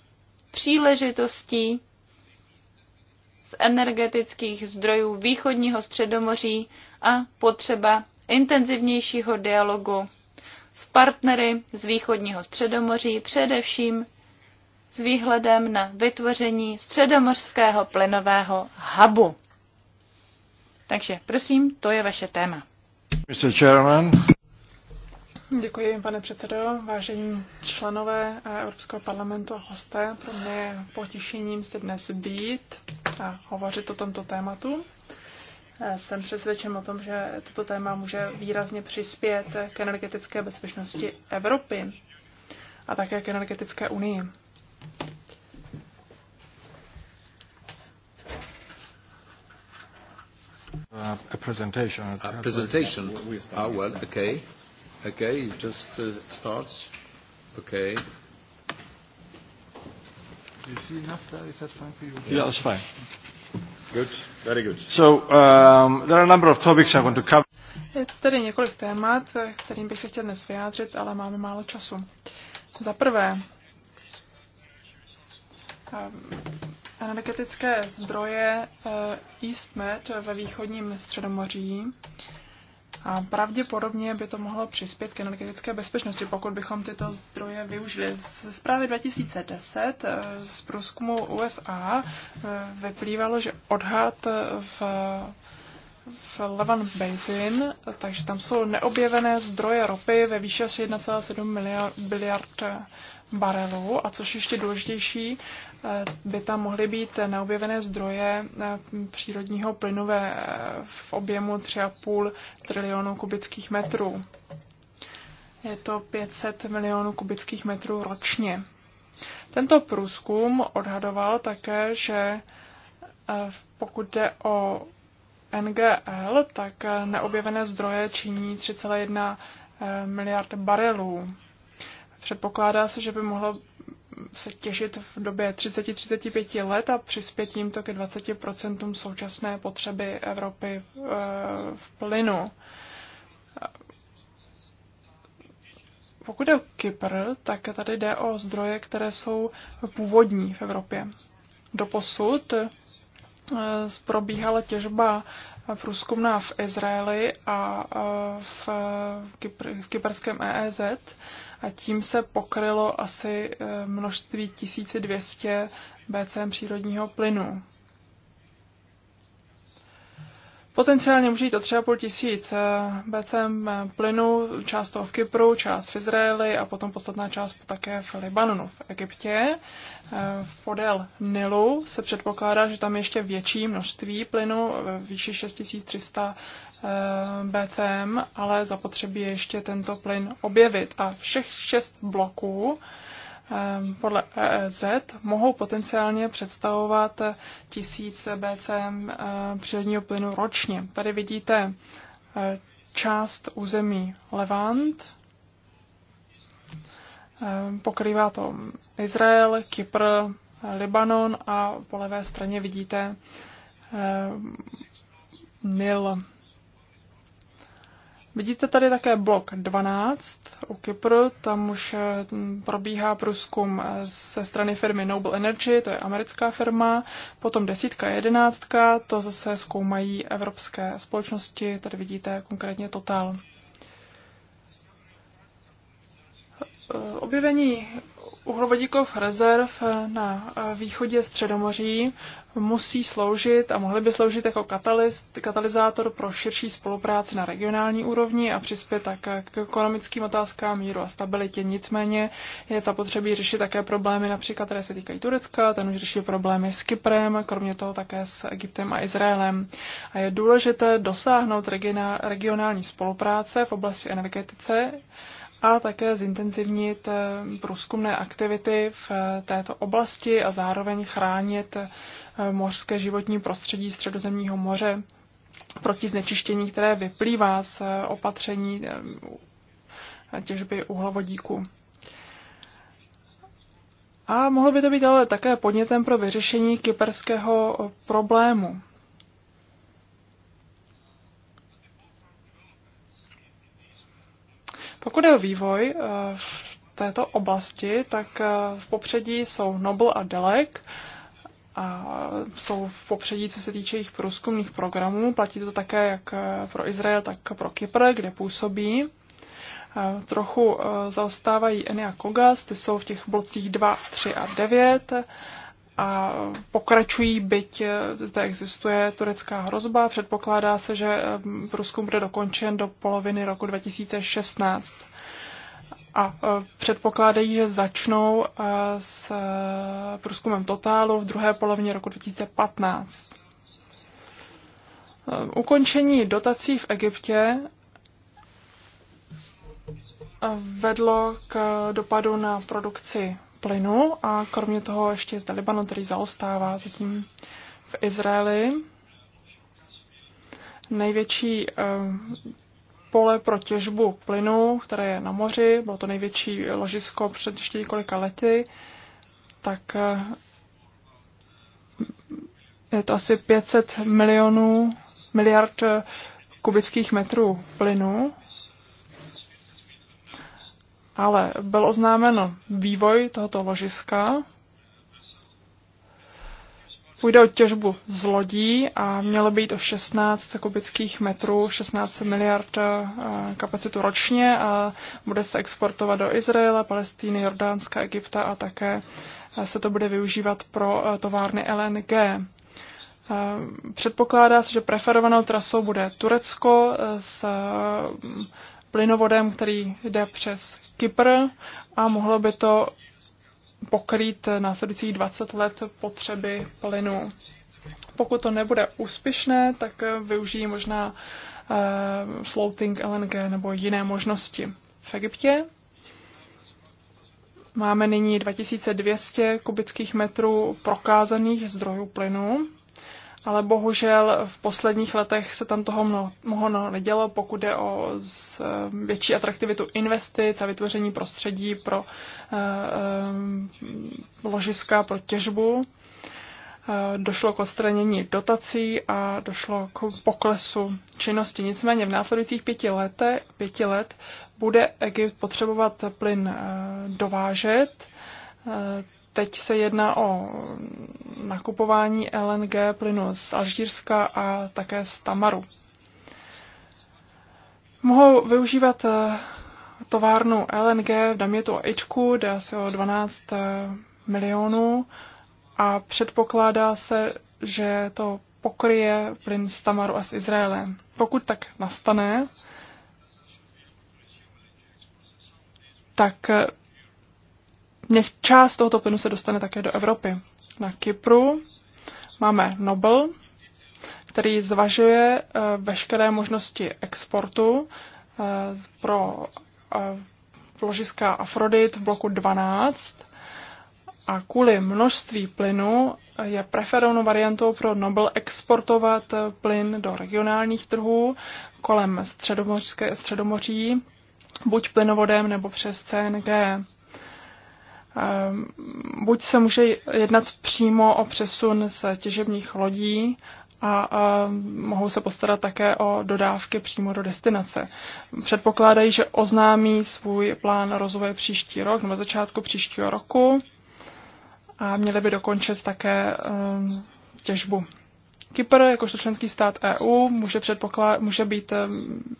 příležitostí z energetických zdrojů východního středomoří a potřeba intenzivnějšího dialogu s partnery z východního středomoří, především s výhledem na vytvoření středomořského plynového hubu. Takže prosím, to je vaše téma. Mr. Chairman. Děkuji, pane předsedo, vážení členové eh, Evropského parlamentu a hosté. Pro mě je potěšením zde dnes být a hovořit o tomto tématu. Eh, jsem přesvědčen o tom, že toto téma může výrazně přispět k energetické bezpečnosti Evropy a také k energetické unii. A presentation. A presentation. Ah, well, okay. Okay, it just uh, starts. Okay. you see enough there? Uh, is that fine for you? Yeah, yeah that's fine. Good, very good. So, um, there are a number of topics I want to cover. Je tady několik témat, kterým bych se chtěl dnes vyjádřit, ale máme málo času. Za prvé, um, energetické zdroje uh, EastMed ve východním středomoří. A pravděpodobně by to mohlo přispět k energetické bezpečnosti, pokud bychom tyto zdroje využili. Z zprávy 2010 eh, z průzkumu USA eh, vyplývalo, že odhad eh, v v Levan Basin, takže tam jsou neobjevené zdroje ropy ve výši asi 1,7 miliard eh, barelů, a což ještě důležitější, eh, by tam mohly být neobjevené zdroje eh, přírodního plynu ve, v objemu 3,5 trilionu kubických metrů. Je to 500 milionů kubických metrů ročně. Tento průzkum odhadoval také, že pokud jde o NGL, tak neobjevené zdroje činí 3,1 eh, miliard barelů. Předpokládá se, že by mohlo se těšit v době 30-35 let a přispět tímto ke 20% současné potřeby Evropy eh, v plynu. Pokud je Kypr, tak tady jde o zdroje, které jsou původní v Evropě. Doposud Eh, probíhala těžba průzkumná v Izraeli a eh, v, Kypr, v kyperském EEZ a tím se pokrylo asi eh, množství 1200 BCM přírodního plynu. Potenciálně může jít o třeba tisíc eh, BCM eh, plynu, část toho v Kypru, část v Izraeli a potom podstatná část také v Libanonu, v Egyptě. V eh, Podél Nilu se předpokládá, že tam ještě větší množství plynu, výši 6300 BCM, ale zapotřebí ještě tento plyn objevit. A všech šest bloků Ehm, podle EEZ mohou potenciálně představovat tisíce BCM ehm, přírodního plynu ročně. Tady vidíte ehm, část území Levant, pokrývá to Izrael, Kypr, Libanon a po levé straně vidíte Nil, Vidíte tady také blok 12 u Kypru, tam už eh, probíhá průzkum eh, ze strany firmy Noble Energy, to je americká firma, potom desítka a jedenáctka, to zase zkoumají evropské společnosti, tady vidíte konkrétně Total. Eh, objevení uhlovodíkov rezerv eh, na eh, východě Středomoří musí sloužit a mohly by sloužit jako katalyst, katalyzátor pro širší spolupráci na regionální úrovni a přispět tak k ekonomickým otázkám míru a stabilitě. Nicméně je zapotřebí řešit také problémy, například které se týkají Turecka, ten už řeší problémy s Kyprem, kromě toho také s Egyptem a Izraelem. A je důležité dosáhnout regionální spolupráce v oblasti energetice, a také zintenzivnit eh, průzkumné aktivity v eh, této oblasti a zároveň chránit eh, mořské životní prostředí Středozemního moře proti znečištění, které vyplývá z opatření těžby uhlovodíku. A mohlo by to být ale také podnětem pro vyřešení kyperského problému. Pokud je o vývoj eh, v této oblasti, tak eh, v popředí jsou Nobel a Delek. a jsou v popředí, co se týče jejich průzkumných programů. Platí to také jak eh, pro Izrael, tak pro Kypr, kde působí. Trochu zaostávají Enia Kogas, ty jsou v těch blocích 2, 3 a 9 a pokračují, byť eh, zde existuje turecká hrozba. Předpokládá se, že průzkum eh, bude dokončen do poloviny roku 2016. A eh, předpokládají, že začnou s průzkumem totálu v druhé polovině roku 2015. Ukončení dotací v Egyptě vedlo k dopadu na produkci plynu a kromě toho ještě zde Libanon, který zaostává zatím v Izraeli. Největší eh, pole pro těžbu plynu, které je na moři, bylo to největší ložisko před ještě několika lety, tak eh, je to asi 500 milionů, miliard eh, kubických metrů plynu ale byl oznámeno vývoj tohoto ložiska. Půjde o těžbu z lodí a mělo být o 16 kubických metrů, 16 miliard eh, kapacitu ročně a bude se exportovat do Izraele, Palestíny, Jordánska, Egypta a také eh, se to bude využívat pro eh, továrny LNG. Předpokládá se, že preferovanou trasou bude Turecko s plynovodem, který jde přes Kypr a mohlo by to pokrýt následujících 20 let potřeby plynu. Pokud to nebude úspěšné, tak využijí možná eh, floating LNG nebo jiné možnosti. V Egyptě máme nyní 2200 kubických metrů prokázaných zdrojů plynu ale bohužel v posledních letech se tam toho mnoho, no, nedělo, pokud jde o z, eh, větší atraktivitu investic a vytvoření prostředí pro e, e, ložiska pro těžbu. došlo k odstranění dotací a došlo k poklesu činnosti. Nicméně v následujících pěti, lete, pěti let bude Egypt potřebovat plyn dovážet. Teď se jedná o nakupování LNG plynu z Alžírska a také z Tamaru. Mohou využívat eh, továrnu LNG v Damětu Ičku, jde asi o 12 eh, milionů a předpokládá se, že to pokryje plyn z Tamaru a z Izraele. Pokud tak nastane, tak eh, část tohoto plynu se dostane také do Evropy. Na Kypru máme Nobel, který zvažuje eh, veškeré možnosti exportu eh, pro eh, ložiska Afrodit v bloku 12 a kvůli množství plynu je preferovanou variantou pro Nobel exportovat plyn do regionálních trhů kolem středomoří, buď plynovodem nebo přes CNG. Ehm, buď se může jednat přímo o přesun z těžebních lodí, a, a mohou se postarat také o dodávky přímo do destinace. Předpokládají, že oznámí svůj plán rozvoje příští rok nebo začátku příštího roku a měli by dokončit také ehm, těžbu. Kypr, jakožto členský stát EU, může, může být eh,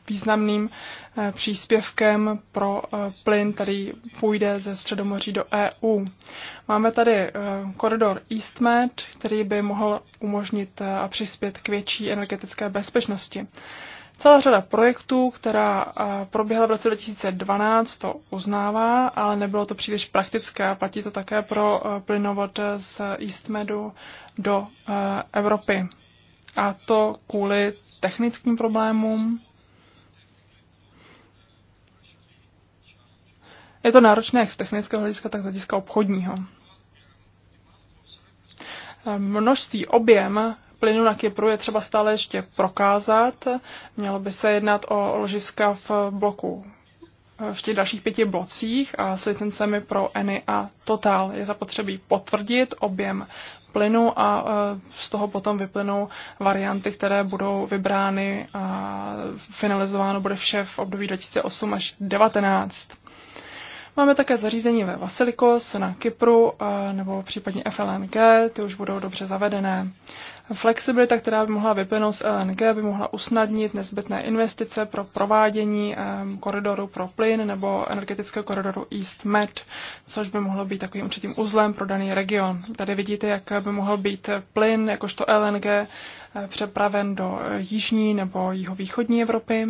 významným eh, příspěvkem pro eh, plyn, který půjde ze Středomoří do EU. Máme tady koridor EastMed, který by mohl umožnit a přispět k větší energetické bezpečnosti. Celá řada projektů, která proběhla v roce 2012, to uznává, ale nebylo to příliš praktické. Platí to také pro plynovod z Eastmedu do Evropy a to kvůli technickým problémům. Je to náročné jak z technického hlediska, tak z hlediska obchodního. Množství, objem plynu na Kypru je třeba stále ještě prokázat. Mělo by se jednat o ložiska v bloku v těch dalších pěti blocích a s licencemi pro ENI a Total je zapotřebí potvrdit objem plynu a e, z toho potom vyplynou varianty, které budou vybrány a finalizováno bude vše v období 2008 až 2019. Máme také zařízení ve Vasilikos na Kypru e, nebo případně FLNG, ty už budou dobře zavedené. Flexibilita, která by mohla vyplynout z LNG, by mohla usnadnit nezbytné investice pro provádění koridoru pro plyn nebo energetického koridoru East Med, což by mohlo být takovým určitým uzlem pro daný region. Tady vidíte, jak by mohl být plyn, jakožto LNG, eh, přepraven do eh, jižní nebo jihovýchodní Evropy.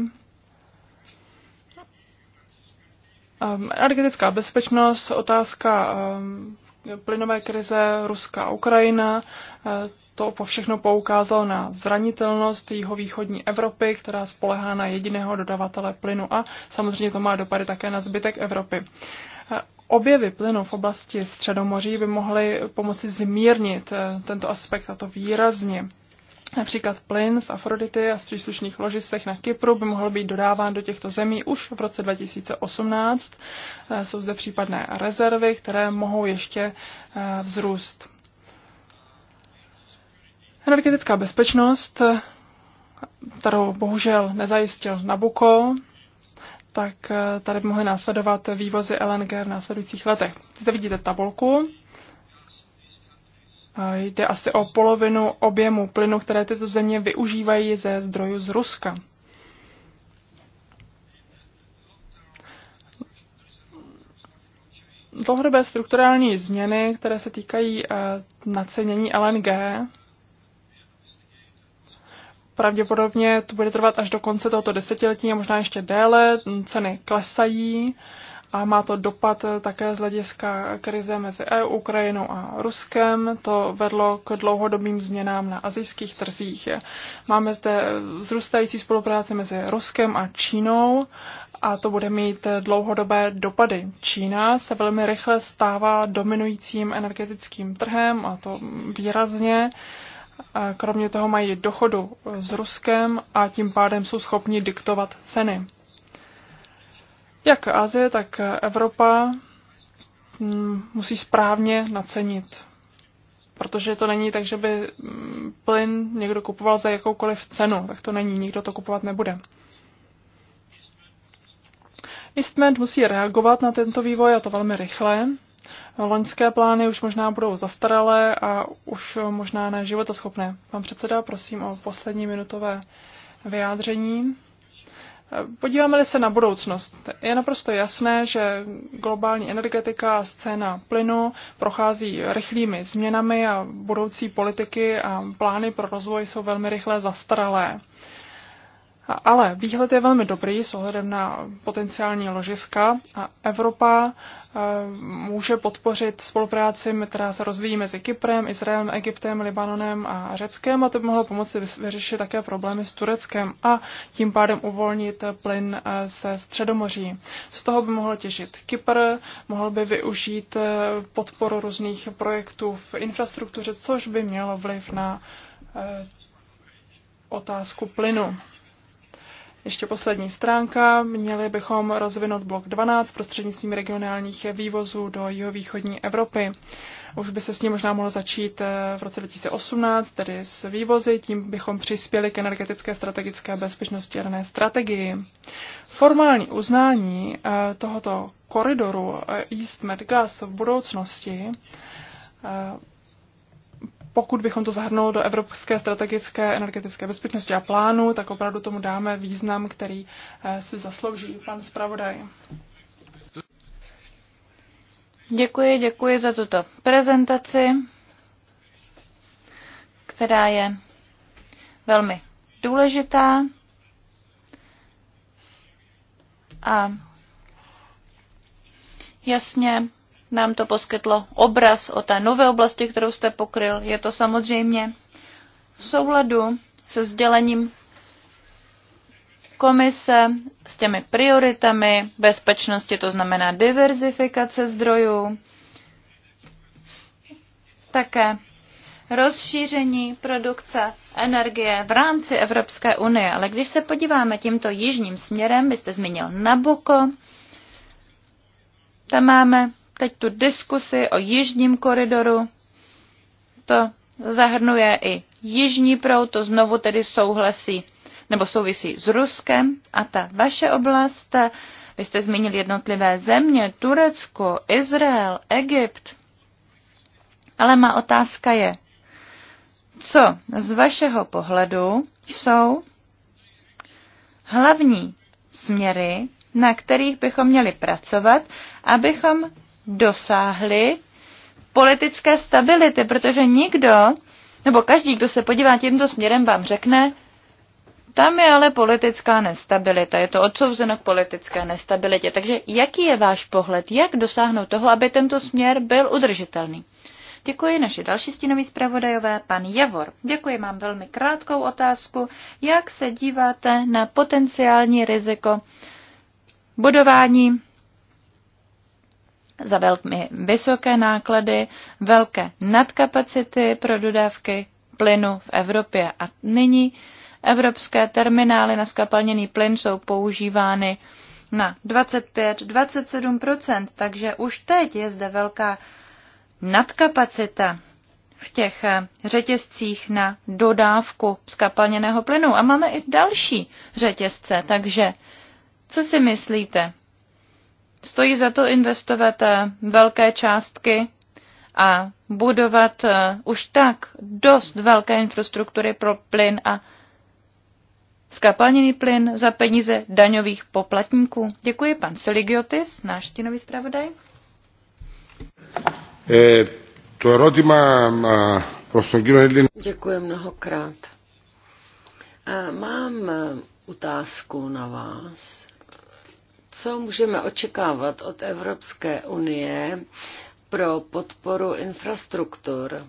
Energetická bezpečnost, otázka plynové krize Ruska a Ukrajina, eh, to po všechno poukázal na zranitelnost jeho východní Evropy, která spolehá na jediného dodavatele plynu a samozřejmě to má dopady také na zbytek Evropy. Objevy plynu v oblasti Středomoří by mohly pomoci zmírnit eh, tento aspekt a to výrazně. Například plyn z Afrodity a z příslušných ložisek na Kypru by mohl být dodáván do těchto zemí už v roce 2018. Eh, Jsou zde případné rezervy, které mohou ještě eh, vzrůst. Energetická bezpečnost, kterou bohužel nezajistil Nabuko, tak eh, tady mohly následovat vývozy LNG v následujících letech. Zde vidíte tabulku. Jde asi o polovinu objemu plynu, které tyto země využívají ze zdrojů z Ruska. Dlouhodobé strukturální změny, které se týkají eh, nacenění LNG, Pravděpodobně to bude trvat až do konce tohoto desetiletí a možná ještě déle. Ceny klesají a má to dopad také z hlediska krize mezi EU, Ukrajinou a Ruskem. To vedlo k dlouhodobým změnám na azijských trzích. Máme zde zrůstající spolupráci mezi Ruskem a Čínou a to bude mít dlouhodobé dopady. Čína se velmi rychle stává dominujícím energetickým trhem a to výrazně. Kromě toho mají dochodu s Ruskem a tím pádem jsou schopni diktovat ceny. Jak Asie, tak Evropa mm, musí správně nacenit. Protože to není tak, že by mm, plyn někdo kupoval za jakoukoliv cenu. Tak to není, nikdo to kupovat nebude. Eastman musí reagovat na tento vývoj a to velmi rychle. Loňské plány už možná budou zastaralé a už možná ne životoschopné. Pan předseda, prosím o poslední minutové vyjádření. Podíváme-li se na budoucnost, je naprosto jasné, že globální energetika a scéna plynu prochází rychlými změnami a budoucí politiky a plány pro rozvoj jsou velmi rychle zastaralé. Ale výhled je velmi dobrý s ohledem na potenciální ložiska a Evropa eh, může podpořit spolupráci, která se rozvíjí mezi Kyprem, Izraelem, Egyptem, Libanonem a Řeckem a to by mohlo pomoci vyřešit také problémy s Tureckem a tím pádem uvolnit plyn eh, ze Středomoří. Z toho by mohl těžit Kypr, mohl by využít eh, podporu různých projektů v infrastruktuře, což by mělo vliv na otázku plynu. Ještě poslední stránka. Měli bychom rozvinout blok 12 prostřednictvím regionálních vývozů do jihovýchodní Evropy. Už by se s ním možná mohlo začít eh, v roce 2018, tedy s vývozy. Tím bychom přispěli k energetické strategické bezpečnosti dané strategii. Formální uznání eh, tohoto koridoru eh, East Med Gas v budoucnosti pokud bychom to zahrnuli do Evropské strategické energetické bezpečnosti a plánu, tak opravdu tomu dáme význam, který eh, si zaslouží pan zpravodaj. Děkuji, děkuji za tuto prezentaci, která je velmi důležitá. A jasně nám to poskytlo obraz o té nové oblasti, kterou jste pokryl. Je to samozřejmě v souladu se sdělením komise s těmi prioritami bezpečnosti, to znamená diverzifikace zdrojů, také rozšíření produkce energie v rámci Evropské unie. Ale když se podíváme tímto jižním směrem, byste zmínil Nabuko, tam máme teď tu diskusi o jižním koridoru. To zahrnuje i jižní proud, to znovu tedy souhlasí nebo souvisí s Ruskem a ta vaše oblast, vy jste zmínil jednotlivé země, Turecko, Izrael, Egypt. Ale má otázka je, co z vašeho pohledu jsou hlavní směry, na kterých bychom měli pracovat, abychom dosáhli politické stability, protože nikdo, nebo každý, kdo se podívá tímto směrem, vám řekne, tam je ale politická nestabilita, je to odsouzeno k politické nestabilitě. Takže jaký je váš pohled, jak dosáhnout toho, aby tento směr byl udržitelný? Děkuji naši další stínový zpravodajové, pan Javor. Děkuji, mám velmi krátkou otázku. Jak se díváte na potenciální riziko budování za velmi vysoké náklady, velké nadkapacity pro dodávky plynu v Evropě. A nyní evropské terminály na skapalněný plyn jsou používány na 25-27%, takže už teď je zde velká nadkapacita v těch eh, řetězcích na dodávku skapalněného plynu. A máme i další řetězce, takže co si myslíte? Stojí za to investovat eh, velké částky a budovat eh, už tak dost velké infrastruktury pro plyn a skapalněný plyn za peníze daňových poplatníků. Děkuji, pan Seligiotis, náš stínový zpravodaj. Eh, to Děkuji mnohokrát. Mám otázku na vás. Co můžeme očekávat od Evropské unie pro podporu infrastruktur?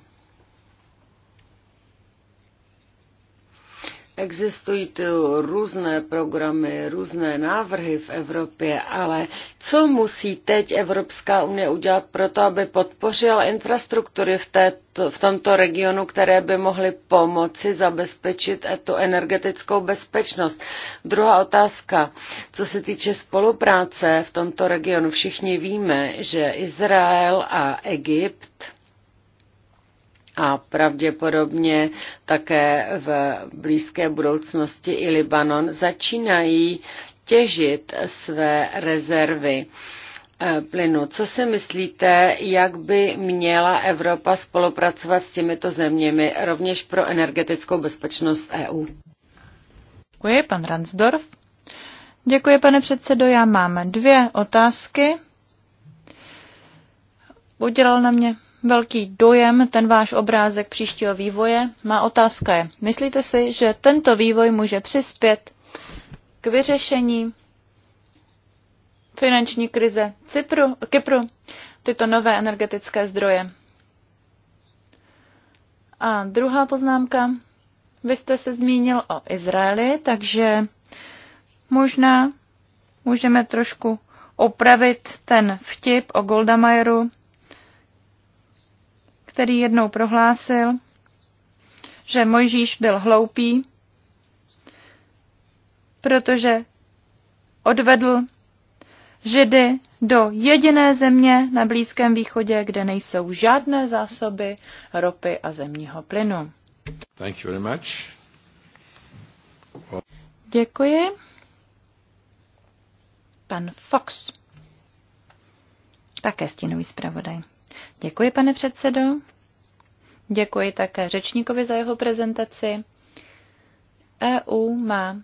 Existují tu různé programy, různé návrhy v Evropě, ale co musí teď Evropská unie udělat pro to, aby podpořila infrastruktury v, této, v tomto regionu, které by mohly pomoci zabezpečit tu energetickou bezpečnost? Druhá otázka, co se týče spolupráce v tomto regionu, všichni víme, že Izrael a Egypt a pravděpodobně také v blízké budoucnosti i Libanon začínají těžit své rezervy eh, plynu. Co si myslíte, jak by měla Evropa spolupracovat s těmito zeměmi rovněž pro energetickou bezpečnost EU? Děkuji, pan Ransdorf. Děkuji, pane předsedo. Já mám dvě otázky. Udělal na mě velký dojem ten váš obrázek příštího vývoje. Má otázka je, myslíte si, že tento vývoj může přispět k vyřešení finanční krize Cypru, Kypru, tyto nové energetické zdroje? A druhá poznámka. Vy jste se zmínil o Izraeli, takže možná můžeme trošku opravit ten vtip o Golda který jednou prohlásil, že Mojžíš byl hloupý, protože odvedl Židy do jediné země na Blízkém východě, kde nejsou žádné zásoby ropy a zemního plynu. Thank you very much. Well... Děkuji. Pan Fox. Také stínový zpravodaj. Děkuji, pane předsedo. Děkuji také řečníkovi za jeho prezentaci. EU má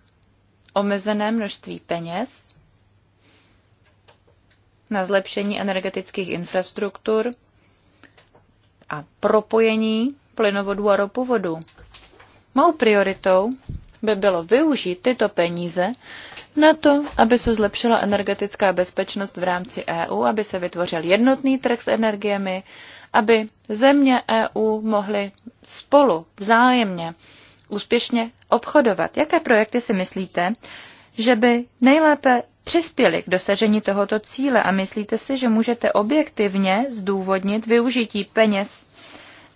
omezené množství peněz na zlepšení energetických infrastruktur a propojení plynovodu a ropovodu. Mou prioritou by bylo využít tyto peníze na to, aby se zlepšila energetická bezpečnost v rámci EU, aby se vytvořil jednotný trh s energiemi, aby země EU mohly spolu vzájemně úspěšně obchodovat. Jaké projekty si myslíte, že by nejlépe přispěly k dosažení tohoto cíle a myslíte si, že můžete objektivně zdůvodnit využití peněz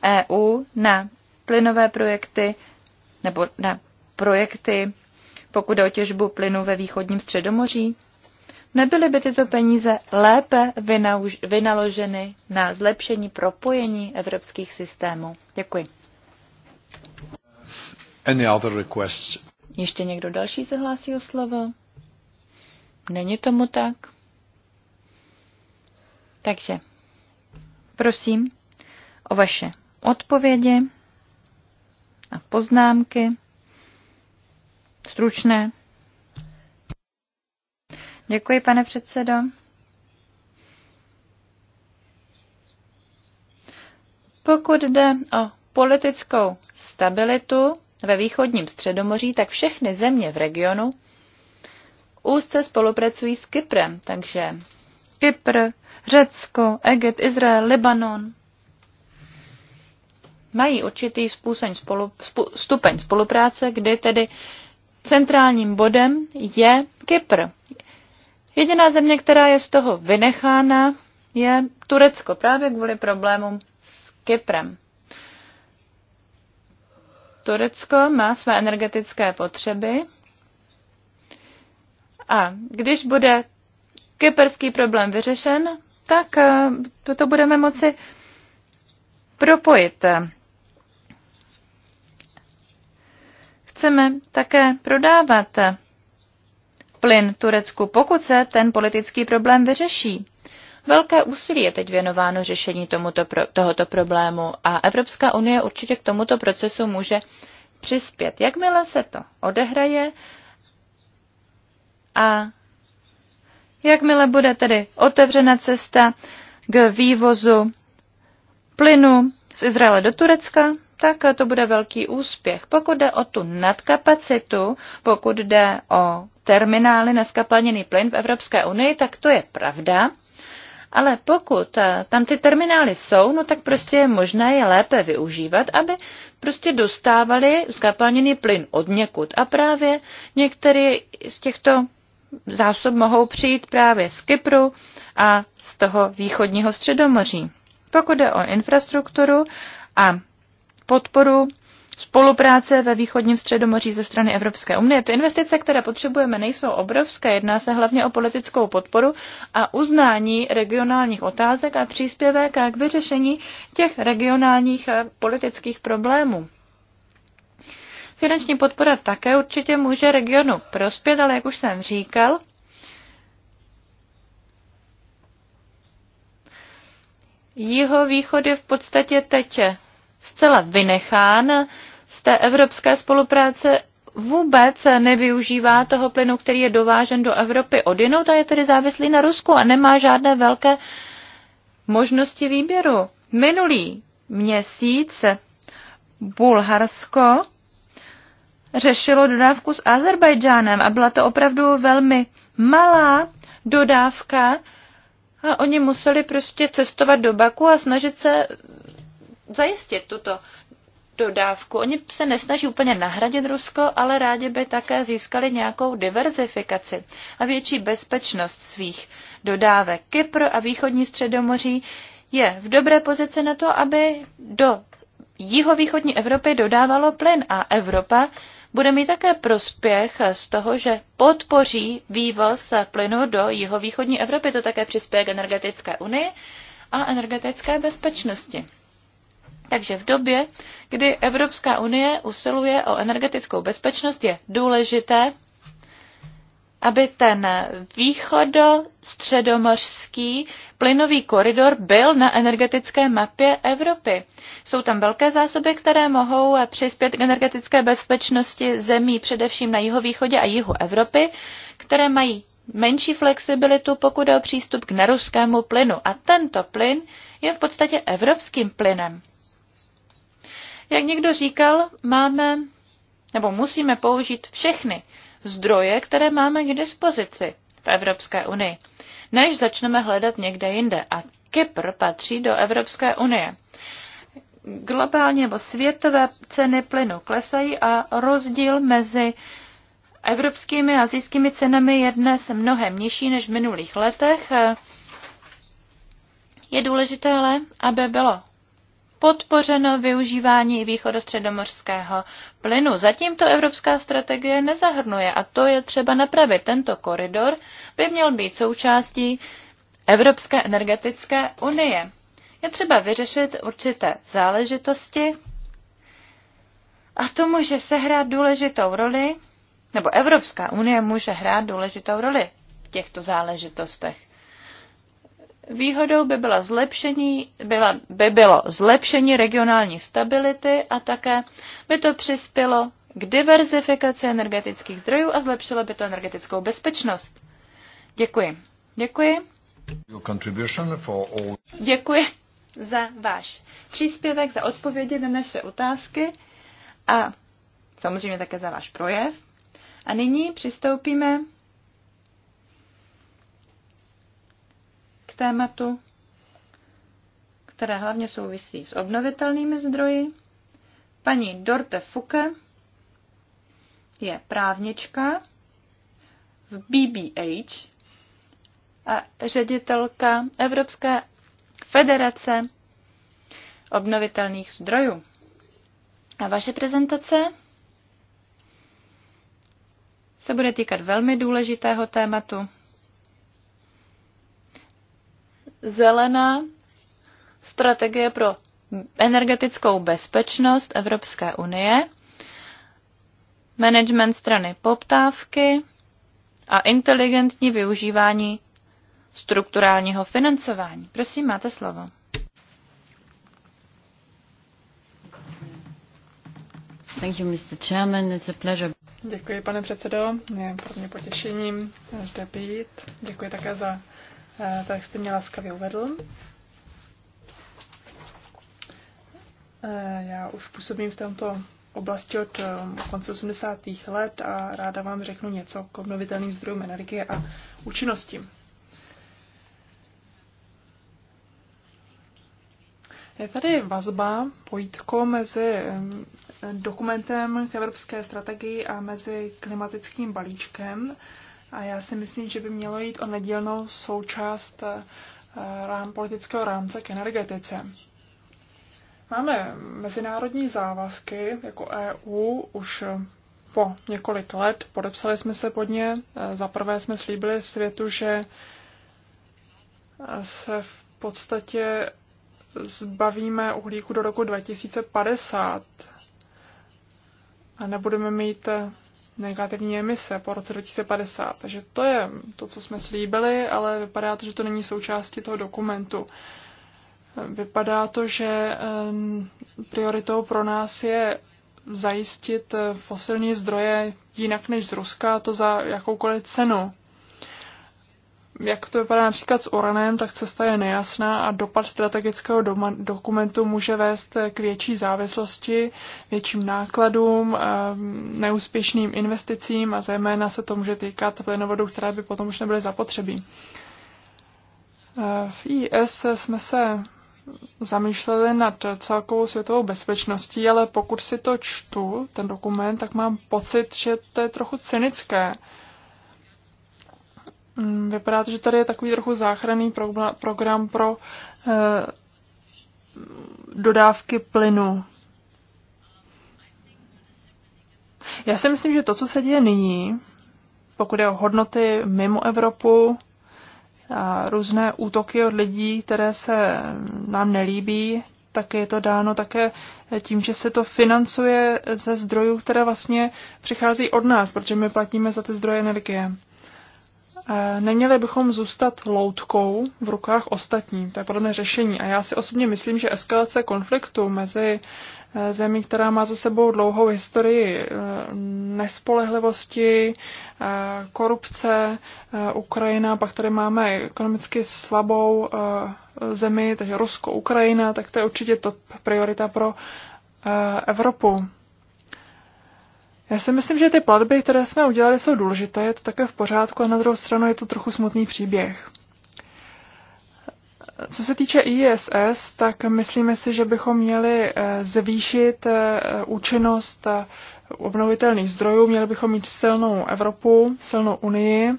EU na plynové projekty nebo na projekty, pokud jde o těžbu plynu ve východním středomoří? Nebyly by tyto peníze lépe vynaloženy na zlepšení propojení evropských systémů? Děkuji. Any other requests? Ještě někdo další se hlásí o slovo? Není tomu tak? Takže prosím o vaše odpovědi a poznámky stručné. Děkuji, pane předsedo. Pokud jde o politickou stabilitu ve východním středomoří, tak všechny země v regionu úzce spolupracují s Kyprem, takže Kypr, Řecko, Egypt, Izrael, Libanon mají určitý způsob spolu, stupeň spolupráce, kdy tedy centrálním bodem je Kypr. Jediná země, která je z toho vynechána, je Turecko právě kvůli problémům s Kyprem. Turecko má své energetické potřeby a když bude kyperský problém vyřešen, tak eh, to budeme moci propojit chceme také prodávat plyn Turecku, pokud se ten politický problém vyřeší. Velké úsilí je teď věnováno řešení tomuto pro, tohoto problému a Evropská unie určitě k tomuto procesu může přispět. Jakmile se to odehraje a jakmile bude tedy otevřena cesta k vývozu plynu z Izraele do Turecka, tak to bude velký úspěch. Pokud jde o tu nadkapacitu, pokud jde o terminály na skapalněný plyn v Evropské unii, tak to je pravda. Ale pokud eh, tam ty terminály jsou, no tak prostě je možné je lépe využívat, aby prostě dostávali skapalněný plyn od někud. A právě některé z těchto zásob mohou přijít právě z Kypru a z toho východního středomoří. Pokud jde o infrastrukturu a podporu spolupráce ve východním středomoří ze strany Evropské unie. Ty investice, které potřebujeme, nejsou obrovské, jedná se hlavně o politickou podporu a uznání regionálních otázek a příspěvek a k vyřešení těch regionálních eh, politických problémů. Finanční podpora také určitě může regionu prospět, ale jak už jsem říkal, východ je v podstatě teď zcela vynechán z té evropské spolupráce, vůbec nevyužívá toho plynu, který je dovážen do Evropy odinut a je tedy závislý na Rusku a nemá žádné velké možnosti výběru. Minulý měsíc Bulharsko řešilo dodávku s Azerbajdžánem a byla to opravdu velmi malá dodávka a oni museli prostě cestovat do Baku a snažit se zajistit tuto dodávku. Oni se nesnaží úplně nahradit Rusko, ale rádi by také získali nějakou diverzifikaci a větší bezpečnost svých dodávek. Kypr a východní středomoří je v dobré pozici na to, aby do jihovýchodní Evropy dodávalo plyn a Evropa bude mít také prospěch z toho, že podpoří vývoz plynu do jihovýchodní Evropy. To také přispěje k energetické unii a energetické bezpečnosti. Takže v době, kdy Evropská unie usiluje o energetickou bezpečnost, je důležité, aby ten východo-středomořský plynový koridor byl na energetické mapě Evropy. Jsou tam velké zásoby, které mohou přispět k energetické bezpečnosti zemí, především na jihovýchodě a jihu Evropy, které mají menší flexibilitu, pokud je o přístup k neruskému plynu. A tento plyn je v podstatě evropským plynem. Jak někdo říkal, máme nebo musíme použít všechny zdroje, které máme k dispozici v Evropské unii, než začneme hledat někde jinde. A Kypr patří do Evropské unie. Globálně nebo světové ceny plynu klesají a rozdíl mezi evropskými a azijskými cenami je dnes mnohem nižší než v minulých letech. Je důležité ale, aby bylo podpořeno využívání východostředomořského plynu. Zatím to evropská strategie nezahrnuje a to je třeba napravit. Tento koridor by měl být součástí Evropské energetické unie. Je třeba vyřešit určité záležitosti a to může sehrát důležitou roli, nebo Evropská unie může hrát důležitou roli v těchto záležitostech. Výhodou by, byla zlepšení, byla, by bylo zlepšení regionální stability a také by to přispělo k diverzifikaci energetických zdrojů a zlepšilo by to energetickou bezpečnost. Děkuji. Děkuji. Děkuji za váš příspěvek, za odpovědi na naše otázky a samozřejmě také za váš projev. A nyní přistoupíme tématu, které hlavně souvisí s obnovitelnými zdroji. Paní Dorte Fuke je právnička v BBH a ředitelka Evropské federace obnovitelných zdrojů. A vaše prezentace se bude týkat velmi důležitého tématu, zelená strategie pro energetickou bezpečnost Evropské unie, management strany poptávky a inteligentní využívání strukturálního financování. Prosím, máte slovo. Thank you, Mr. Chairman. It's a pleasure. Děkuji, pane předsedo. Je pro mě potěšením zde být. Děkuji také za Eh, tak jste mě laskavě uvedl. Eh, já už působím v tomto oblasti od eh, konce 80. let a ráda vám řeknu něco k obnovitelným zdrojům energie a účinnosti. Je tady vazba, pojítko mezi dokumentem k evropské strategii a mezi klimatickým balíčkem a já si myslím, že by mělo jít o nedílnou součást eh, rám politického rámce k energetice. Máme mezinárodní závazky jako EU už eh, po několik let. Podepsali jsme se pod ně. Eh, za prvé jsme slíbili světu, že se v podstatě zbavíme uhlíku do roku 2050 a nebudeme mít negativní emise po roce 2050. Takže to je to, co jsme slíbili, ale vypadá to, že to není součástí toho dokumentu. Vypadá to, že prioritou pro nás je zajistit fosilní zdroje jinak než z Ruska, to za jakoukoliv cenu jak to vypadá například s Oranem, tak cesta je nejasná a dopad strategického doma, dokumentu může vést k větší závislosti, větším nákladům, eh, neúspěšným investicím a zejména se to může týkat plynovodů, které by potom už nebyly zapotřebí. Eh, v IS jsme se zamýšleli nad celkovou světovou bezpečností, ale pokud si to čtu, ten dokument, tak mám pocit, že to je trochu cynické Mm, vypadá to, že tady je takový trochu záchranný program pro eh, dodávky plynu. Já si myslím, že to, co se děje nyní, pokud je o hodnoty mimo Evropu, a různé útoky od lidí, které se nám nelíbí, tak je to dáno také tím, že se to financuje ze zdrojů, které vlastně přichází od nás, protože my platíme za ty zdroje energie neměli bychom zůstat loutkou v rukách ostatní. To je podobné řešení. A já si osobně myslím, že eskalace konfliktu mezi eh, zemí, která má za sebou dlouhou historii eh, nespolehlivosti, eh, korupce, Ukrajina, pak tady máme ekonomicky slabou zemi, takže Rusko, Ukrajina, tak to je určitě top priorita pro Evropu. Já si myslím, že ty platby, které jsme udělali, jsou důležité, je to také v pořádku a na druhou stranu je to trochu smutný příběh. Co se týče ISS, tak myslíme si, že bychom měli eh, zvýšit eh, účinnost eh, obnovitelných zdrojů, měli bychom mít silnou Evropu, silnou Unii,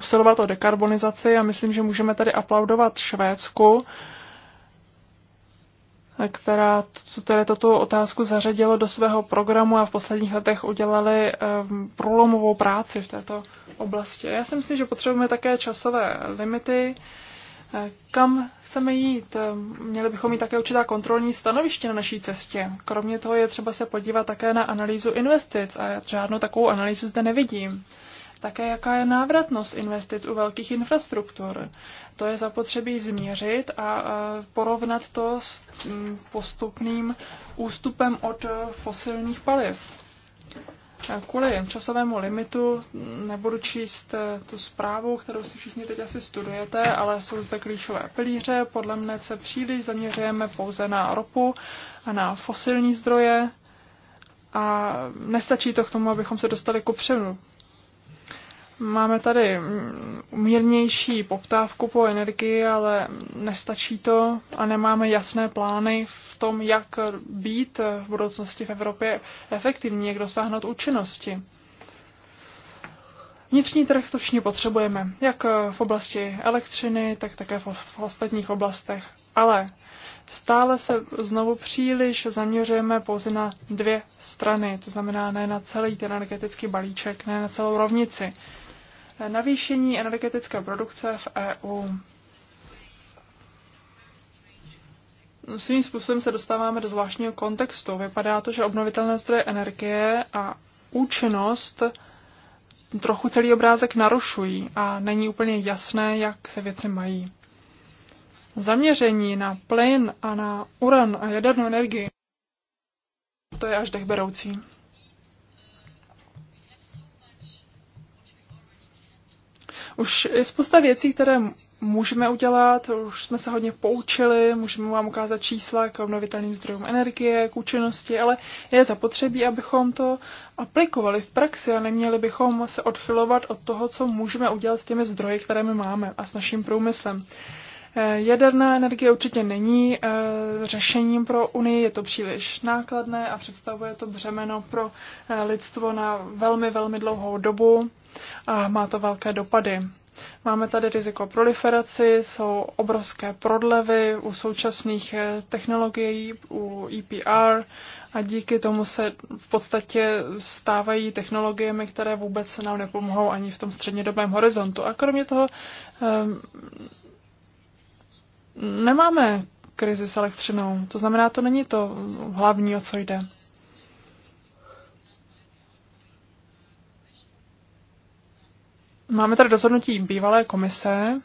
usilovat o dekarbonizaci a myslím, že můžeme tady aplaudovat Švédsku, která, které toto otázku zařadilo do svého programu a v posledních letech udělali eh, průlomovou práci v této oblasti. Já si myslím, že potřebujeme také časové limity, eh, kam chceme jít. Eh, měli bychom mít také určitá kontrolní stanoviště na naší cestě. Kromě toho je třeba se podívat také na analýzu investic a já žádnou takovou analýzu zde nevidím. Také jaká je návratnost investic u velkých infrastruktur. To je zapotřebí změřit a porovnat to s mm, postupným ústupem od fosilních paliv. Kvůli časovému limitu mm, nebudu číst eh, tu zprávu, kterou si všichni teď asi studujete, ale jsou zde klíčové pilíře. Podle mne se příliš zaměřujeme pouze na ropu a na fosilní zdroje a nestačí to k tomu, abychom se dostali ku předu. Máme tady mm, mírnější poptávku po energii, ale nestačí to a nemáme jasné plány v tom, jak být v budoucnosti v Evropě efektivní, jak dosáhnout účinnosti. Vnitřní trh to všichni potřebujeme, jak v oblasti elektřiny, tak také v ostatních oblastech. Ale stále se znovu příliš zaměřujeme pouze na dvě strany, to znamená ne na celý ten energetický balíček, ne na celou rovnici navýšení energetické produkce v EU. Svým způsobem se dostáváme do zvláštního kontextu. Vypadá to, že obnovitelné zdroje energie a účinnost trochu celý obrázek narušují a není úplně jasné, jak se věci mají. Zaměření na plyn a na uran a jadernou energii, to je až dechberoucí. Už je spousta věcí, které můžeme udělat, už jsme se hodně poučili, můžeme vám ukázat čísla k obnovitelným zdrojům energie, k účinnosti, ale je zapotřebí, abychom to aplikovali v praxi a neměli bychom se odchylovat od toho, co můžeme udělat s těmi zdroji, které my máme a s naším průmyslem. Eh, jaderná energie určitě není eh, řešením pro Unii, je to příliš nákladné a představuje to břemeno pro eh, lidstvo na velmi, velmi dlouhou dobu a má to velké dopady. Máme tady riziko proliferaci, jsou obrovské prodlevy u současných technologií, u EPR a díky tomu se v podstatě stávají technologiemi, které vůbec se nám nepomohou ani v tom střednědobém horizontu. A kromě toho nemáme krizi s elektřinou. To znamená, to není to hlavní, o co jde. Máme tady rozhodnutí bývalé komise,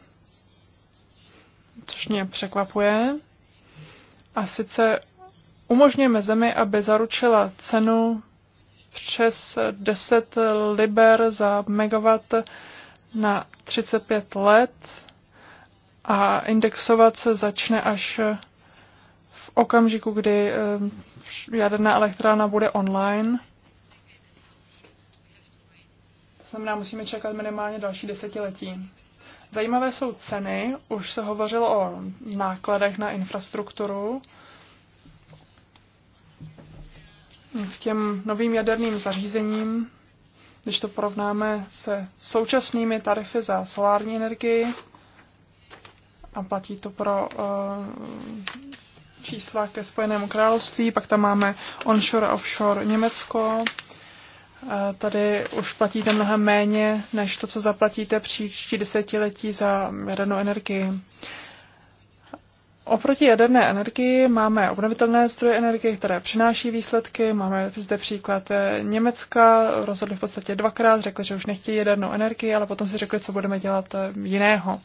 což mě překvapuje. A sice umožňujeme zemi, aby zaručila cenu přes 10 liber za megawatt na 35 let a indexovat se začne až v okamžiku, kdy eh, jaderná elektrárna bude online. To znamená, musíme čekat minimálně další desetiletí. Zajímavé jsou ceny. Už se hovořilo o nákladech na infrastrukturu. K těm novým jaderným zařízením, když to porovnáme se současnými tarify za solární energii, a platí to pro eh, čísla ke Spojenému království, pak tam máme onshore a offshore Německo. Eh, tady už platíte mnohem méně, než to, co zaplatíte příští desetiletí za jadernou energii. Oproti jaderné energii máme obnovitelné zdroje energie, které přináší výsledky. Máme zde příklad eh, Německa, rozhodli v podstatě dvakrát, řekli, že už nechtějí jadernou energii, ale potom si řekli, co budeme dělat jiného.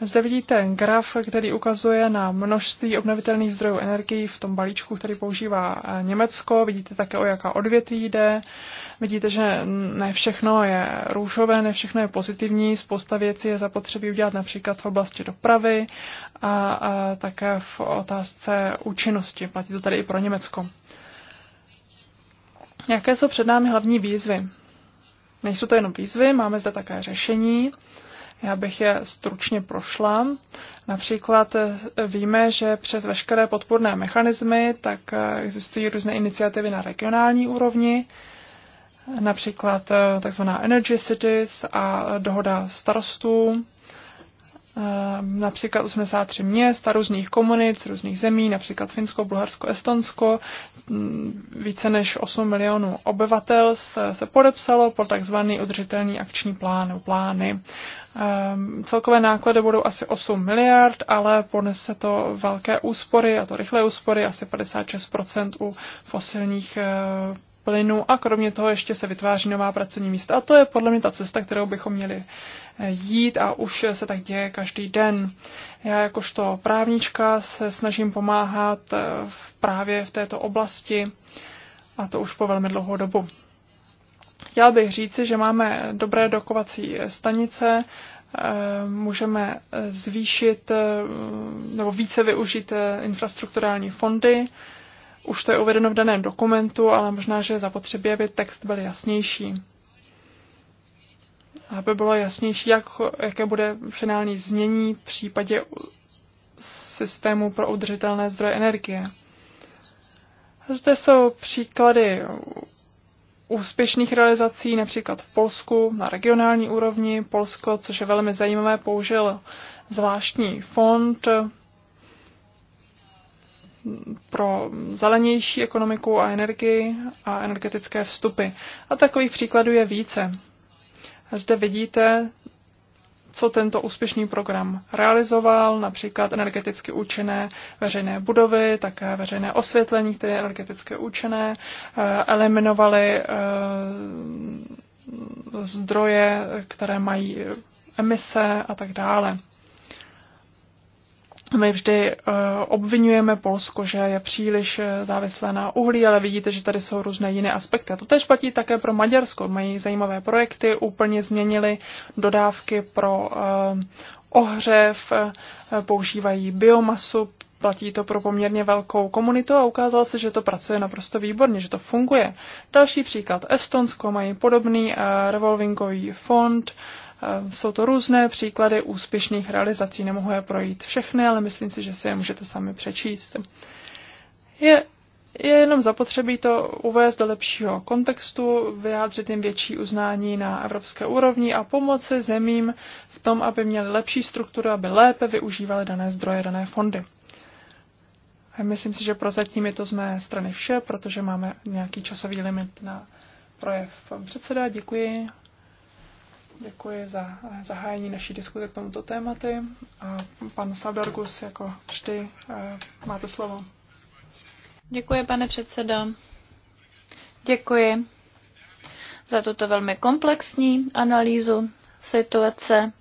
Zde vidíte graf, který ukazuje na množství obnovitelných zdrojů energií v tom balíčku, který používá eh, Německo. Vidíte také, o jaká odvětví jde. Vidíte, že ne všechno je růžové, ne všechno je pozitivní. Spousta věcí je zapotřebí udělat například v oblasti dopravy a, a také v otázce účinnosti. Platí to tady i pro Německo. Jaké jsou před námi hlavní výzvy? Nejsou to jenom výzvy, máme zde také řešení. Já bych je stručně prošla. Například eh, víme, že přes veškeré podporné mechanismy tak eh, existují různé iniciativy na regionální úrovni, například eh, tzv. Energy Cities a dohoda starostů Ehm, například 83 měst a různých komunit z různých zemí, například Finsko, Bulharsko, Estonsko. Mm, více než 8 milionů obyvatel se podepsalo pod takzvaný udržitelný akční plán, plány. Ehm, celkové náklady budou asi 8 miliard, ale ponese to velké úspory, a to rychlé úspory, asi 56% u fosilních eh, plynu a kromě toho ještě se vytváří nová pracovní místa. A to je podle mě ta cesta, kterou bychom měli eh, jít a už se tak děje každý den. Já jakožto právnička se snažím pomáhat eh, právě v této oblasti a to už po velmi dlouhou dobu. Já bych říci, že máme dobré dokovací stanice, eh, můžeme zvýšit nebo více využít infrastrukturální fondy, už to je uvedeno v daném dokumentu, ale možná, že je zapotřebí, aby text byl jasnější. Aby bylo jasnější, jak, jaké bude finální znění v případě systému pro udržitelné zdroje energie. Zde jsou příklady úspěšných realizací, například v Polsku na regionální úrovni. Polsko, což je velmi zajímavé, použil zvláštní fond pro zelenější ekonomiku a energii a energetické vstupy. A takových příkladů je více. Zde vidíte, co tento úspěšný program realizoval, například energeticky účinné veřejné budovy, také veřejné osvětlení, které je energeticky účinné, eh, eliminovaly eh, zdroje, které mají emise a tak dále. My vždy eh, obvinujeme Polsko, že je příliš eh, závislé na uhlí, ale vidíte, že tady jsou různé jiné aspekty. A to tež platí také pro Maďarsko. Mají zajímavé projekty, úplně změnili dodávky pro eh, ohřev, používají biomasu, platí to pro poměrně velkou komunitu a ukázalo se, že to pracuje naprosto výborně, že to funguje. Další příklad. Estonsko mají podobný revolvingový fond, Eh, jsou to různé příklady úspěšných realizací, nemohu je projít všechny, ale myslím si, že si je můžete sami přečíst. Je, je jenom zapotřebí to uvést do lepšího kontextu, vyjádřit jim větší uznání na evropské úrovni a pomoci zemím v tom, aby měly lepší strukturu, aby lépe využívali dané zdroje, dané fondy. A myslím si, že prozatím je to z mé strany vše, protože máme nějaký časový limit na projev. Pan předseda, děkuji. Děkuji za eh, zahájení naší diskuze k tomuto tématu. A pan Savdargus, jako vždy, eh, máte slovo. Děkuji, pane předsedo. Děkuji za tuto velmi komplexní analýzu situace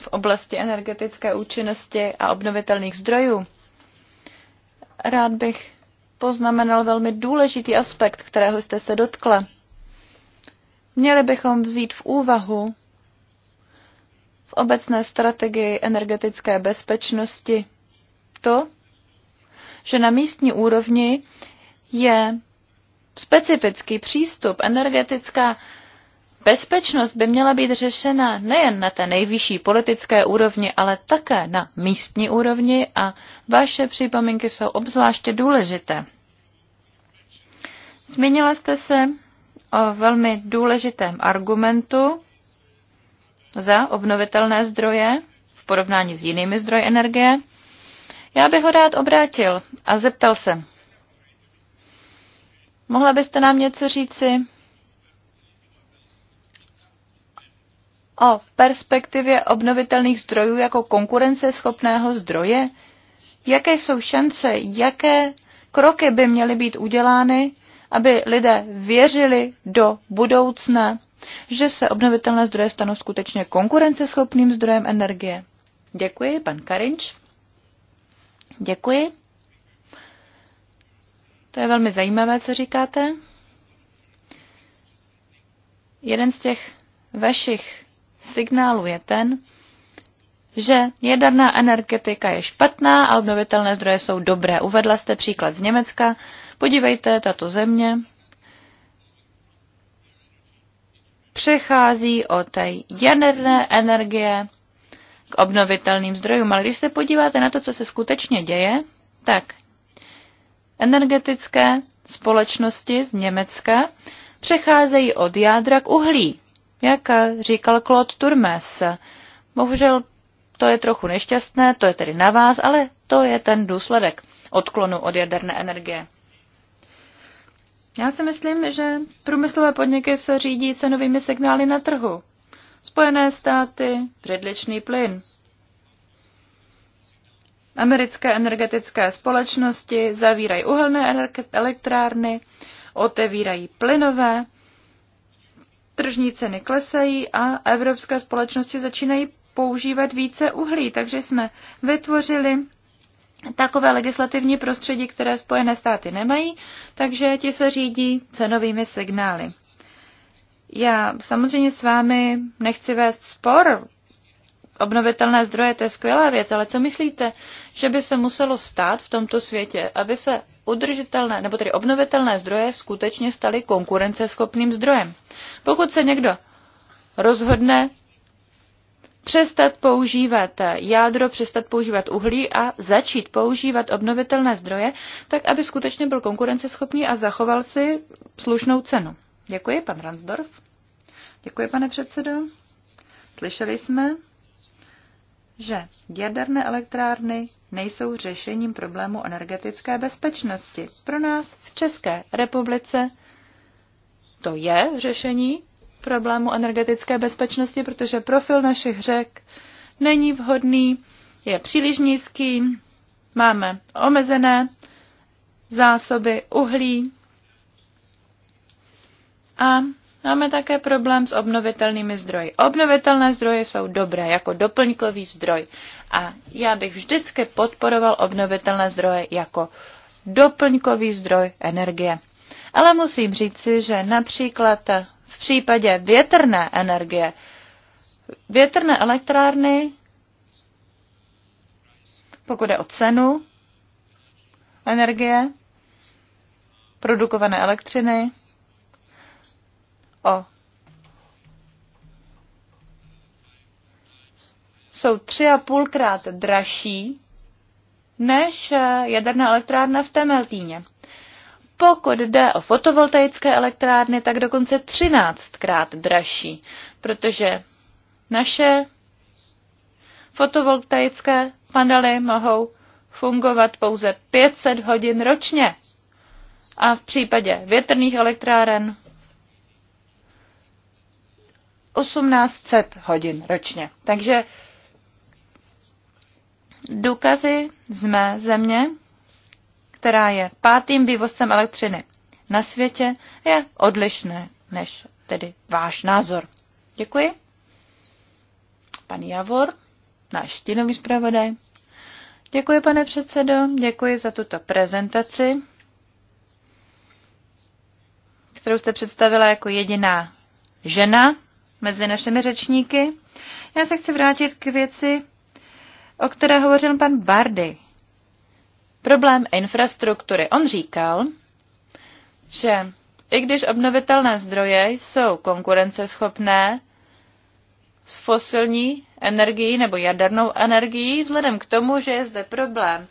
v oblasti energetické účinnosti a obnovitelných zdrojů. Rád bych poznamenal velmi důležitý aspekt, kterého jste se dotkla – Měli bychom vzít v úvahu v obecné strategii energetické bezpečnosti to, že na místní úrovni je specifický přístup. Energetická bezpečnost by měla být řešena nejen na té nejvyšší politické úrovni, ale také na místní úrovni a vaše připomínky jsou obzvláště důležité. Zmínila jste se o velmi důležitém argumentu za obnovitelné zdroje v porovnání s jinými zdroji energie. Já bych ho rád obrátil a zeptal se, mohla byste nám něco říci o perspektivě obnovitelných zdrojů jako konkurenceschopného zdroje? Jaké jsou šance, jaké kroky by měly být udělány, aby lidé věřili do budoucna, že se obnovitelné zdroje stanou skutečně konkurenceschopným zdrojem energie. Děkuji, pan Karinč. Děkuji. To je velmi zajímavé, co říkáte. Jeden z těch vašich signálů je ten, že jaderná energetika je špatná a obnovitelné zdroje jsou dobré. Uvedla jste příklad z Německa, Podívejte, tato země přechází od té jaderné energie k obnovitelným zdrojům. Ale když se podíváte na to, co se skutečně děje, tak energetické společnosti z Německa přecházejí od jádra k uhlí, jak říkal Claude Turmes. Bohužel to je trochu nešťastné, to je tedy na vás, ale to je ten důsledek odklonu od jaderné energie. Já si myslím, že průmyslové podniky se řídí cenovými signály na trhu. Spojené státy, předličný plyn, Americké energetické společnosti zavírají uhelné elektrárny, otevírají plynové, tržní ceny klesají a evropské společnosti začínají používat více uhlí, takže jsme vytvořili takové legislativní prostředí, které Spojené státy nemají, takže ti se řídí cenovými signály. Já samozřejmě s vámi nechci vést spor, obnovitelné zdroje, to je skvělá věc, ale co myslíte, že by se muselo stát v tomto světě, aby se udržitelné, nebo tedy obnovitelné zdroje skutečně staly konkurenceschopným zdrojem? Pokud se někdo rozhodne přestat používat jádro, přestat používat uhlí a začít používat obnovitelné zdroje, tak aby skutečně byl konkurenceschopný a zachoval si slušnou cenu. Děkuji, pan Ransdorf. Děkuji, pane předsedo. Slyšeli jsme, že jaderné elektrárny nejsou řešením problému energetické bezpečnosti. Pro nás v České republice to je řešení, problému energetické bezpečnosti, protože profil našich řek není vhodný, je příliš nízký, máme omezené zásoby uhlí a máme také problém s obnovitelnými zdroji. Obnovitelné zdroje jsou dobré jako doplňkový zdroj a já bych vždycky podporoval obnovitelné zdroje jako doplňkový zdroj energie. Ale musím říci, že například případě větrné energie, větrné elektrárny, pokud je o cenu energie, produkované elektřiny, o jsou tři a půlkrát dražší než eh, jaderná elektrárna v Temeltíně. Pokud jde o fotovoltaické elektrárny, tak dokonce 13krát dražší, protože naše fotovoltaické panely mohou fungovat pouze 500 hodin ročně. A v případě větrných elektráren 1800 hodin ročně. Takže důkazy z mé země která je pátým vývozcem elektřiny na světě, je odlišné než tedy váš názor. Děkuji. Pan Javor, náš štínový zpravodaj. Děkuji, pane předsedo, děkuji za tuto prezentaci, kterou jste představila jako jediná žena mezi našimi řečníky. Já se chci vrátit k věci, o které hovořil pan Bardy problém infrastruktury. On říkal, že i když obnovitelné zdroje jsou konkurenceschopné s fosilní energií nebo jadernou energií, vzhledem k tomu, že je zde problém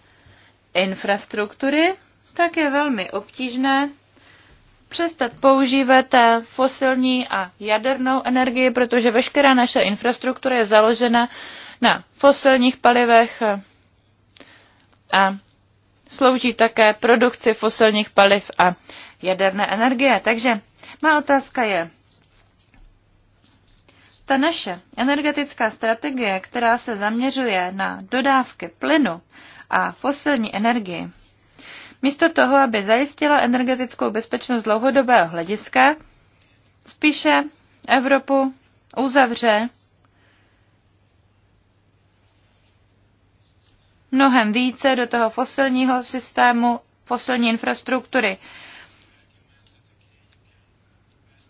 infrastruktury, tak je velmi obtížné přestat používat fosilní a jadernou energii, protože veškerá naše infrastruktura je založena na fosilních palivech a slouží také produkci fosilních paliv a jaderné energie. Takže má otázka je, ta naše energetická strategie, která se zaměřuje na dodávky plynu a fosilní energii, místo toho, aby zajistila energetickou bezpečnost dlouhodobého hlediska, spíše Evropu uzavře mnohem více do toho fosilního systému, fosilní infrastruktury.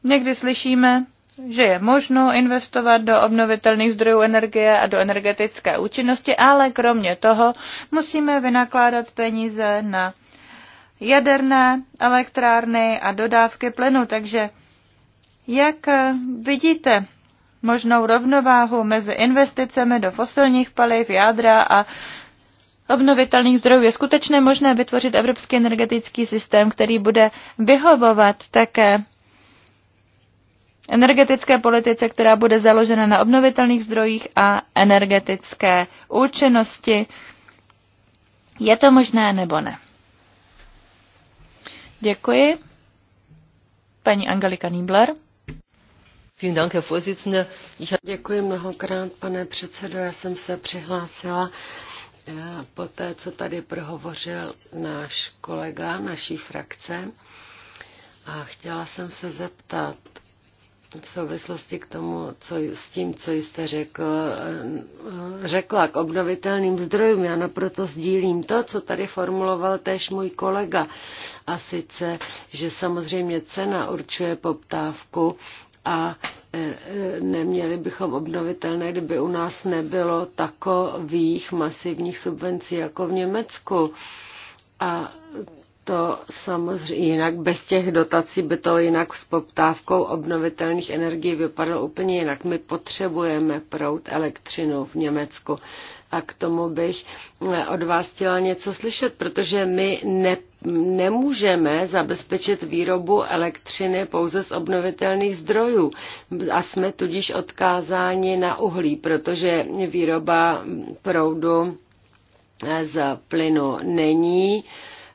Někdy slyšíme, že je možno investovat do obnovitelných zdrojů energie a do energetické účinnosti, ale kromě toho musíme vynakládat peníze na jaderné elektrárny a dodávky plynu. Takže jak vidíte možnou rovnováhu mezi investicemi do fosilních paliv, jádra a obnovitelných zdrojů je skutečně možné vytvořit evropský energetický systém, který bude vyhovovat také energetické politice, která bude založena na obnovitelných zdrojích a energetické účinnosti. Je to možné nebo ne? Děkuji. Paní Angelika Niebler. Děkuji mnohokrát, pane předsedo. Já jsem se přihlásila po té, co tady prohovořil náš kolega naší frakce, a chtěla jsem se zeptat v souvislosti k tomu, co, s tím, co jste řekl, eh, řekla k obnovitelným zdrojům. Já naproto sdílím to, co tady formuloval též můj kolega. A sice, že samozřejmě cena určuje poptávku a e, e, neměli bychom obnovitelné, kdyby u nás nebylo takových masivních subvencí jako v Německu. A to samozřejmě jinak bez těch dotací by to jinak s poptávkou obnovitelných energií vypadalo úplně jinak. My potřebujeme prout elektřinu v Německu a k tomu bych eh, od vás chtěla něco slyšet, protože my ne, nemůžeme zabezpečit výrobu elektřiny pouze z obnovitelných zdrojů a jsme tudíž odkázáni na uhlí, protože výroba proudu eh, z plynu není.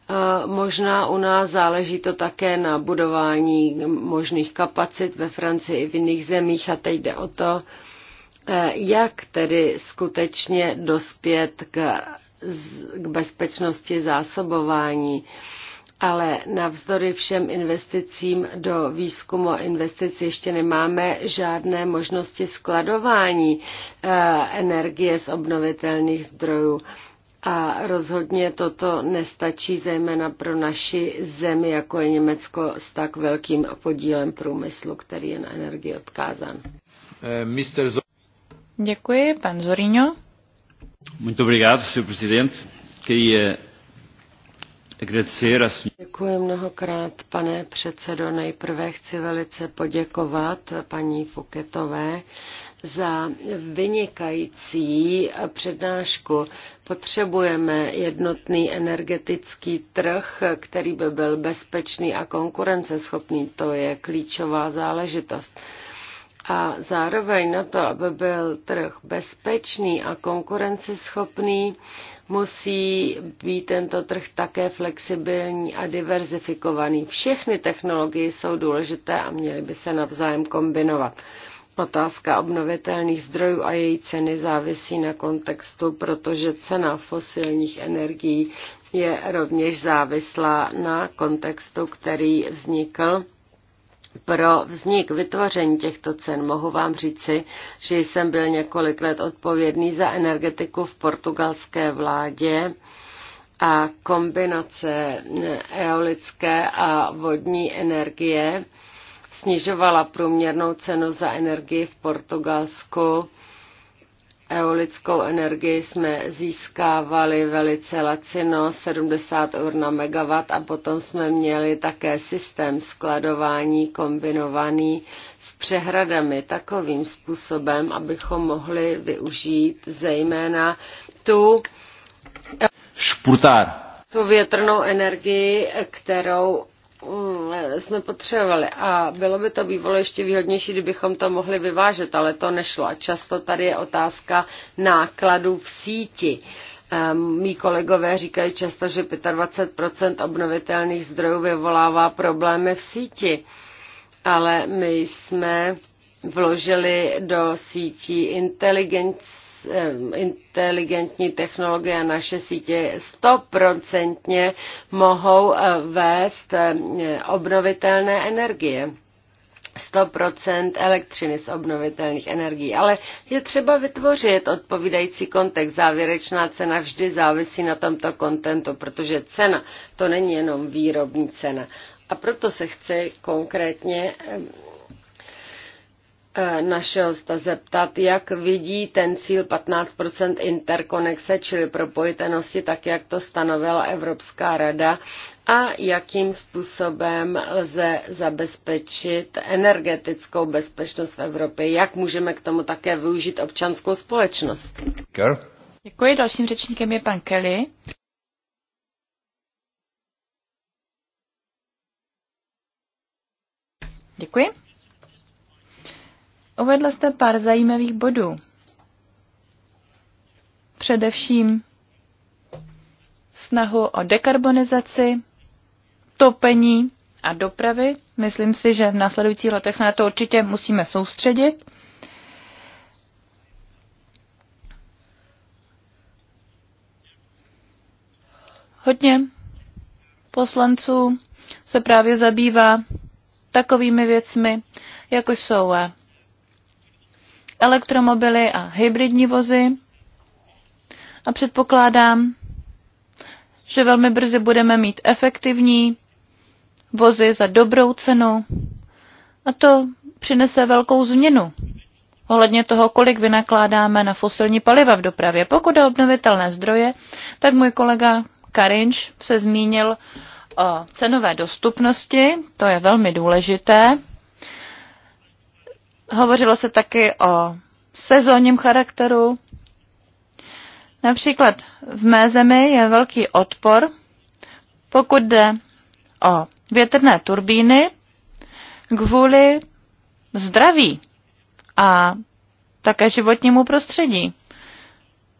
Eh, možná u nás záleží to také na budování možných kapacit ve Francii i v jiných zemích a teď jde o to, E, jak tedy skutečně dospět k, k bezpečnosti zásobování? Ale navzdory všem investicím do výzkumu a investic ještě nemáme žádné možnosti skladování e, energie z obnovitelných zdrojů. A rozhodně toto nestačí zejména pro naši zemi, jako je Německo s tak velkým podílem průmyslu, který je na energii odkázán. E, Mr. Děkuji, pan Zorinho. Muito obrigado, senhor presidente. Queria Děkuji mnohokrát, pane předsedo. Nejprve chci velice poděkovat paní Fuketové za vynikající přednášku. Potřebujeme jednotný energetický trh, který by byl bezpečný a konkurenceschopný. To je klíčová záležitost. A zároveň na to, aby byl trh bezpečný a konkurenceschopný, musí být tento trh také flexibilní a diverzifikovaný. Všechny technologie jsou důležité a měly by se navzájem kombinovat. Otázka obnovitelných zdrojů a její ceny závisí na kontextu, protože cena fosilních energií je rovněž závislá na kontextu, který vznikl pro vznik vytvoření těchto cen mohu vám říci, že jsem byl několik let odpovědný za energetiku v portugalské vládě a kombinace eolické a vodní energie snižovala průměrnou cenu za energii v Portugalsku Eolickou energii jsme získávali velice lacino, 70 eur na megawatt a potom jsme měli také systém skladování kombinovaný s přehradami takovým způsobem, abychom mohli využít zejména tu Tu větrnou energii, kterou Mm, jsme potřebovali a bylo by to bývalo ještě výhodnější, kdybychom to mohli vyvážet, ale to nešlo. A často tady je otázka nákladů v síti. Mí ehm, kolegové říkají často, že 25 obnovitelných zdrojů vyvolává problémy v síti, ale my jsme vložili do sítí inteligenci Eh, inteligentní technologie a naše sítě stoprocentně mohou eh, vést eh, obnovitelné energie. 100% elektřiny z obnovitelných energií. Ale je třeba vytvořit odpovídající kontext. Závěrečná cena vždy závisí na tomto kontentu, protože cena to není jenom výrobní cena. A proto se chci konkrétně Eh, našeho hosta zeptat, jak vidí ten cíl 15 interkonexe, čili propojitelnosti, tak jak to stanovila Evropská rada a jakým způsobem lze zabezpečit energetickou bezpečnost v Evropě. Jak můžeme k tomu také využít občanskou společnost? Děkuji. Dalším řečníkem je pan Kelly. Děkuji. Uvedla jste pár zajímavých bodů. Především snahu o dekarbonizaci, topení a dopravy. Myslím si, že v následujících letech se na to určitě musíme soustředit. Hodně poslanců se právě zabývá takovými věcmi, jako jsou elektromobily a hybridní vozy. A předpokládám, že velmi brzy budeme mít efektivní vozy za dobrou cenu. A to přinese velkou změnu ohledně toho, kolik vynakládáme na fosilní paliva v dopravě. Pokud je obnovitelné zdroje, tak můj kolega Karinč se zmínil o cenové dostupnosti, to je velmi důležité. Hovořilo se taky o sezónním charakteru. Například v mé zemi je velký odpor, pokud jde o větrné turbíny, kvůli zdraví a také životnímu prostředí.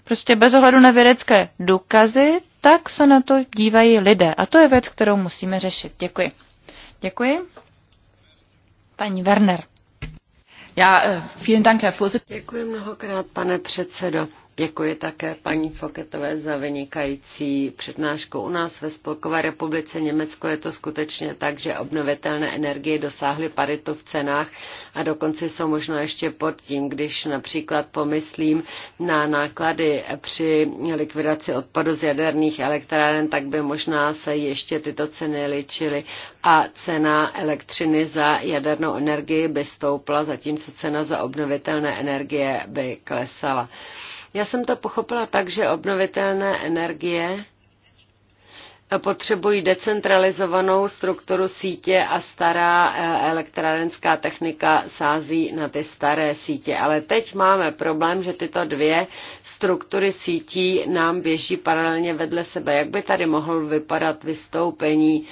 Prostě bez ohledu na vědecké důkazy, tak se na to dívají lidé. A to je věc, kterou musíme řešit. Děkuji. Děkuji. Paní Werner. Já, eh, vielen Dank, Herr Děkuji mnohokrát, pane předsedo. Děkuji také paní Foketové za vynikající přednášku. U nás ve Spolkové republice Německo je to skutečně tak, že obnovitelné energie dosáhly paritu v cenách a dokonce jsou možná ještě pod tím, když například pomyslím na náklady při likvidaci odpadu z jaderných elektráren, tak by možná se ještě tyto ceny ličily a cena elektřiny za jadernou energii by stoupla, zatímco cena za obnovitelné energie by klesala. Já jsem to pochopila tak, že obnovitelné energie potřebují decentralizovanou strukturu sítě a stará eh, elektrárenská technika sází na ty staré sítě. Ale teď máme problém, že tyto dvě struktury sítí nám běží paralelně vedle sebe. Jak by tady mohlo vypadat vystoupení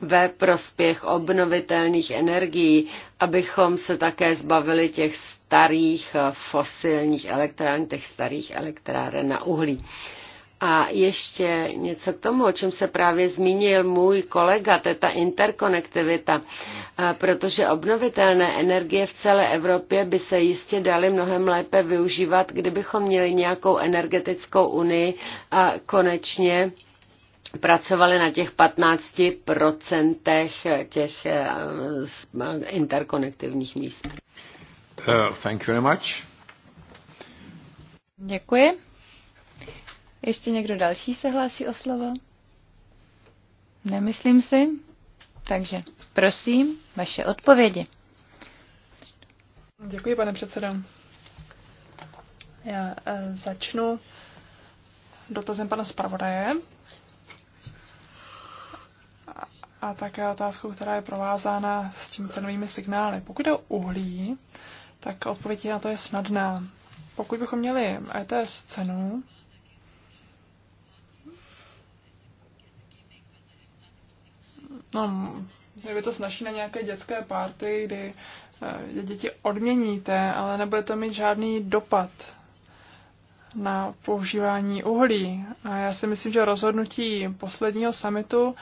ve prospěch obnovitelných energií, abychom se také zbavili těch starých eh, fosilních elektráren, těch starých elektráren na uhlí. A ještě něco k tomu, o čem se právě zmínil můj kolega, to je ta interkonektivita, eh, protože obnovitelné energie v celé Evropě by se jistě daly mnohem lépe využívat, kdybychom měli nějakou energetickou unii a konečně pracovali na těch 15% těch eh, interkonektivních míst. Uh, Děkuji. Ještě někdo další se hlásí o slovo? Nemyslím si. Takže prosím, vaše odpovědi. Děkuji, pane předsedo. Já e, začnu dotazem pana zpravodaje a, a také otázkou, která je provázána s těmi cenovými signály. Pokud je o uhlí, tak odpověď na to je snadná. Pokud bychom měli ETS cenu, no, je by to snaží na nějaké dětské párty, kdy eh, děti odměníte, ale nebude to mít žádný dopad na používání uhlí. A já si myslím, že rozhodnutí posledního samitu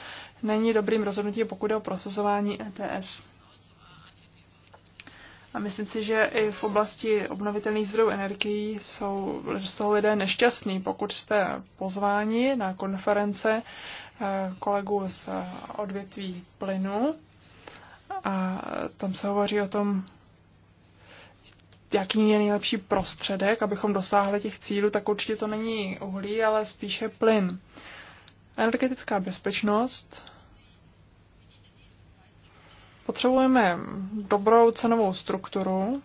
není dobrým rozhodnutím, pokud je o procesování ETS. A myslím si, že i v oblasti obnovitelných zdrojů energií jsou z toho lidé nešťastní. Pokud jste pozváni na konference eh, kolegů z odvětví plynu, a tam se hovoří o tom, jaký je nejlepší prostředek, abychom dosáhli těch cílů, tak určitě to není uhlí, ale spíše plyn. Energetická bezpečnost Potřebujeme dobrou cenovou strukturu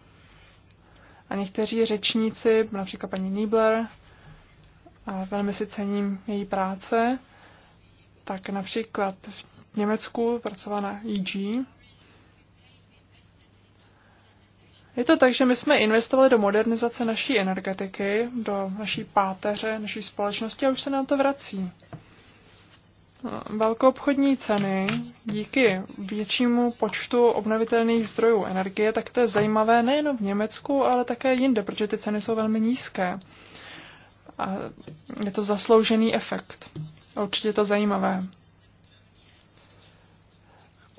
a někteří řečníci, například paní Niebler, a velmi si cením její práce, tak například v Německu pracovala na EG, Je to tak, že my jsme investovali do modernizace naší energetiky, do naší páteře, naší společnosti a už se nám to vrací velkoobchodní ceny díky většímu počtu obnovitelných zdrojů energie, tak to je zajímavé nejen v Německu, ale také jinde, protože ty ceny jsou velmi nízké. A je to zasloužený efekt. Určitě to zajímavé.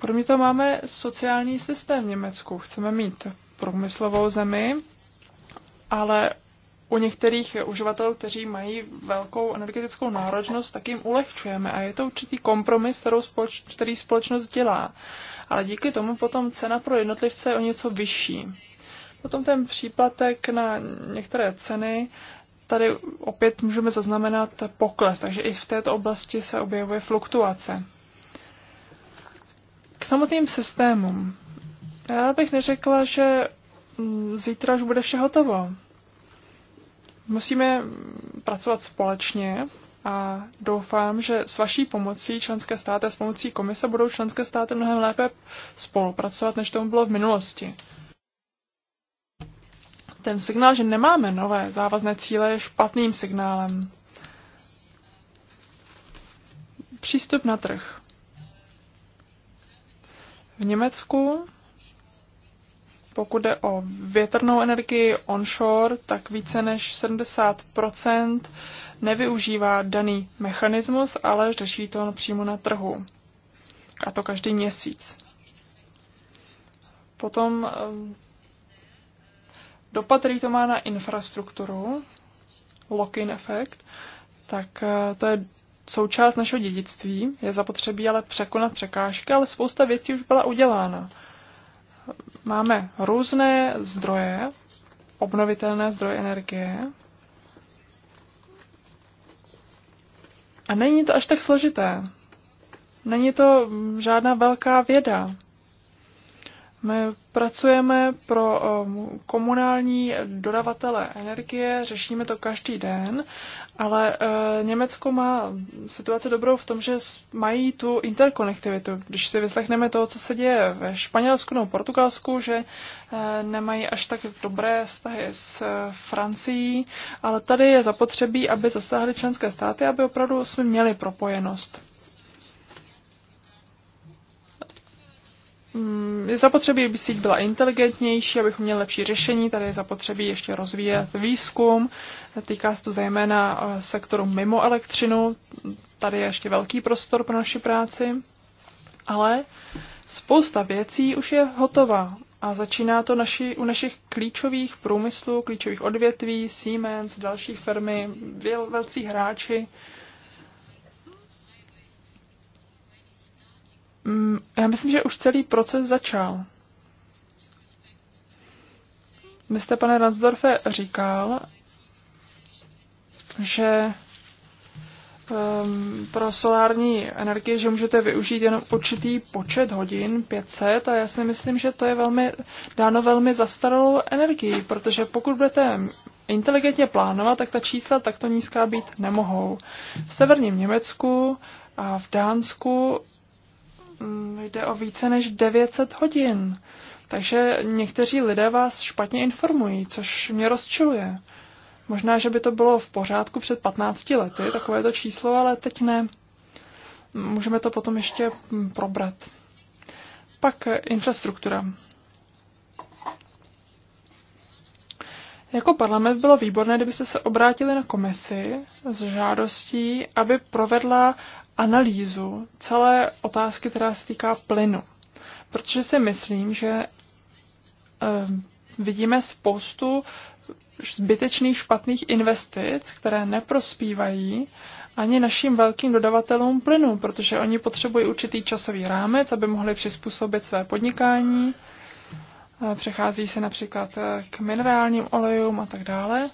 Kromě toho máme sociální systém v Německu. Chceme mít průmyslovou zemi, ale u některých uživatelů, kteří mají velkou energetickou náročnost, tak jim ulehčujeme a je to určitý kompromis, kterou společ, který společnost dělá. Ale díky tomu potom cena pro jednotlivce je o něco vyšší. Potom ten příplatek na některé ceny, tady opět můžeme zaznamenat pokles, takže i v této oblasti se objevuje fluktuace. K samotným systémům. Já bych neřekla, že zítra už bude vše hotovo. Musíme pracovat společně a doufám, že s vaší pomocí členské státy, s pomocí komise budou členské státy mnohem lépe spolupracovat, než tomu bylo v minulosti. Ten signál, že nemáme nové závazné cíle, je špatným signálem. Přístup na trh. V Německu pokud jde o větrnou energii onshore, tak více než 70 nevyužívá daný mechanismus, ale řeší to přímo na trhu. A to každý měsíc. Potom eh, dopad, který to má na infrastrukturu, lock-in efekt, tak eh, to je součást našeho dědictví. Je zapotřebí ale překonat překážky, ale spousta věcí už byla udělána máme různé zdroje, obnovitelné zdroje energie. A není to až tak složité. Není to žádná velká věda. My pracujeme pro um, komunální dodavatele energie, řešíme to každý den ale e, Německo má situaci dobrou v tom, že mají tu interkonektivitu. Když si vyslechneme to, co se děje ve Španělsku nebo Portugalsku, že e, nemají až tak dobré vztahy s e, Francií, ale tady je zapotřebí, aby zasáhly členské státy, aby opravdu jsme měli propojenost. Mm, je zapotřebí, aby síť byla inteligentnější, abychom měli lepší řešení. Tady je zapotřebí ještě rozvíjet výzkum. Týká se to zejména eh, sektoru mimo elektřinu. Tady je ještě velký prostor pro naši práci. Ale spousta věcí už je hotová. A začíná to naši, u našich klíčových průmyslů, klíčových odvětví, Siemens, další firmy, velcí hráči. Uh, Mm, já myslím, že už celý proces začal. Vy jste, pane Ransdorfe, říkal, že um, pro solární energii, že můžete využít jenom určitý počet hodin, 500, a já si myslím, že to je velmi, dáno velmi zastaralou energii, protože pokud budete inteligentně plánovat, tak ta čísla takto nízká být nemohou. V severním Německu a v Dánsku Mm, jde o více než 900 hodin. Takže někteří lidé vás špatně informují, což mě rozčiluje. Možná, že by to bylo v pořádku před 15 lety, takové to číslo, ale teď ne. Můžeme to potom ještě probrat. Pak infrastruktura. Jako parlament bylo výborné, kdybyste se obrátili na komisi s žádostí, aby provedla analýzu celé otázky, která se týká plynu. Protože si myslím, že e, vidíme spoustu zbytečných špatných investic, které neprospívají ani našim velkým dodavatelům plynu, protože oni potřebují určitý časový rámec, aby mohli přizpůsobit své podnikání Eh, přechází se například eh, k minerálním olejům a tak dále.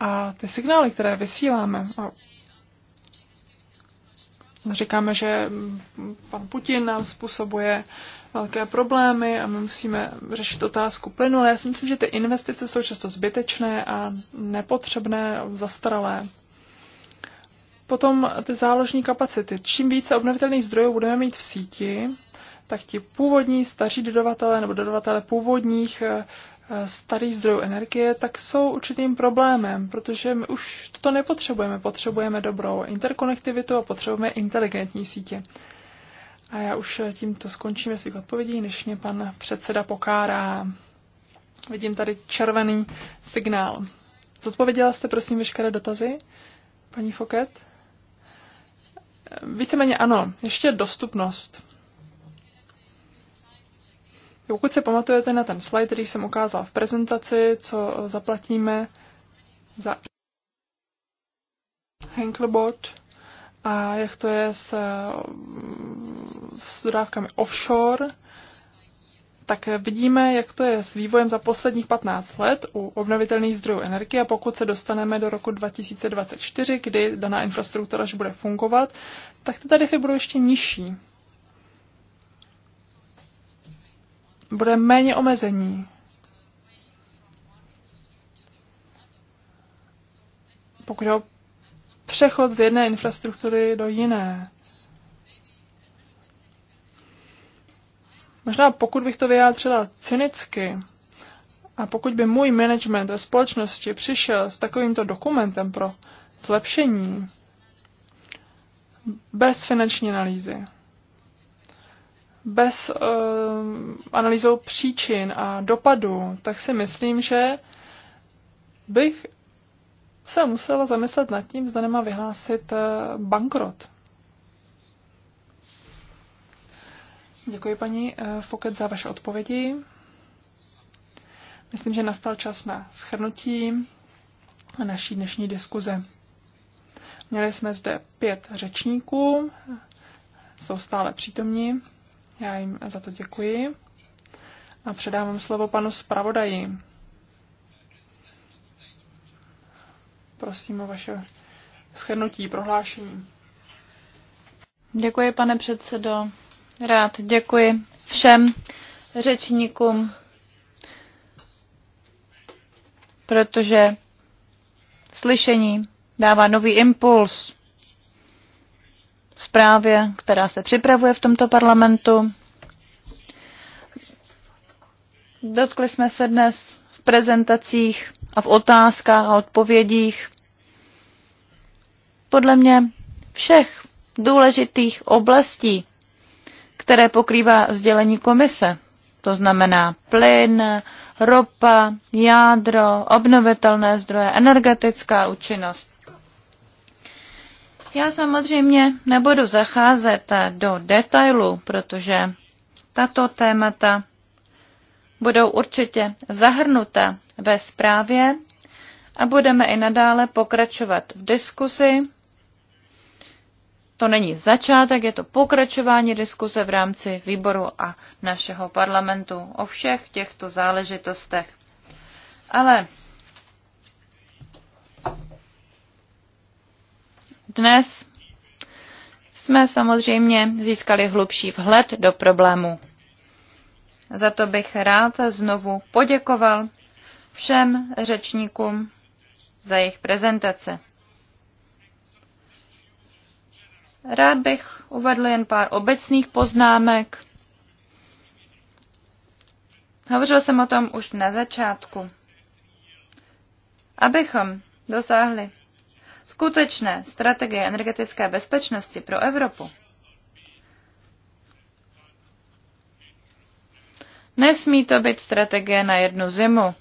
A ty signály, které vysíláme, a říkáme, že mm, pan Putin nám způsobuje velké problémy a my musíme řešit otázku plynu, ale já si myslím, že ty investice jsou často zbytečné a nepotřebné, zastaralé. Potom ty záložní kapacity. Čím více obnovitelných zdrojů budeme mít v síti, tak ti původní staří dodavatelé nebo dodavatelé původních eh, eh, starých zdrojů energie, tak jsou určitým problémem, protože my už to nepotřebujeme. Potřebujeme dobrou interkonektivitu a potřebujeme inteligentní sítě. A já už eh, tímto skončím svých odpovědí, než mě pan předseda pokárá. Vidím tady červený signál. Zodpověděla jste, prosím, veškeré dotazy, paní Foket? Víceméně ano, ještě dostupnost. Pokud se pamatujete na ten slide, který jsem ukázala v prezentaci, co eh, zaplatíme za Henklebot a jak to je s, eh, s dodávkami offshore, tak eh, vidíme, jak to je s vývojem za posledních 15 let u obnovitelných zdrojů energie a pokud se dostaneme do roku 2024, kdy daná infrastruktura už bude fungovat, tak ty tarify budou ještě nižší. bude méně omezení. Pokud je přechod z jedné infrastruktury do jiné. Možná pokud bych to vyjádřila cynicky, a pokud by můj management ve společnosti přišel s takovýmto dokumentem pro zlepšení bez finanční analýzy, bez uh, analýzou příčin a dopadů, tak si myslím, že bych se musela zamyslet nad tím, zda nemá vyhlásit eh, bankrot. Děkuji paní eh, Foket za vaše odpovědi. Myslím, že nastal čas na schrnutí naší dnešní diskuze. Měli jsme zde pět řečníků, jsou stále přítomní. Já jim za to děkuji a předávám slovo panu zpravodaji. Prosím o vaše shrnutí, prohlášení. Děkuji, pane předsedo. Rád děkuji všem řečníkům, protože slyšení dává nový impuls zprávě, která se připravuje v tomto parlamentu. Dotkli jsme se dnes v prezentacích a v otázkách a odpovědích podle mě všech důležitých oblastí, které pokrývá sdělení komise. To znamená plyn, ropa, jádro, obnovitelné zdroje, energetická účinnost. Já samozřejmě nebudu zacházet do detailu, protože tato témata budou určitě zahrnuta ve zprávě a budeme i nadále pokračovat v diskusi. To není začátek, je to pokračování diskuse v rámci výboru a našeho parlamentu o všech těchto záležitostech. Ale Dnes jsme samozřejmě získali hlubší vhled do problému. Za to bych rád znovu poděkoval všem řečníkům za jejich prezentace. Rád bych uvedl jen pár obecných poznámek. Hovořil jsem o tom už na začátku. Abychom dosáhli skutečné strategie energetické bezpečnosti pro Evropu Nesmí to být strategie na jednu zimu.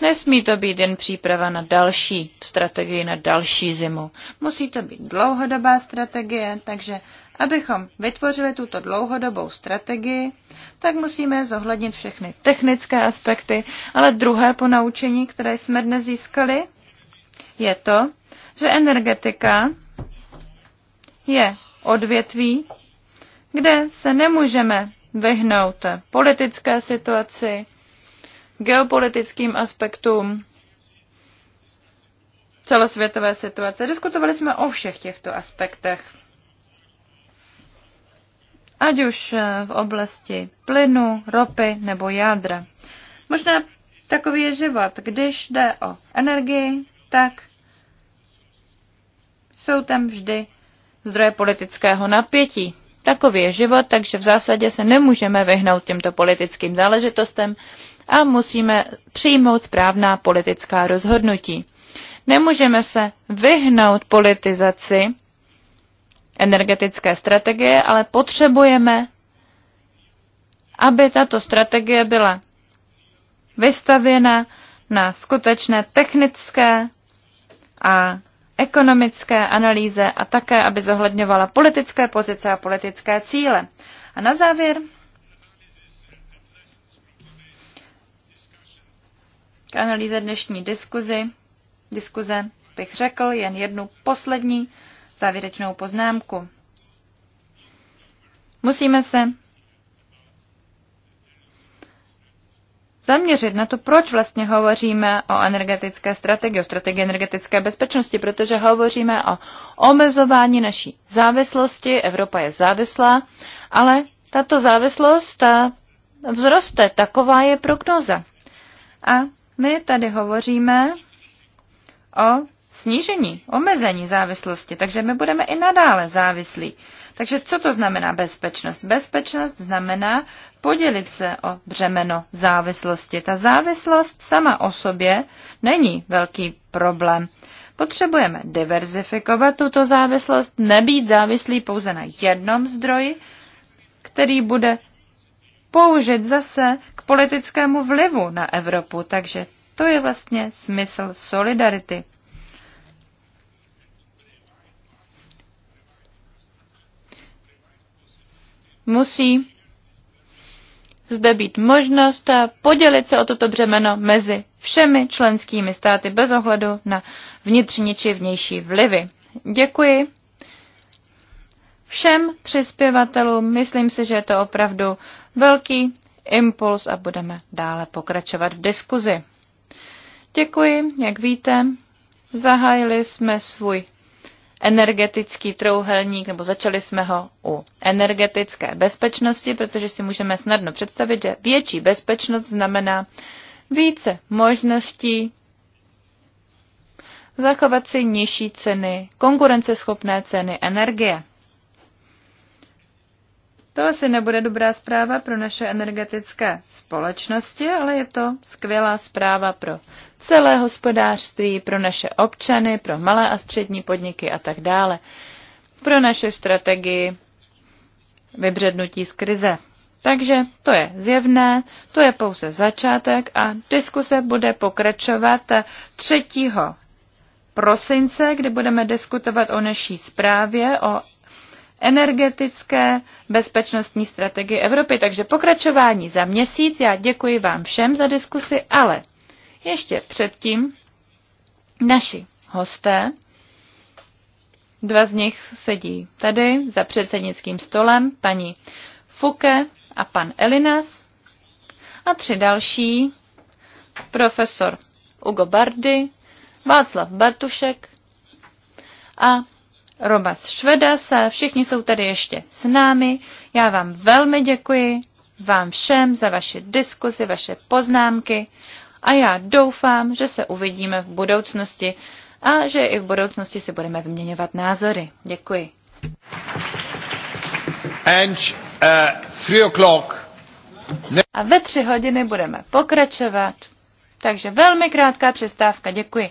Nesmí to být jen příprava na další strategii na další zimu. Musí to být dlouhodobá strategie, takže abychom vytvořili tuto dlouhodobou strategii, tak musíme zohlednit všechny technické aspekty, ale druhé ponaučení, které jsme dnes získali, je to, že energetika je odvětví, kde se nemůžeme vyhnout politické situaci, geopolitickým aspektům, celosvětové situace. Diskutovali jsme o všech těchto aspektech. Ať už eh, v oblasti plynu, ropy nebo jádra. Možná takový je život. Když jde o energii, tak jsou tam vždy zdroje politického napětí. Takový je život, takže v zásadě se nemůžeme vyhnout těmto politickým záležitostem a musíme přijmout správná politická rozhodnutí. Nemůžeme se vyhnout politizaci energetické strategie, ale potřebujeme, aby tato strategie byla vystavěna na skutečné technické a ekonomické analýze a také, aby zohledňovala politické pozice a politické cíle. A na závěr k analýze dnešní diskuzi, diskuze bych řekl jen jednu poslední závěrečnou poznámku. Musíme se zaměřit na to, proč vlastně hovoříme o energetické strategii, o strategii energetické bezpečnosti, protože hovoříme o omezování naší závislosti. Evropa je závislá, ale tato závislost ta vzroste, taková je prognoza. A my tady hovoříme o snížení, omezení závislosti, takže my budeme i nadále závislí. Takže co to znamená bezpečnost? Bezpečnost znamená podělit se o břemeno závislosti. Ta závislost sama o sobě není velký problém. Potřebujeme diverzifikovat tuto závislost, nebýt závislý pouze na jednom zdroji, který bude použit zase k politickému vlivu na Evropu. Takže to je vlastně smysl solidarity. musí zde být možnost podělit se o toto břemeno mezi všemi členskými státy bez ohledu na vnitřní či vnější vlivy. Děkuji všem přispěvatelům. Myslím si, že je to opravdu velký impuls a budeme dále pokračovat v diskuzi. Děkuji, jak víte, zahájili jsme svůj energetický trouhelník, nebo začali jsme ho u energetické bezpečnosti, protože si můžeme snadno představit, že větší bezpečnost znamená více možností zachovat si nižší ceny, konkurenceschopné ceny energie. To asi nebude dobrá zpráva pro naše energetické společnosti, ale je to skvělá zpráva pro celé hospodářství, pro naše občany, pro malé a střední podniky a tak dále, pro naše strategii vybřednutí z krize. Takže to je zjevné, to je pouze začátek a diskuse bude pokračovat 3. prosince, kdy budeme diskutovat o naší zprávě o energetické bezpečnostní strategii Evropy. Takže pokračování za měsíc. Já děkuji vám všem za diskusi, ale ještě předtím naši hosté, dva z nich sedí tady za předsednickým stolem, paní Fuke a pan Elinas a tři další, profesor Ugo Bardy, Václav Bartušek a Roba Švedasa, Všichni jsou tady ještě s námi. Já vám velmi děkuji, vám všem za vaše diskuzi, vaše poznámky a já doufám, že se uvidíme v budoucnosti a že i v budoucnosti si budeme vyměňovat názory. Děkuji. And, uh, a ve tři hodiny budeme pokračovat. Takže velmi krátká přestávka. Děkuji.